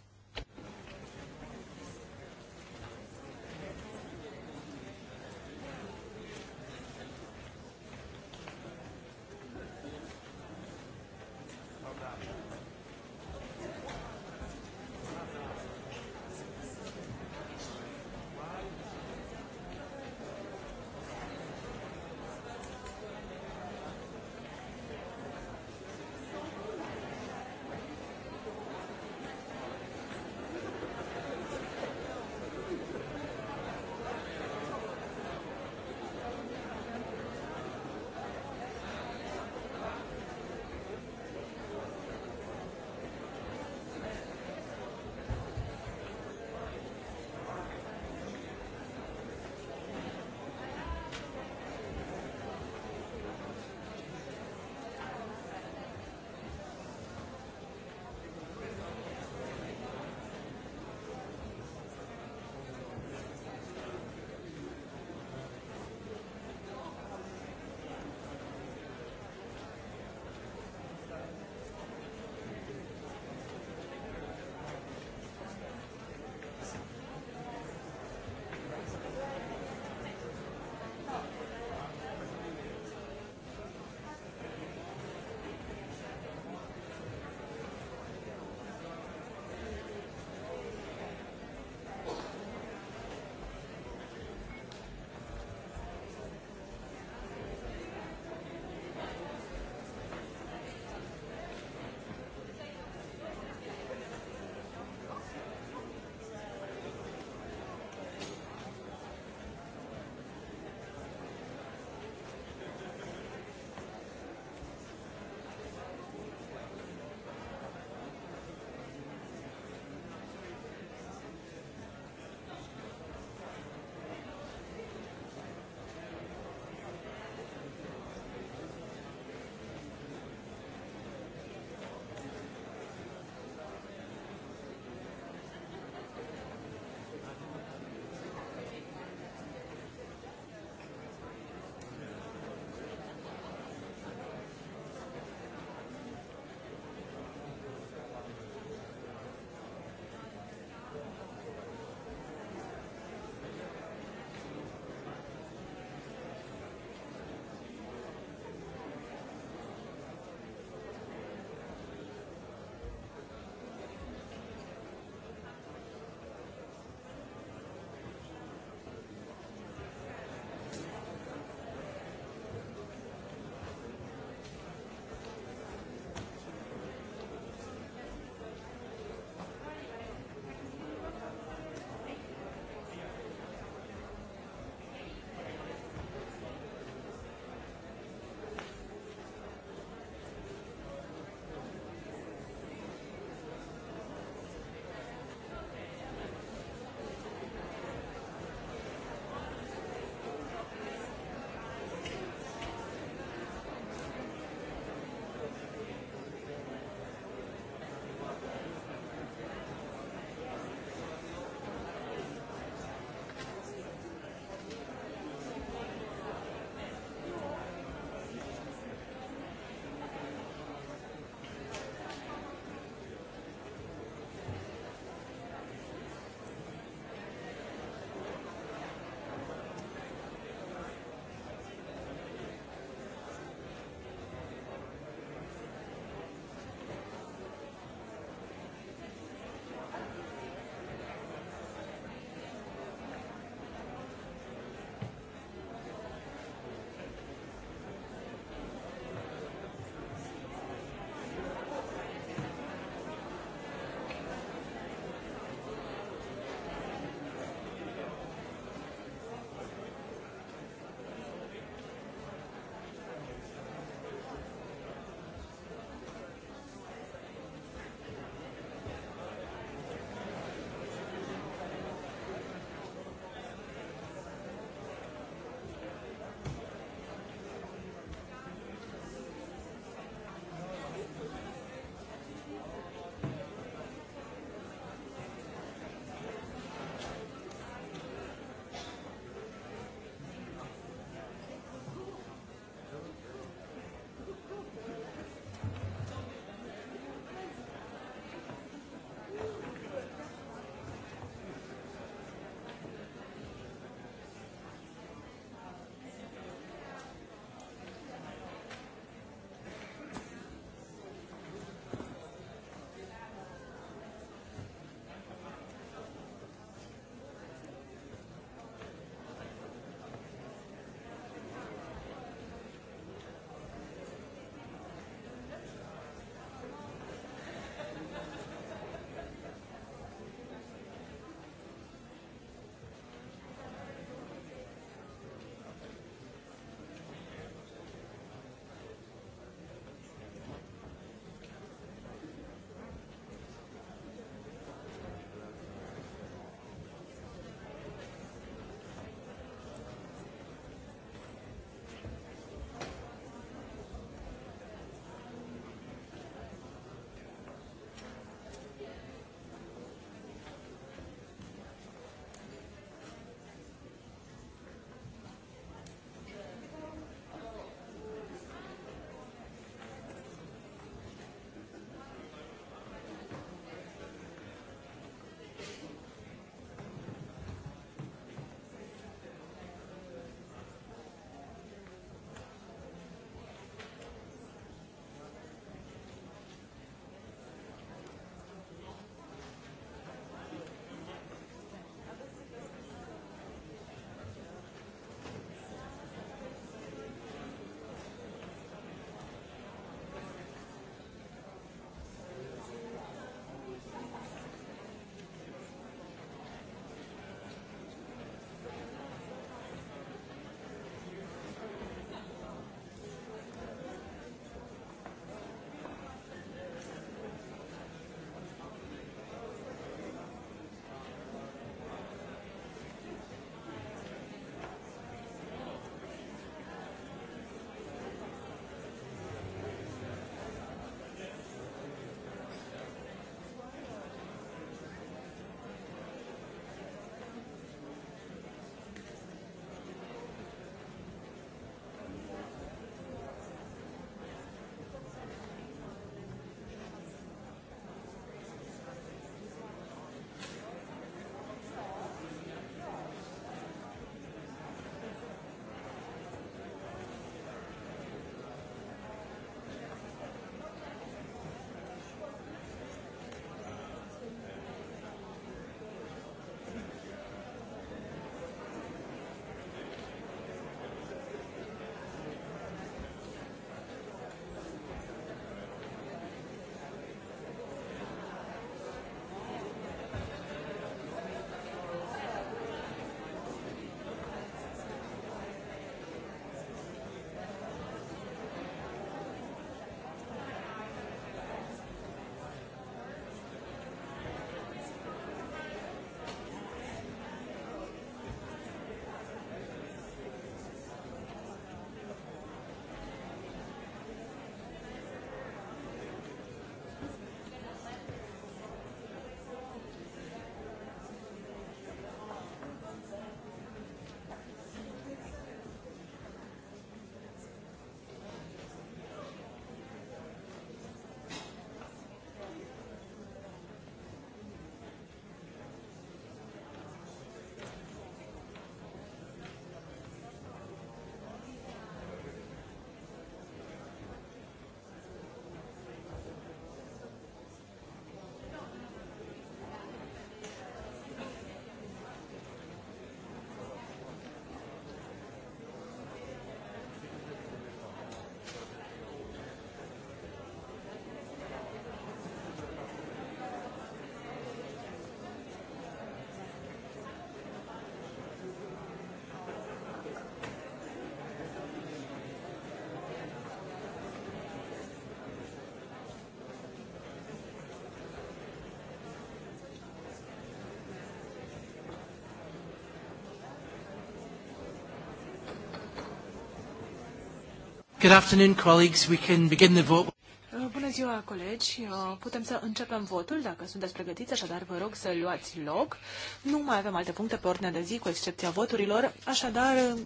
Good afternoon, colleagues. We can begin the vote. Uh, bună ziua, colegi! Uh, putem să începem votul, dacă sunteți pregătiți, așadar vă rog să luați loc. Nu mai avem alte puncte pe ordinea de zi, cu excepția voturilor, așadar, uh,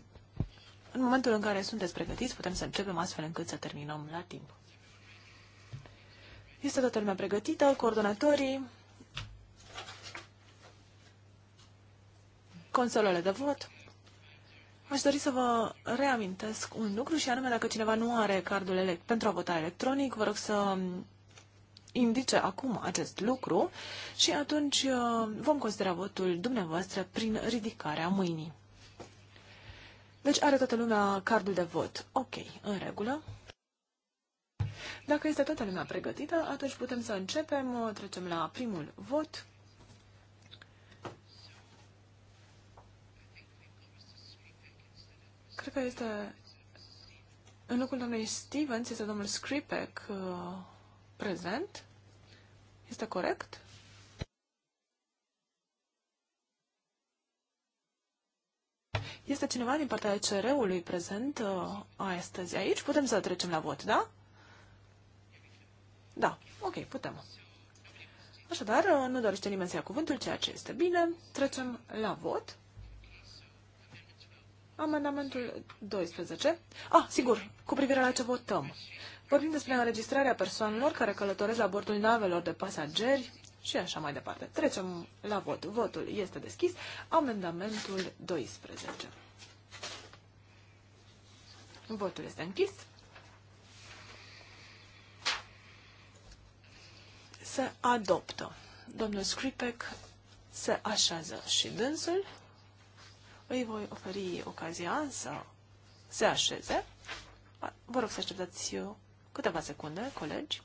în momentul în care sunteți pregătiți, putem să începem astfel încât să terminăm la timp. Este toată lumea pregătită, coordonatorii, consolele de vot. Aș dori să vă reamintesc un lucru și anume dacă cineva nu are cardul ele- pentru a vota electronic, vă rog să indice acum acest lucru și atunci uh, vom considera votul dumneavoastră prin ridicarea mâinii. Deci are toată lumea cardul de vot. Ok, în regulă. Dacă este toată lumea pregătită, atunci putem să începem. Uh, trecem la primul vot. cred că este în locul domnului Stevens este domnul Scripec uh, prezent. Este corect? Este cineva din partea CR-ului prezent uh, astăzi aici? Putem să trecem la vot, da? Da, ok, putem. Așadar, uh, nu dorește nimeni să ia cuvântul, ceea ce este bine. Trecem la vot. Amendamentul 12. Ah, sigur, cu privire la ce votăm. Vorbim despre înregistrarea persoanelor care călătoresc la bordul navelor de pasageri și așa mai departe. Trecem la vot. Votul este deschis. Amendamentul 12. Votul este închis. Se adoptă. Domnul Scripec se așează și dânsul. Îi voi oferi ocazia să se așeze. Vă rog să așteptați câteva secunde, colegi.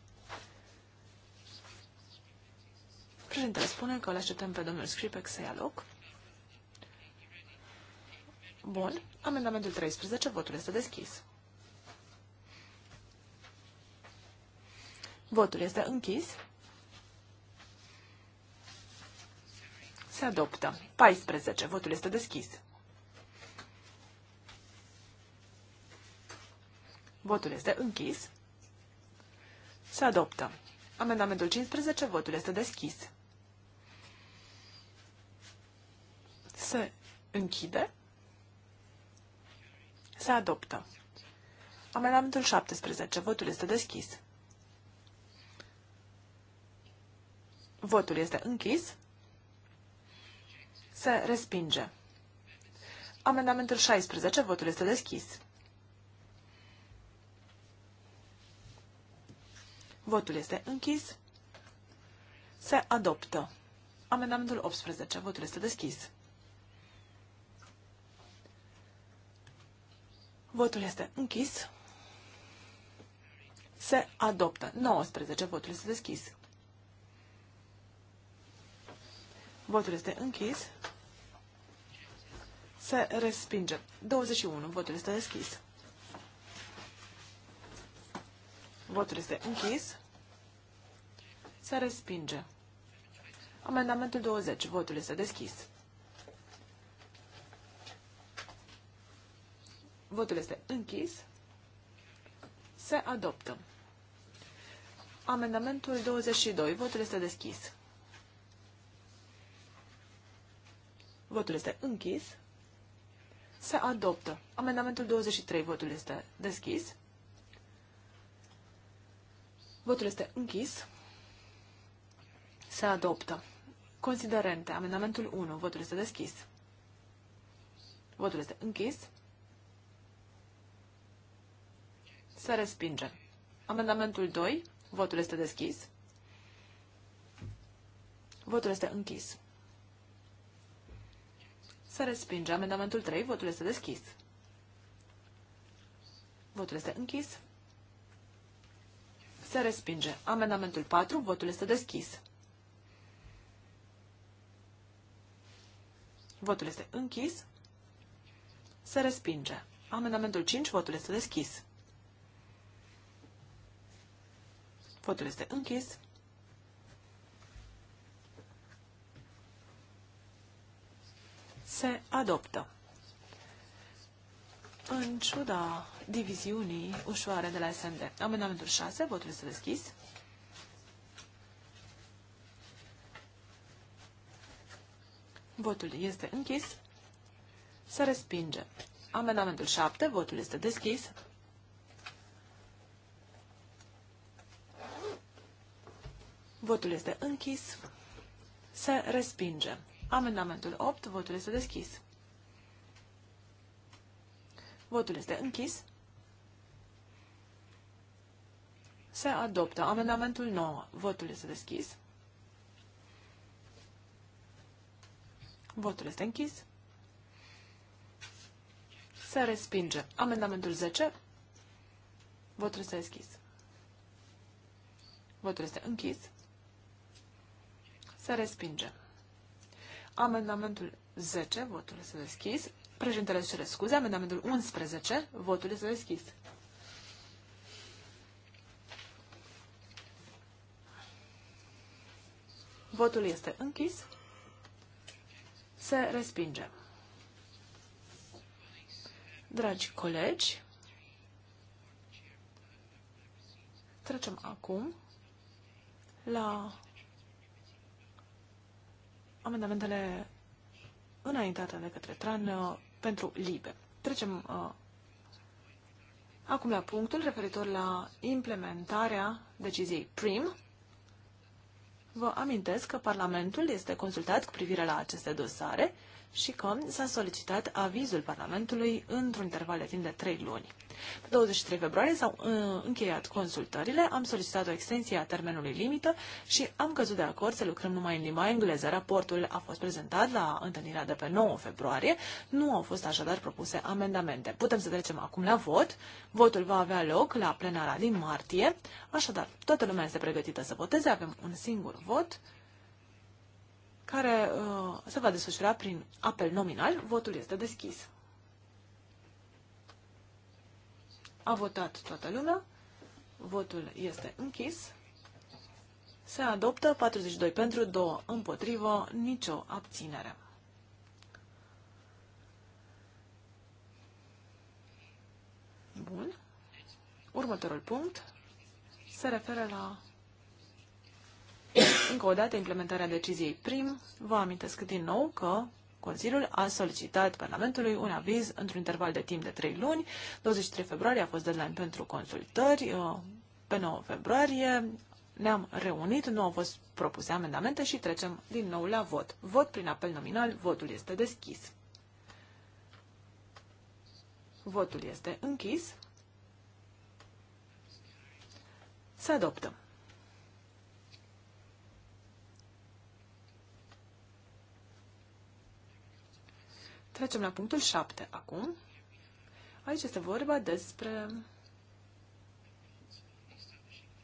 Președintele spune că îl așteptăm pe domnul Scripec să ia loc. Bun. Amendamentul 13. Votul este deschis. Votul este închis. Se adoptă. 14. Votul este deschis. Votul este închis. Se adoptă. Amendamentul 15. Votul este deschis. Se închide. Se adoptă. Amendamentul 17. Votul este deschis. Votul este închis. Se respinge. Amendamentul 16. Votul este deschis. Votul este închis. Se adoptă. Amendamentul 18. Votul este deschis. Votul este închis. Se adoptă. 19. Votul este deschis. Votul este închis. Se respinge. 21. Votul este deschis. Votul este închis. Se respinge. Amendamentul 20. Votul este deschis. Votul este închis. Se adoptă. Amendamentul 22. Votul este deschis. Votul este închis. Se adoptă. Amendamentul 23. Votul este deschis. Votul este închis. Se adoptă. Considerente. Amendamentul 1. Votul este deschis. Votul este închis. Se respinge. Amendamentul 2. Votul este deschis. Votul este închis. Se respinge. Amendamentul 3. Votul este deschis. Votul este închis. Se respinge. Amendamentul 4. Votul este deschis. Votul este închis. Se respinge. Amendamentul 5. Votul este deschis. Votul este închis. Se adoptă. În ciuda diviziunii ușoare de la SND, amendamentul 6, votul este deschis. Votul este închis. Se respinge. Amendamentul 7. Votul este deschis. Votul este închis. Se respinge. Amendamentul 8. Votul este deschis. Votul este închis. Se adoptă. Amendamentul 9. Votul este deschis. Votul este închis. Se respinge. Amendamentul 10. Votul este deschis. Votul este închis. Se respinge. Amendamentul 10. Votul este deschis. Președintele își cere scuze. Amendamentul 11. Votul este deschis. Votul este închis. Se respinge. Dragi colegi, trecem acum la amendamentele înaintate de către TRAN uh, pentru LIBE. Trecem uh, acum la punctul referitor la implementarea deciziei PRIM Vă amintesc că Parlamentul este consultat cu privire la aceste dosare și că s-a solicitat avizul Parlamentului într-un interval de timp de 3 luni. Pe 23 februarie s-au uh, încheiat consultările, am solicitat o extensie a termenului limită și am căzut de acord să lucrăm numai în limba engleză. Raportul a fost prezentat la întâlnirea de pe 9 februarie, nu au fost așadar propuse amendamente. Putem să trecem acum la vot. Votul va avea loc la plenara din martie, așadar toată lumea este pregătită să voteze, avem un singur vot care uh, se va desfășura prin apel nominal. Votul este deschis. A votat toată lumea. Votul este închis. Se adoptă 42 pentru, 2 împotrivă, nicio abținere. Bun. Următorul punct se referă la încă o dată, implementarea deciziei prim. Vă amintesc din nou că Consiliul a solicitat Parlamentului un aviz într-un interval de timp de 3 luni. 23 februarie a fost deadline pentru consultări. Uh, pe 9 februarie ne-am reunit, nu au fost propuse amendamente și trecem din nou la vot. Vot prin apel nominal, votul este deschis. Votul este închis. Să adoptăm. Trecem la punctul 7 acum. Aici este vorba despre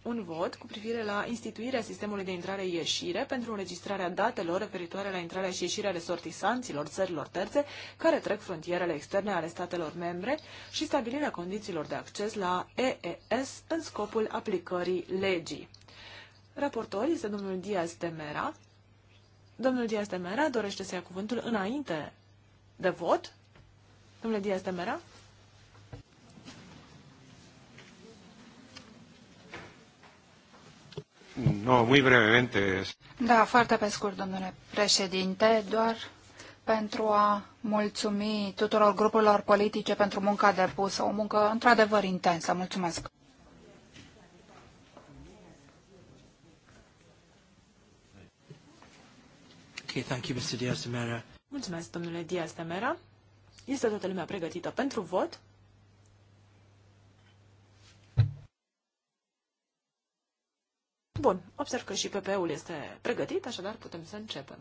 un vot cu privire la instituirea sistemului de intrare-ieșire pentru înregistrarea datelor referitoare la intrarea și ieșirea resortisanților țărilor terțe care trec frontierele externe ale statelor membre și stabilirea condițiilor de acces la EES în scopul aplicării legii. Raportor este domnul Diaz de Mera. Domnul Diaz de Mera dorește să ia cuvântul înainte de vot. Domnule Diaz de Mera. No, muy brevemente. Da, foarte pe scurt, domnule președinte, doar pentru a mulțumi tuturor grupurilor politice pentru munca depusă, o muncă într-adevăr intensă. Mulțumesc! Okay, thank you, Mr. Diaz de Mera. Mulțumesc, domnule Diaz de Mera. Este toată lumea pregătită pentru vot? Bun, observ că și PP-ul este pregătit, așadar putem să începem.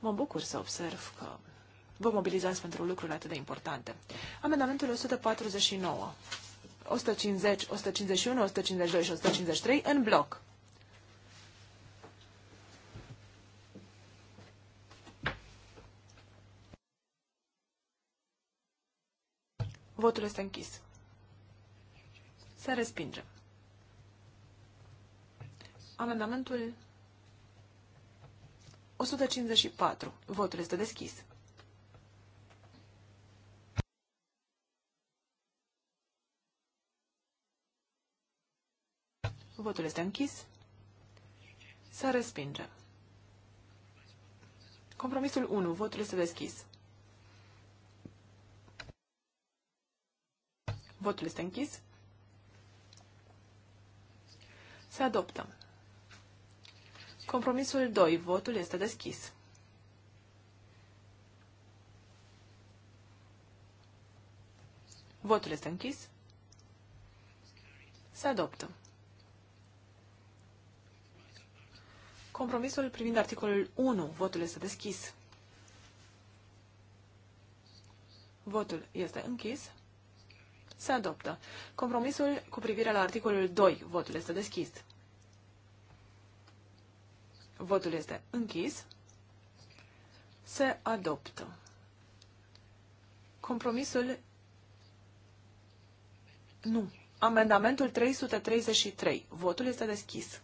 Mă bucur să observ că vă mobilizați pentru lucruri atât de importante. Amendamentul 149, 150, 151, 152 și 153 în bloc. Votul este închis. Se respinge. Amendamentul 154. Votul este deschis. Votul este închis. Se respinge. Compromisul 1. Votul este deschis. Votul este închis. Se adoptă. Compromisul 2. Votul este deschis. Votul este închis. Se adoptă. Compromisul privind articolul 1. Votul este deschis. Votul este închis. Se adoptă. Compromisul cu privire la articolul 2. Votul este deschis. Votul este închis. Se adoptă. Compromisul. Nu. Amendamentul 333. Votul este deschis.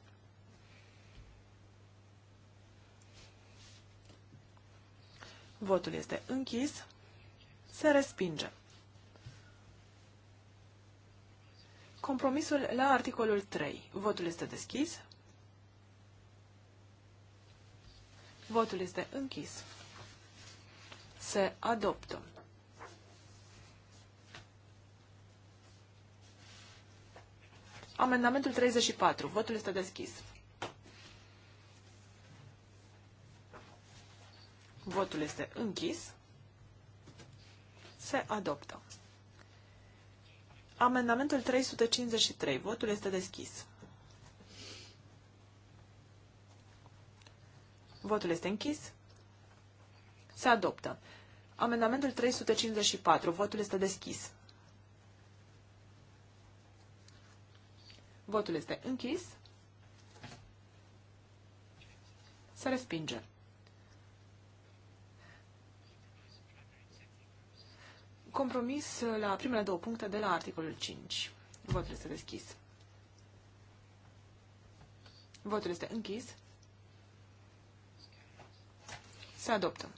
Votul este închis. Se respinge. Compromisul la articolul 3. Votul este deschis. Votul este închis. Se adoptă. Amendamentul 34. Votul este deschis. Votul este închis. Se adoptă. Amendamentul 353. Votul este deschis. Votul este închis. Se adoptă. Amendamentul 354. Votul este deschis. Votul este închis. Se respinge. compromis la primele două puncte de la articolul 5. Votul este deschis. Votul este închis. Se adoptă.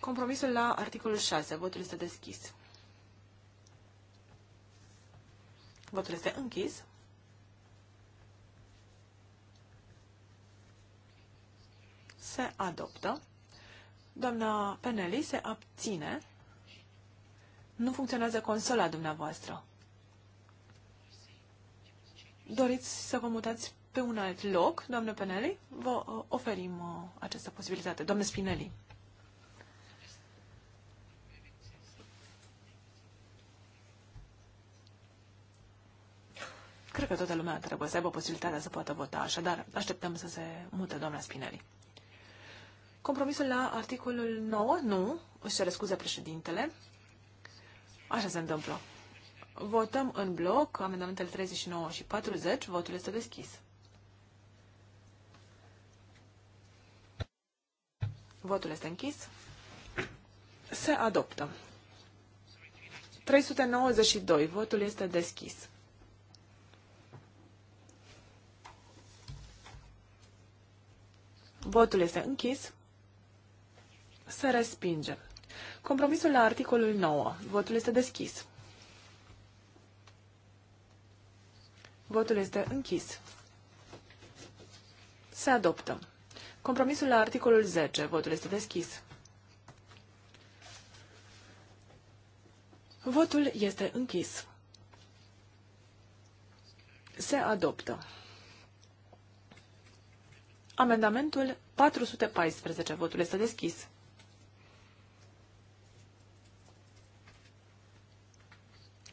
Compromisul la articolul 6. Votul este deschis. Votul este închis. Se adoptă. Doamna Peneli se abține. Nu funcționează consola dumneavoastră. Doriți să vă mutați pe un alt loc, doamnă Peneli? Vă uh, oferim uh, această posibilitate. Doamne Spinelli. Cred că toată lumea trebuie să aibă posibilitatea să poată vota, așadar așteptăm să se mute doamna Spinelli. Compromisul la articolul 9, nu, își cere scuze președintele. Așa se întâmplă. Votăm în bloc amendamentele 39 și 40. Votul este deschis. Votul este închis. Se adoptă. 392. Votul este deschis. Votul este închis. Se respinge. Compromisul la articolul 9. Votul este deschis. Votul este închis. Se adoptă. Compromisul la articolul 10. Votul este deschis. Votul este închis. Se adoptă. Amendamentul 414. Votul este deschis.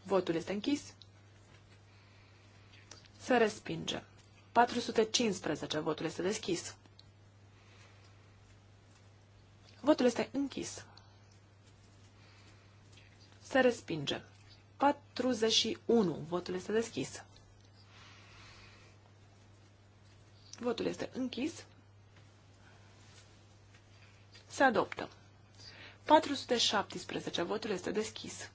Votul este închis. Se respinge. 415. Votul este deschis. Votul este închis. Se respinge. 41. Votul este deschis. Votul este închis. Se adoptă. 417. Votul este deschis.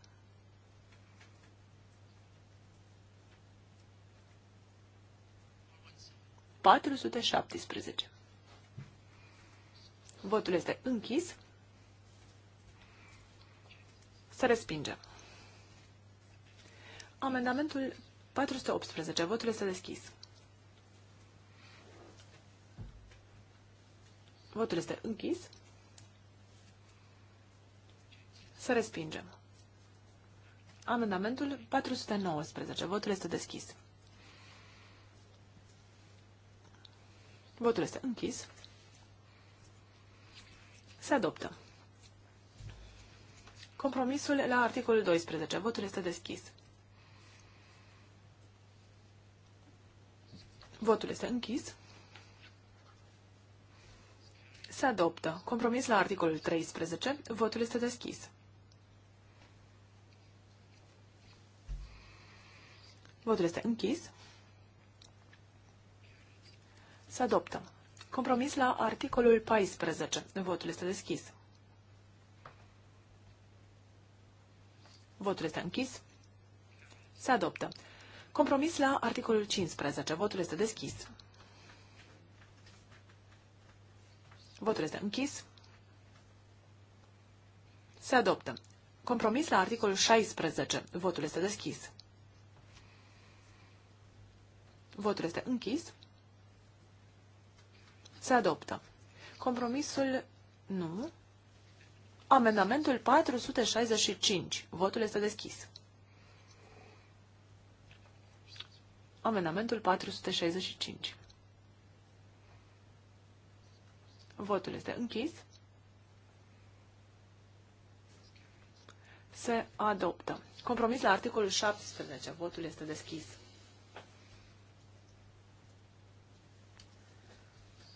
417. Votul este închis. să respinge. Amendamentul 418. Votul este deschis. Votul este închis. Să respingem. Amendamentul 419. Votul este deschis. Votul este închis. Se adoptă. Compromisul la articolul 12. Votul este deschis. Votul este închis. Se adoptă. Compromis la articolul 13. Votul este deschis. Votul este închis. Se adoptă. Compromis la articolul 14. Votul este deschis. Votul este închis. Se adoptă. Compromis la articolul 15. Votul este deschis. Votul este închis. Se adoptă. Compromis la articolul 16. Votul este deschis. Votul este închis. Se adoptă. Compromisul nu. Amendamentul 465. Votul este deschis. Amendamentul 465. Votul este închis. Se adoptă. Compromis la articolul 17. Votul este deschis.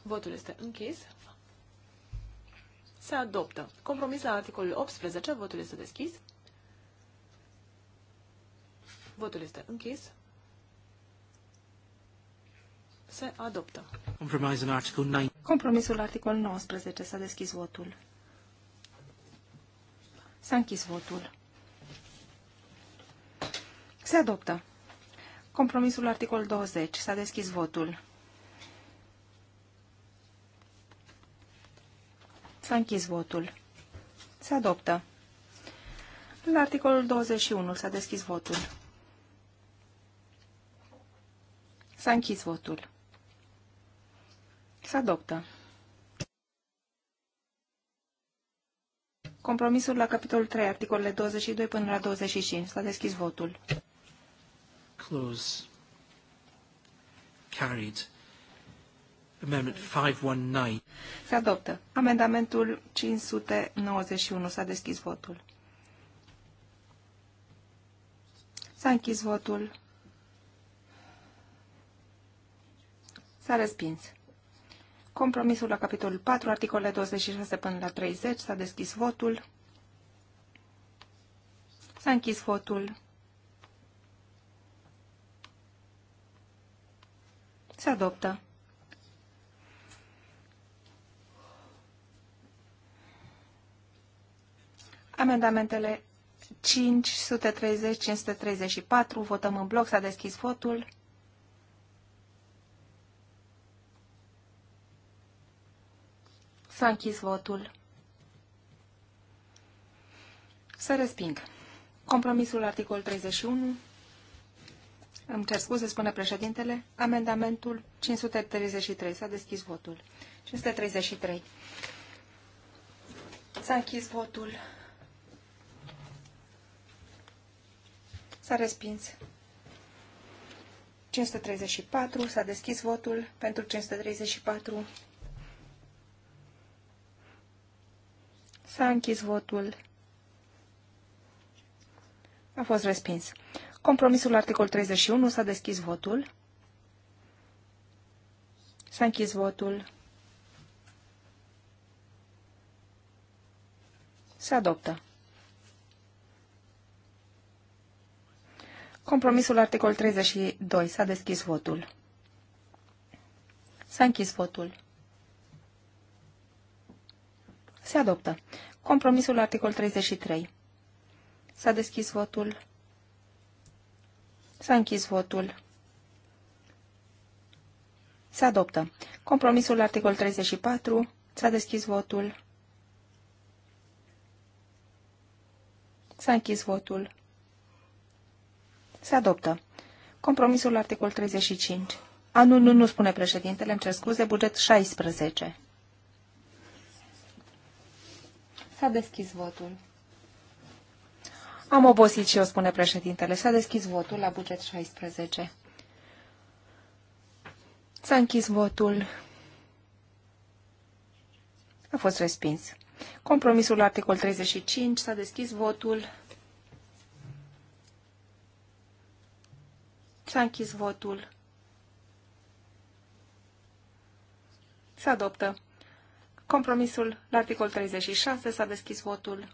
Votul este închis. Se adoptă. Compromis la articolul 18. Votul este deschis. Votul este închis. Se adoptă. Compromisul articol 19. S-a deschis votul. S-a închis votul. Se adoptă. Compromisul articol 20. S-a deschis votul. S-a închis votul. Se adoptă. La articolul 21 s-a deschis votul. S-a închis votul. Se adoptă. Compromisul la capitolul 3, articolele 22 până la 25. S-a deschis votul. Close. Carried. 519. Se adoptă. Amendamentul 591. S-a deschis votul. S-a închis votul. S-a respins. Compromisul la capitolul 4, articolele 26 până la 30, s-a deschis votul. S-a închis votul. Se adoptă. Amendamentele 530, 534, votăm în bloc, s-a deschis votul. S-a închis votul. Să resping. Compromisul articol 31. Îmi cer scuze, spune președintele. Amendamentul 533. S-a deschis votul. 533. S-a închis votul. S-a respins. 534. S-a deschis votul pentru 534. S-a închis votul. A fost respins. Compromisul articol 31 s-a deschis votul. S-a închis votul. Se adoptă. Compromisul articol 32. S-a deschis votul. S-a închis votul. Se adoptă. Compromisul articol 33. S-a deschis votul. S-a închis votul. Se adoptă. Compromisul articol 34. S-a deschis votul. S-a închis votul. Se adoptă. Compromisul articol 35. A, nu, nu, nu spune președintele, îmi cer scuze, buget 16. S-a deschis votul. Am obosit și eu, spune președintele. S-a deschis votul la buget 16. S-a închis votul. A fost respins. Compromisul articol 35. S-a deschis votul. S-a închis votul. Se adoptă. Compromisul la articol 36 s-a deschis votul.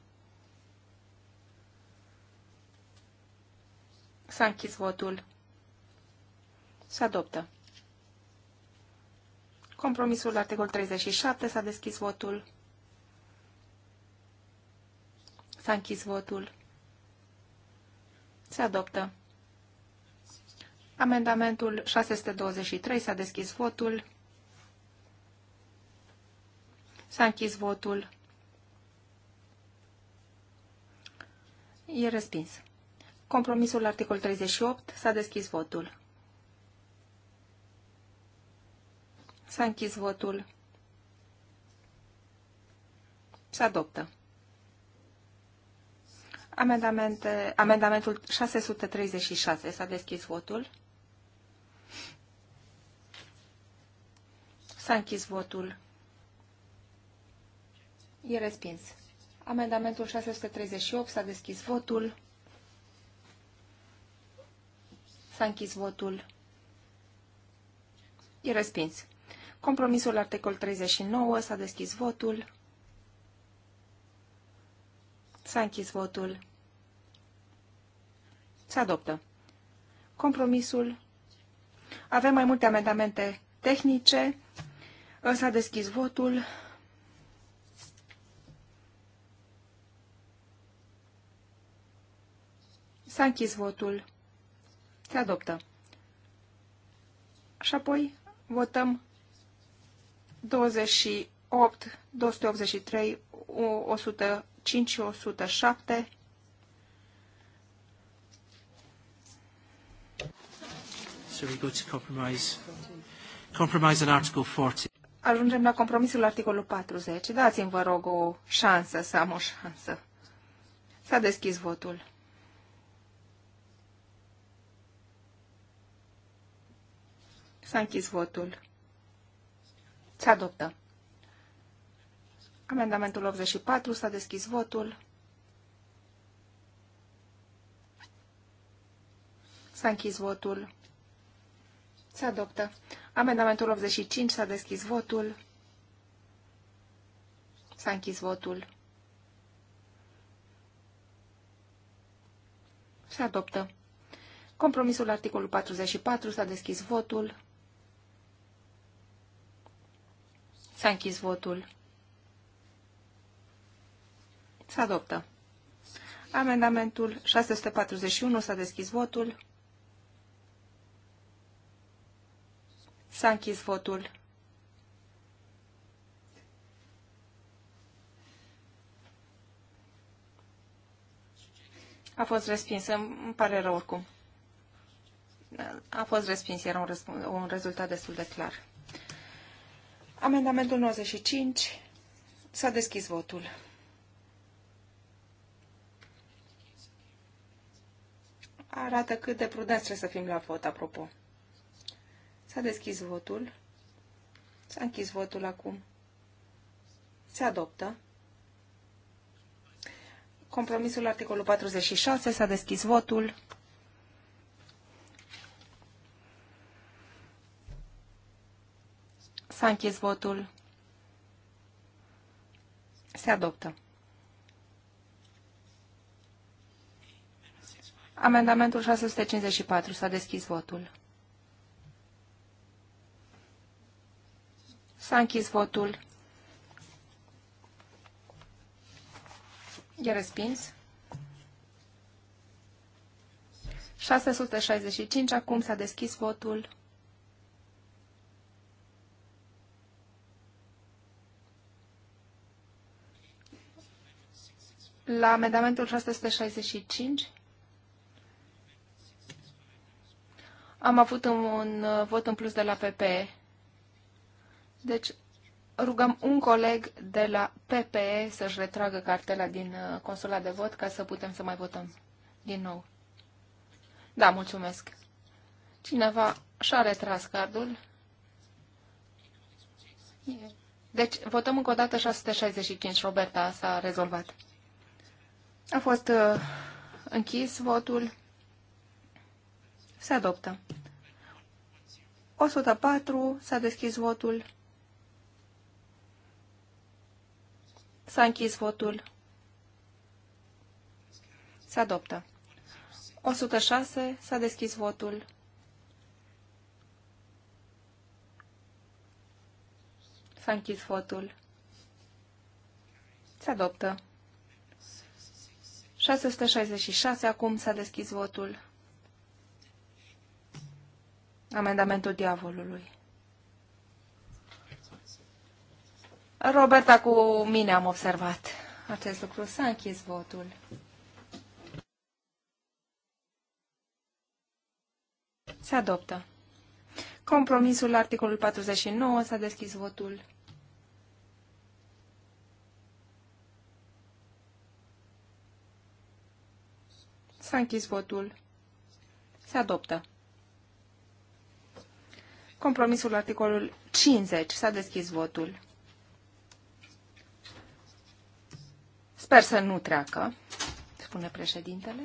S-a închis votul. Se adoptă. Compromisul la articol 37 s-a deschis votul. S-a închis votul. Se adoptă. Amendamentul 623 s-a deschis votul. S-a închis votul. E respins. Compromisul articol 38 s-a deschis votul. S-a închis votul. Se adoptă. Amendamente, amendamentul 636 s-a deschis votul. S-a închis votul. E respins. Amendamentul 638 s-a deschis votul. S-a închis votul. E respins. Compromisul articol 39 s-a deschis votul. S-a închis votul. Se adoptă. Compromisul. Avem mai multe amendamente tehnice. S-a deschis votul. S-a închis votul. Se adoptă. Și apoi votăm 28, 283, 105 și 107. So we go to compromise. Compromise on Article 40 ajungem la compromisul articolul 40. Dați-mi, vă rog, o șansă să am o șansă. S-a deschis votul. S-a închis votul. Se adoptă. Amendamentul 84 s-a deschis votul. S-a închis votul. Se adoptă. Amendamentul 85 s-a deschis votul. S-a închis votul. Se adoptă. Compromisul articolul 44 s-a deschis votul. S-a închis votul. Se adoptă. Amendamentul 641 s-a deschis votul. S-a închis votul. A fost respins. Îmi pare rău oricum. A fost respins. Era un, un rezultat destul de clar. Amendamentul 95. S-a deschis votul. Arată cât de prudenți trebuie să fim la vot, apropo. S-a deschis votul. S-a închis votul acum. Se adoptă. Compromisul articolul 46. S-a deschis votul. S-a închis votul. Se adoptă. Amendamentul 654. S-a deschis votul. S-a închis votul. E respins. 665. Acum s-a deschis votul. La amendamentul 665 am avut un, un vot în plus de la PPE. Deci rugăm un coleg de la PPE să-și retragă cartela din uh, consola de vot ca să putem să mai votăm din nou. Da, mulțumesc. Cineva și-a retras cardul. Deci, votăm încă o dată 665. Roberta s-a rezolvat. A fost uh, închis votul. Se adoptă. 104. S-a deschis votul. S-a închis votul. Se adoptă. 106. S-a deschis votul. S-a închis votul. Se adoptă. 666. Acum s-a deschis votul. Amendamentul diavolului. Roberta, cu mine am observat acest lucru. S-a închis votul. Se adoptă. Compromisul articolul 49 s-a deschis votul. S-a închis votul. Se adoptă. Compromisul articolul 50 s-a deschis votul. Sper să nu treacă, spune președintele.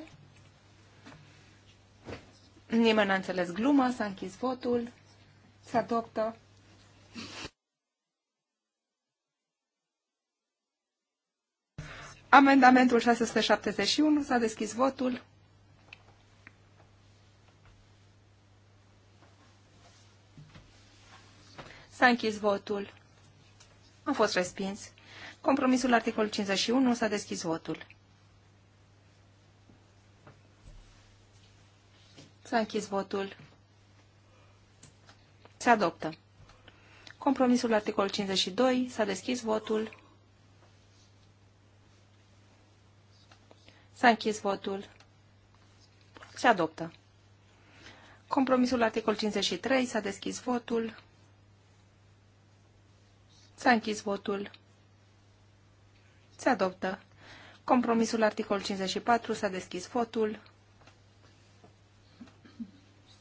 Nimeni n-a înțeles gluma, s-a închis votul, se adoptă. Amendamentul 671 s-a deschis votul. S-a închis votul. A fost respins. Compromisul articolul 51 s-a deschis votul. S-a închis votul. Se adoptă. Compromisul articolul 52 s-a deschis votul. S-a închis votul. Se adoptă. Compromisul articolul 53 s-a deschis votul. S-a închis votul. Se adoptă. Compromisul articol 54. S-a deschis votul.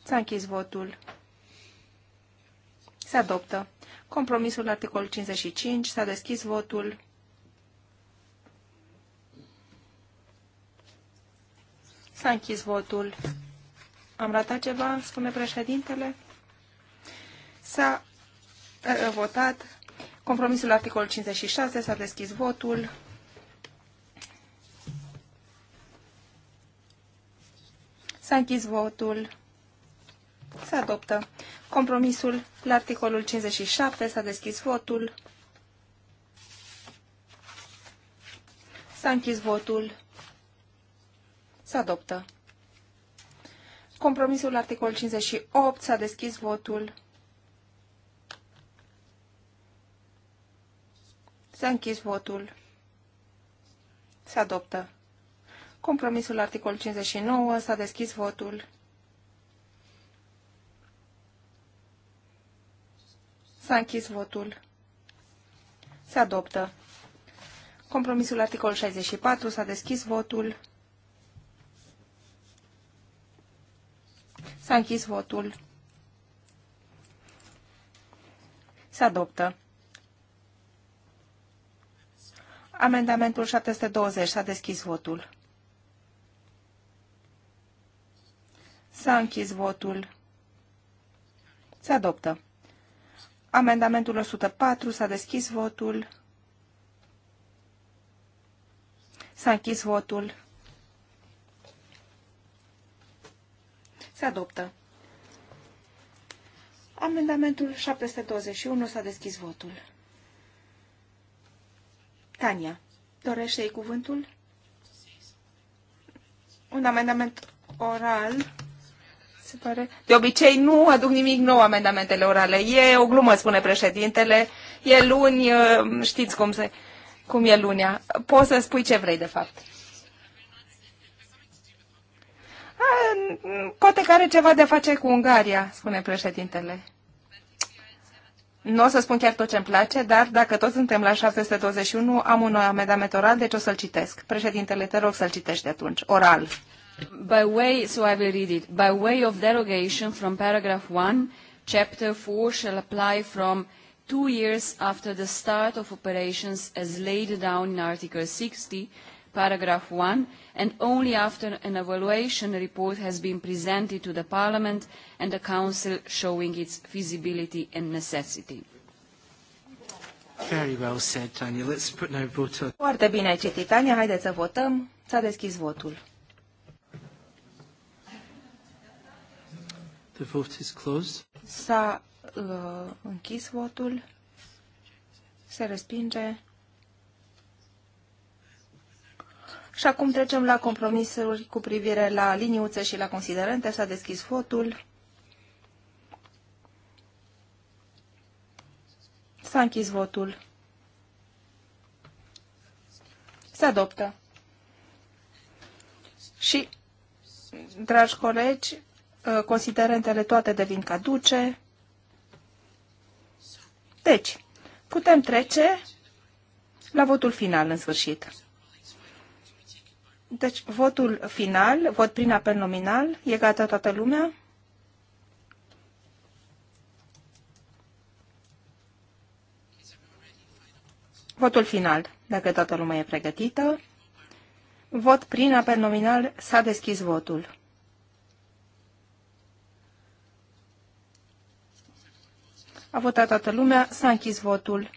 S-a închis votul. Se adoptă. Compromisul articol 55. S-a deschis votul. S-a închis votul. Am ratat ceva, spune președintele. S-a uh, uh, votat. Compromisul articol 56. S-a deschis votul. S-a închis votul. Se adoptă. Compromisul la articolul 57. S-a deschis votul. S-a închis votul. Se adoptă. Compromisul articolul 58. S-a deschis votul. S-a închis votul. Se adoptă. Compromisul articol 59 s-a deschis votul. S-a închis votul. Se adoptă. Compromisul articol 64 s-a deschis votul. S-a închis votul. Se adoptă. Amendamentul 720 s-a deschis votul. S-a închis votul. Se adoptă. Amendamentul 104. S-a deschis votul. S-a închis votul. Se adoptă. Amendamentul 721 s-a deschis votul. Tania, dorește i cuvântul? Un amendament oral se pare. De obicei nu aduc nimic nou amendamentele orale. E o glumă, spune președintele. E luni, uh, știți cum, se, cum e lunea. Poți să spui ce vrei, de fapt. A, poate că are ceva de a face cu Ungaria, spune președintele. Nu o să spun chiar tot ce îmi place, dar dacă toți suntem la 721, am un amendament oral, deci o să-l citesc. Președintele, te rog să-l citești de atunci, oral. By way, so I will read it. By way of derogation from paragraph 1, chapter 4 shall apply from two years after the start of operations as laid down in Article 60, paragraph 1, and only after an evaluation report has been presented to the Parliament and the Council showing its feasibility and necessity. Very well said, Tanya. Let's put now vote on... Foarte bine ai citit, Tania. Haideți să votăm. S-a deschis votul. The vote is closed. S-a uh, închis votul. Se respinge. Și acum trecem la compromisuri cu privire la liniuță și la considerente. S-a deschis votul. S-a închis votul. Se adoptă. Și, dragi colegi, Uh, considerentele toate devin caduce. Deci, putem trece la votul final în sfârșit. Deci, votul final, vot prin apel nominal, e gata toată lumea? Votul final, dacă toată lumea e pregătită. Vot prin apel nominal, s-a deschis votul. A votat toată lumea, s-a închis votul.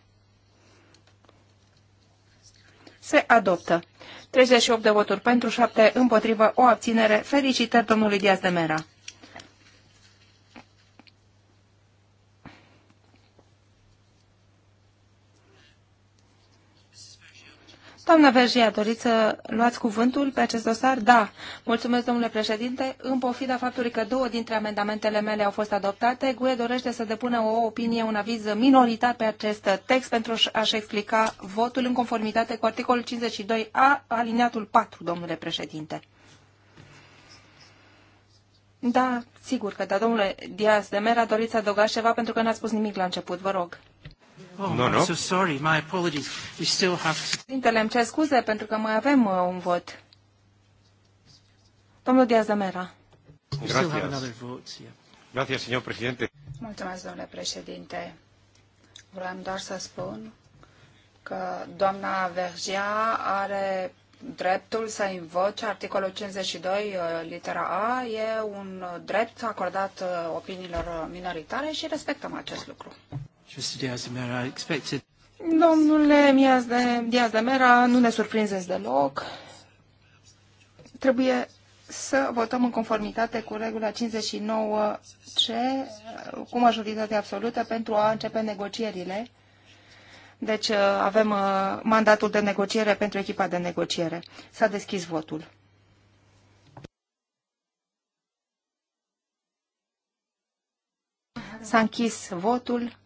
Se adoptă. 38 de voturi pentru, 7 împotrivă, o abținere. Felicitări domnului Diaz de Mera. Doamna Vergia, doriți să luați cuvântul pe acest dosar? Da. Mulțumesc, domnule președinte. În pofida faptului că două dintre amendamentele mele au fost adoptate, GUE dorește să depună o opinie, un aviz minoritar pe acest text pentru a-și explica votul în conformitate cu articolul 52a, alineatul 4, domnule președinte. Da, sigur că da, domnule Diaz de Mera, doriți să adăugați ceva pentru că n-ați spus nimic la început, vă rog. Oh, no, no. so sorry. My apologies. We still have to... Dintele, îmi cer scuze pentru că mai avem uh, un vot. Domnul Diaz de Mera. We still have Mulțumesc, domnule președinte. Vreau doar să spun că doamna Vergea are dreptul să invoce articolul 52, uh, litera A, e un drept acordat uh, opiniilor minoritare și respectăm acest lucru. Domnule Miaz de, Diaz de Mera, nu ne surprinzeți deloc. Trebuie să votăm în conformitate cu regula 59C cu majoritate absolută pentru a începe negocierile. Deci uh, avem uh, mandatul de negociere pentru echipa de negociere. S-a deschis votul. S-a închis votul.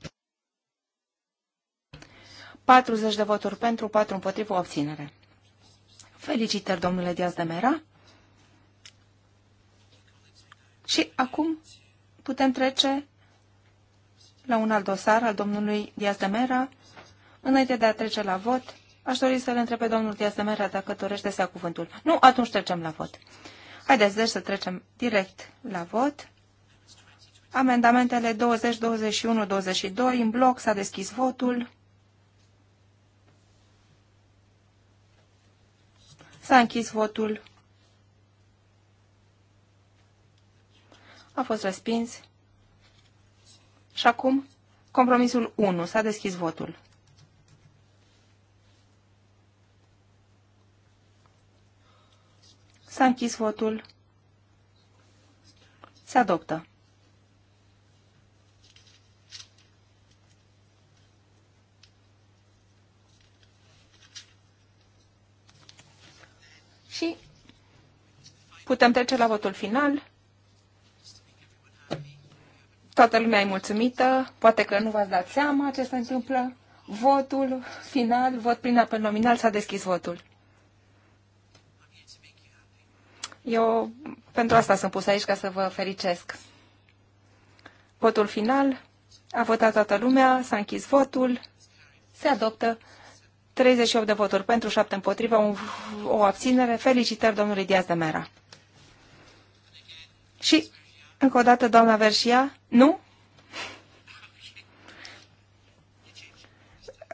40 de voturi pentru, 4 împotrivă, obținere. Felicitări, domnule Diaz de Mera. Și acum putem trece la un alt dosar al domnului Diaz de Mera. Înainte de a trece la vot, aș dori să-l întreb pe domnul Diaz de Mera dacă dorește să ia cuvântul. Nu, atunci trecem la vot. Haideți, deci, să trecem direct la vot. Amendamentele 20, 21, 22, în bloc s-a deschis votul. S-a închis votul. A fost respins. Și acum, compromisul 1. S-a deschis votul. S-a închis votul. Se adoptă. Putem trece la votul final. Toată lumea e mulțumită. Poate că nu v-ați dat seama ce se întâmplă. Votul final, vot prin apel nominal, s-a deschis votul. Eu pentru asta sunt pus aici, ca să vă fericesc. Votul final, a votat toată lumea, s-a închis votul, se adoptă 38 de voturi pentru, 7 împotriva, o abținere. Felicitări domnului Diaz de Mera. Și, încă o dată, doamna Versia, nu?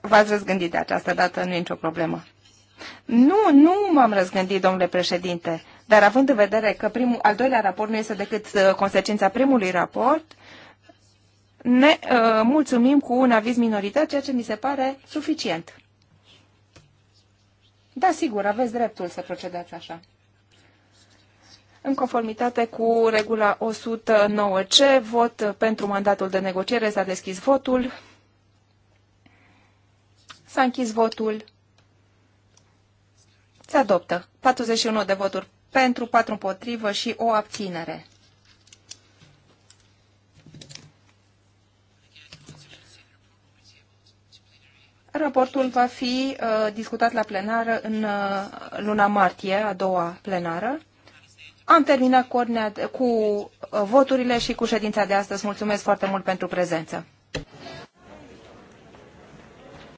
V-ați răzgândit de această dată, nu e nicio problemă. Nu, nu m-am răzgândit, domnule președinte, dar având în vedere că primul, al doilea raport nu este decât uh, consecința primului raport, ne uh, mulțumim cu un aviz minoritar, ceea ce mi se pare suficient. Da, sigur, aveți dreptul să procedați așa în conformitate cu regula 109C, vot pentru mandatul de negociere, s-a deschis votul, s-a închis votul, se adoptă 41 de voturi pentru, 4 împotrivă și o abținere. Raportul va fi uh, discutat la plenară în uh, luna martie, a doua plenară. Am terminat cu, ordinea, cu uh, voturile și cu ședința de astăzi. Mulțumesc foarte mult pentru prezență.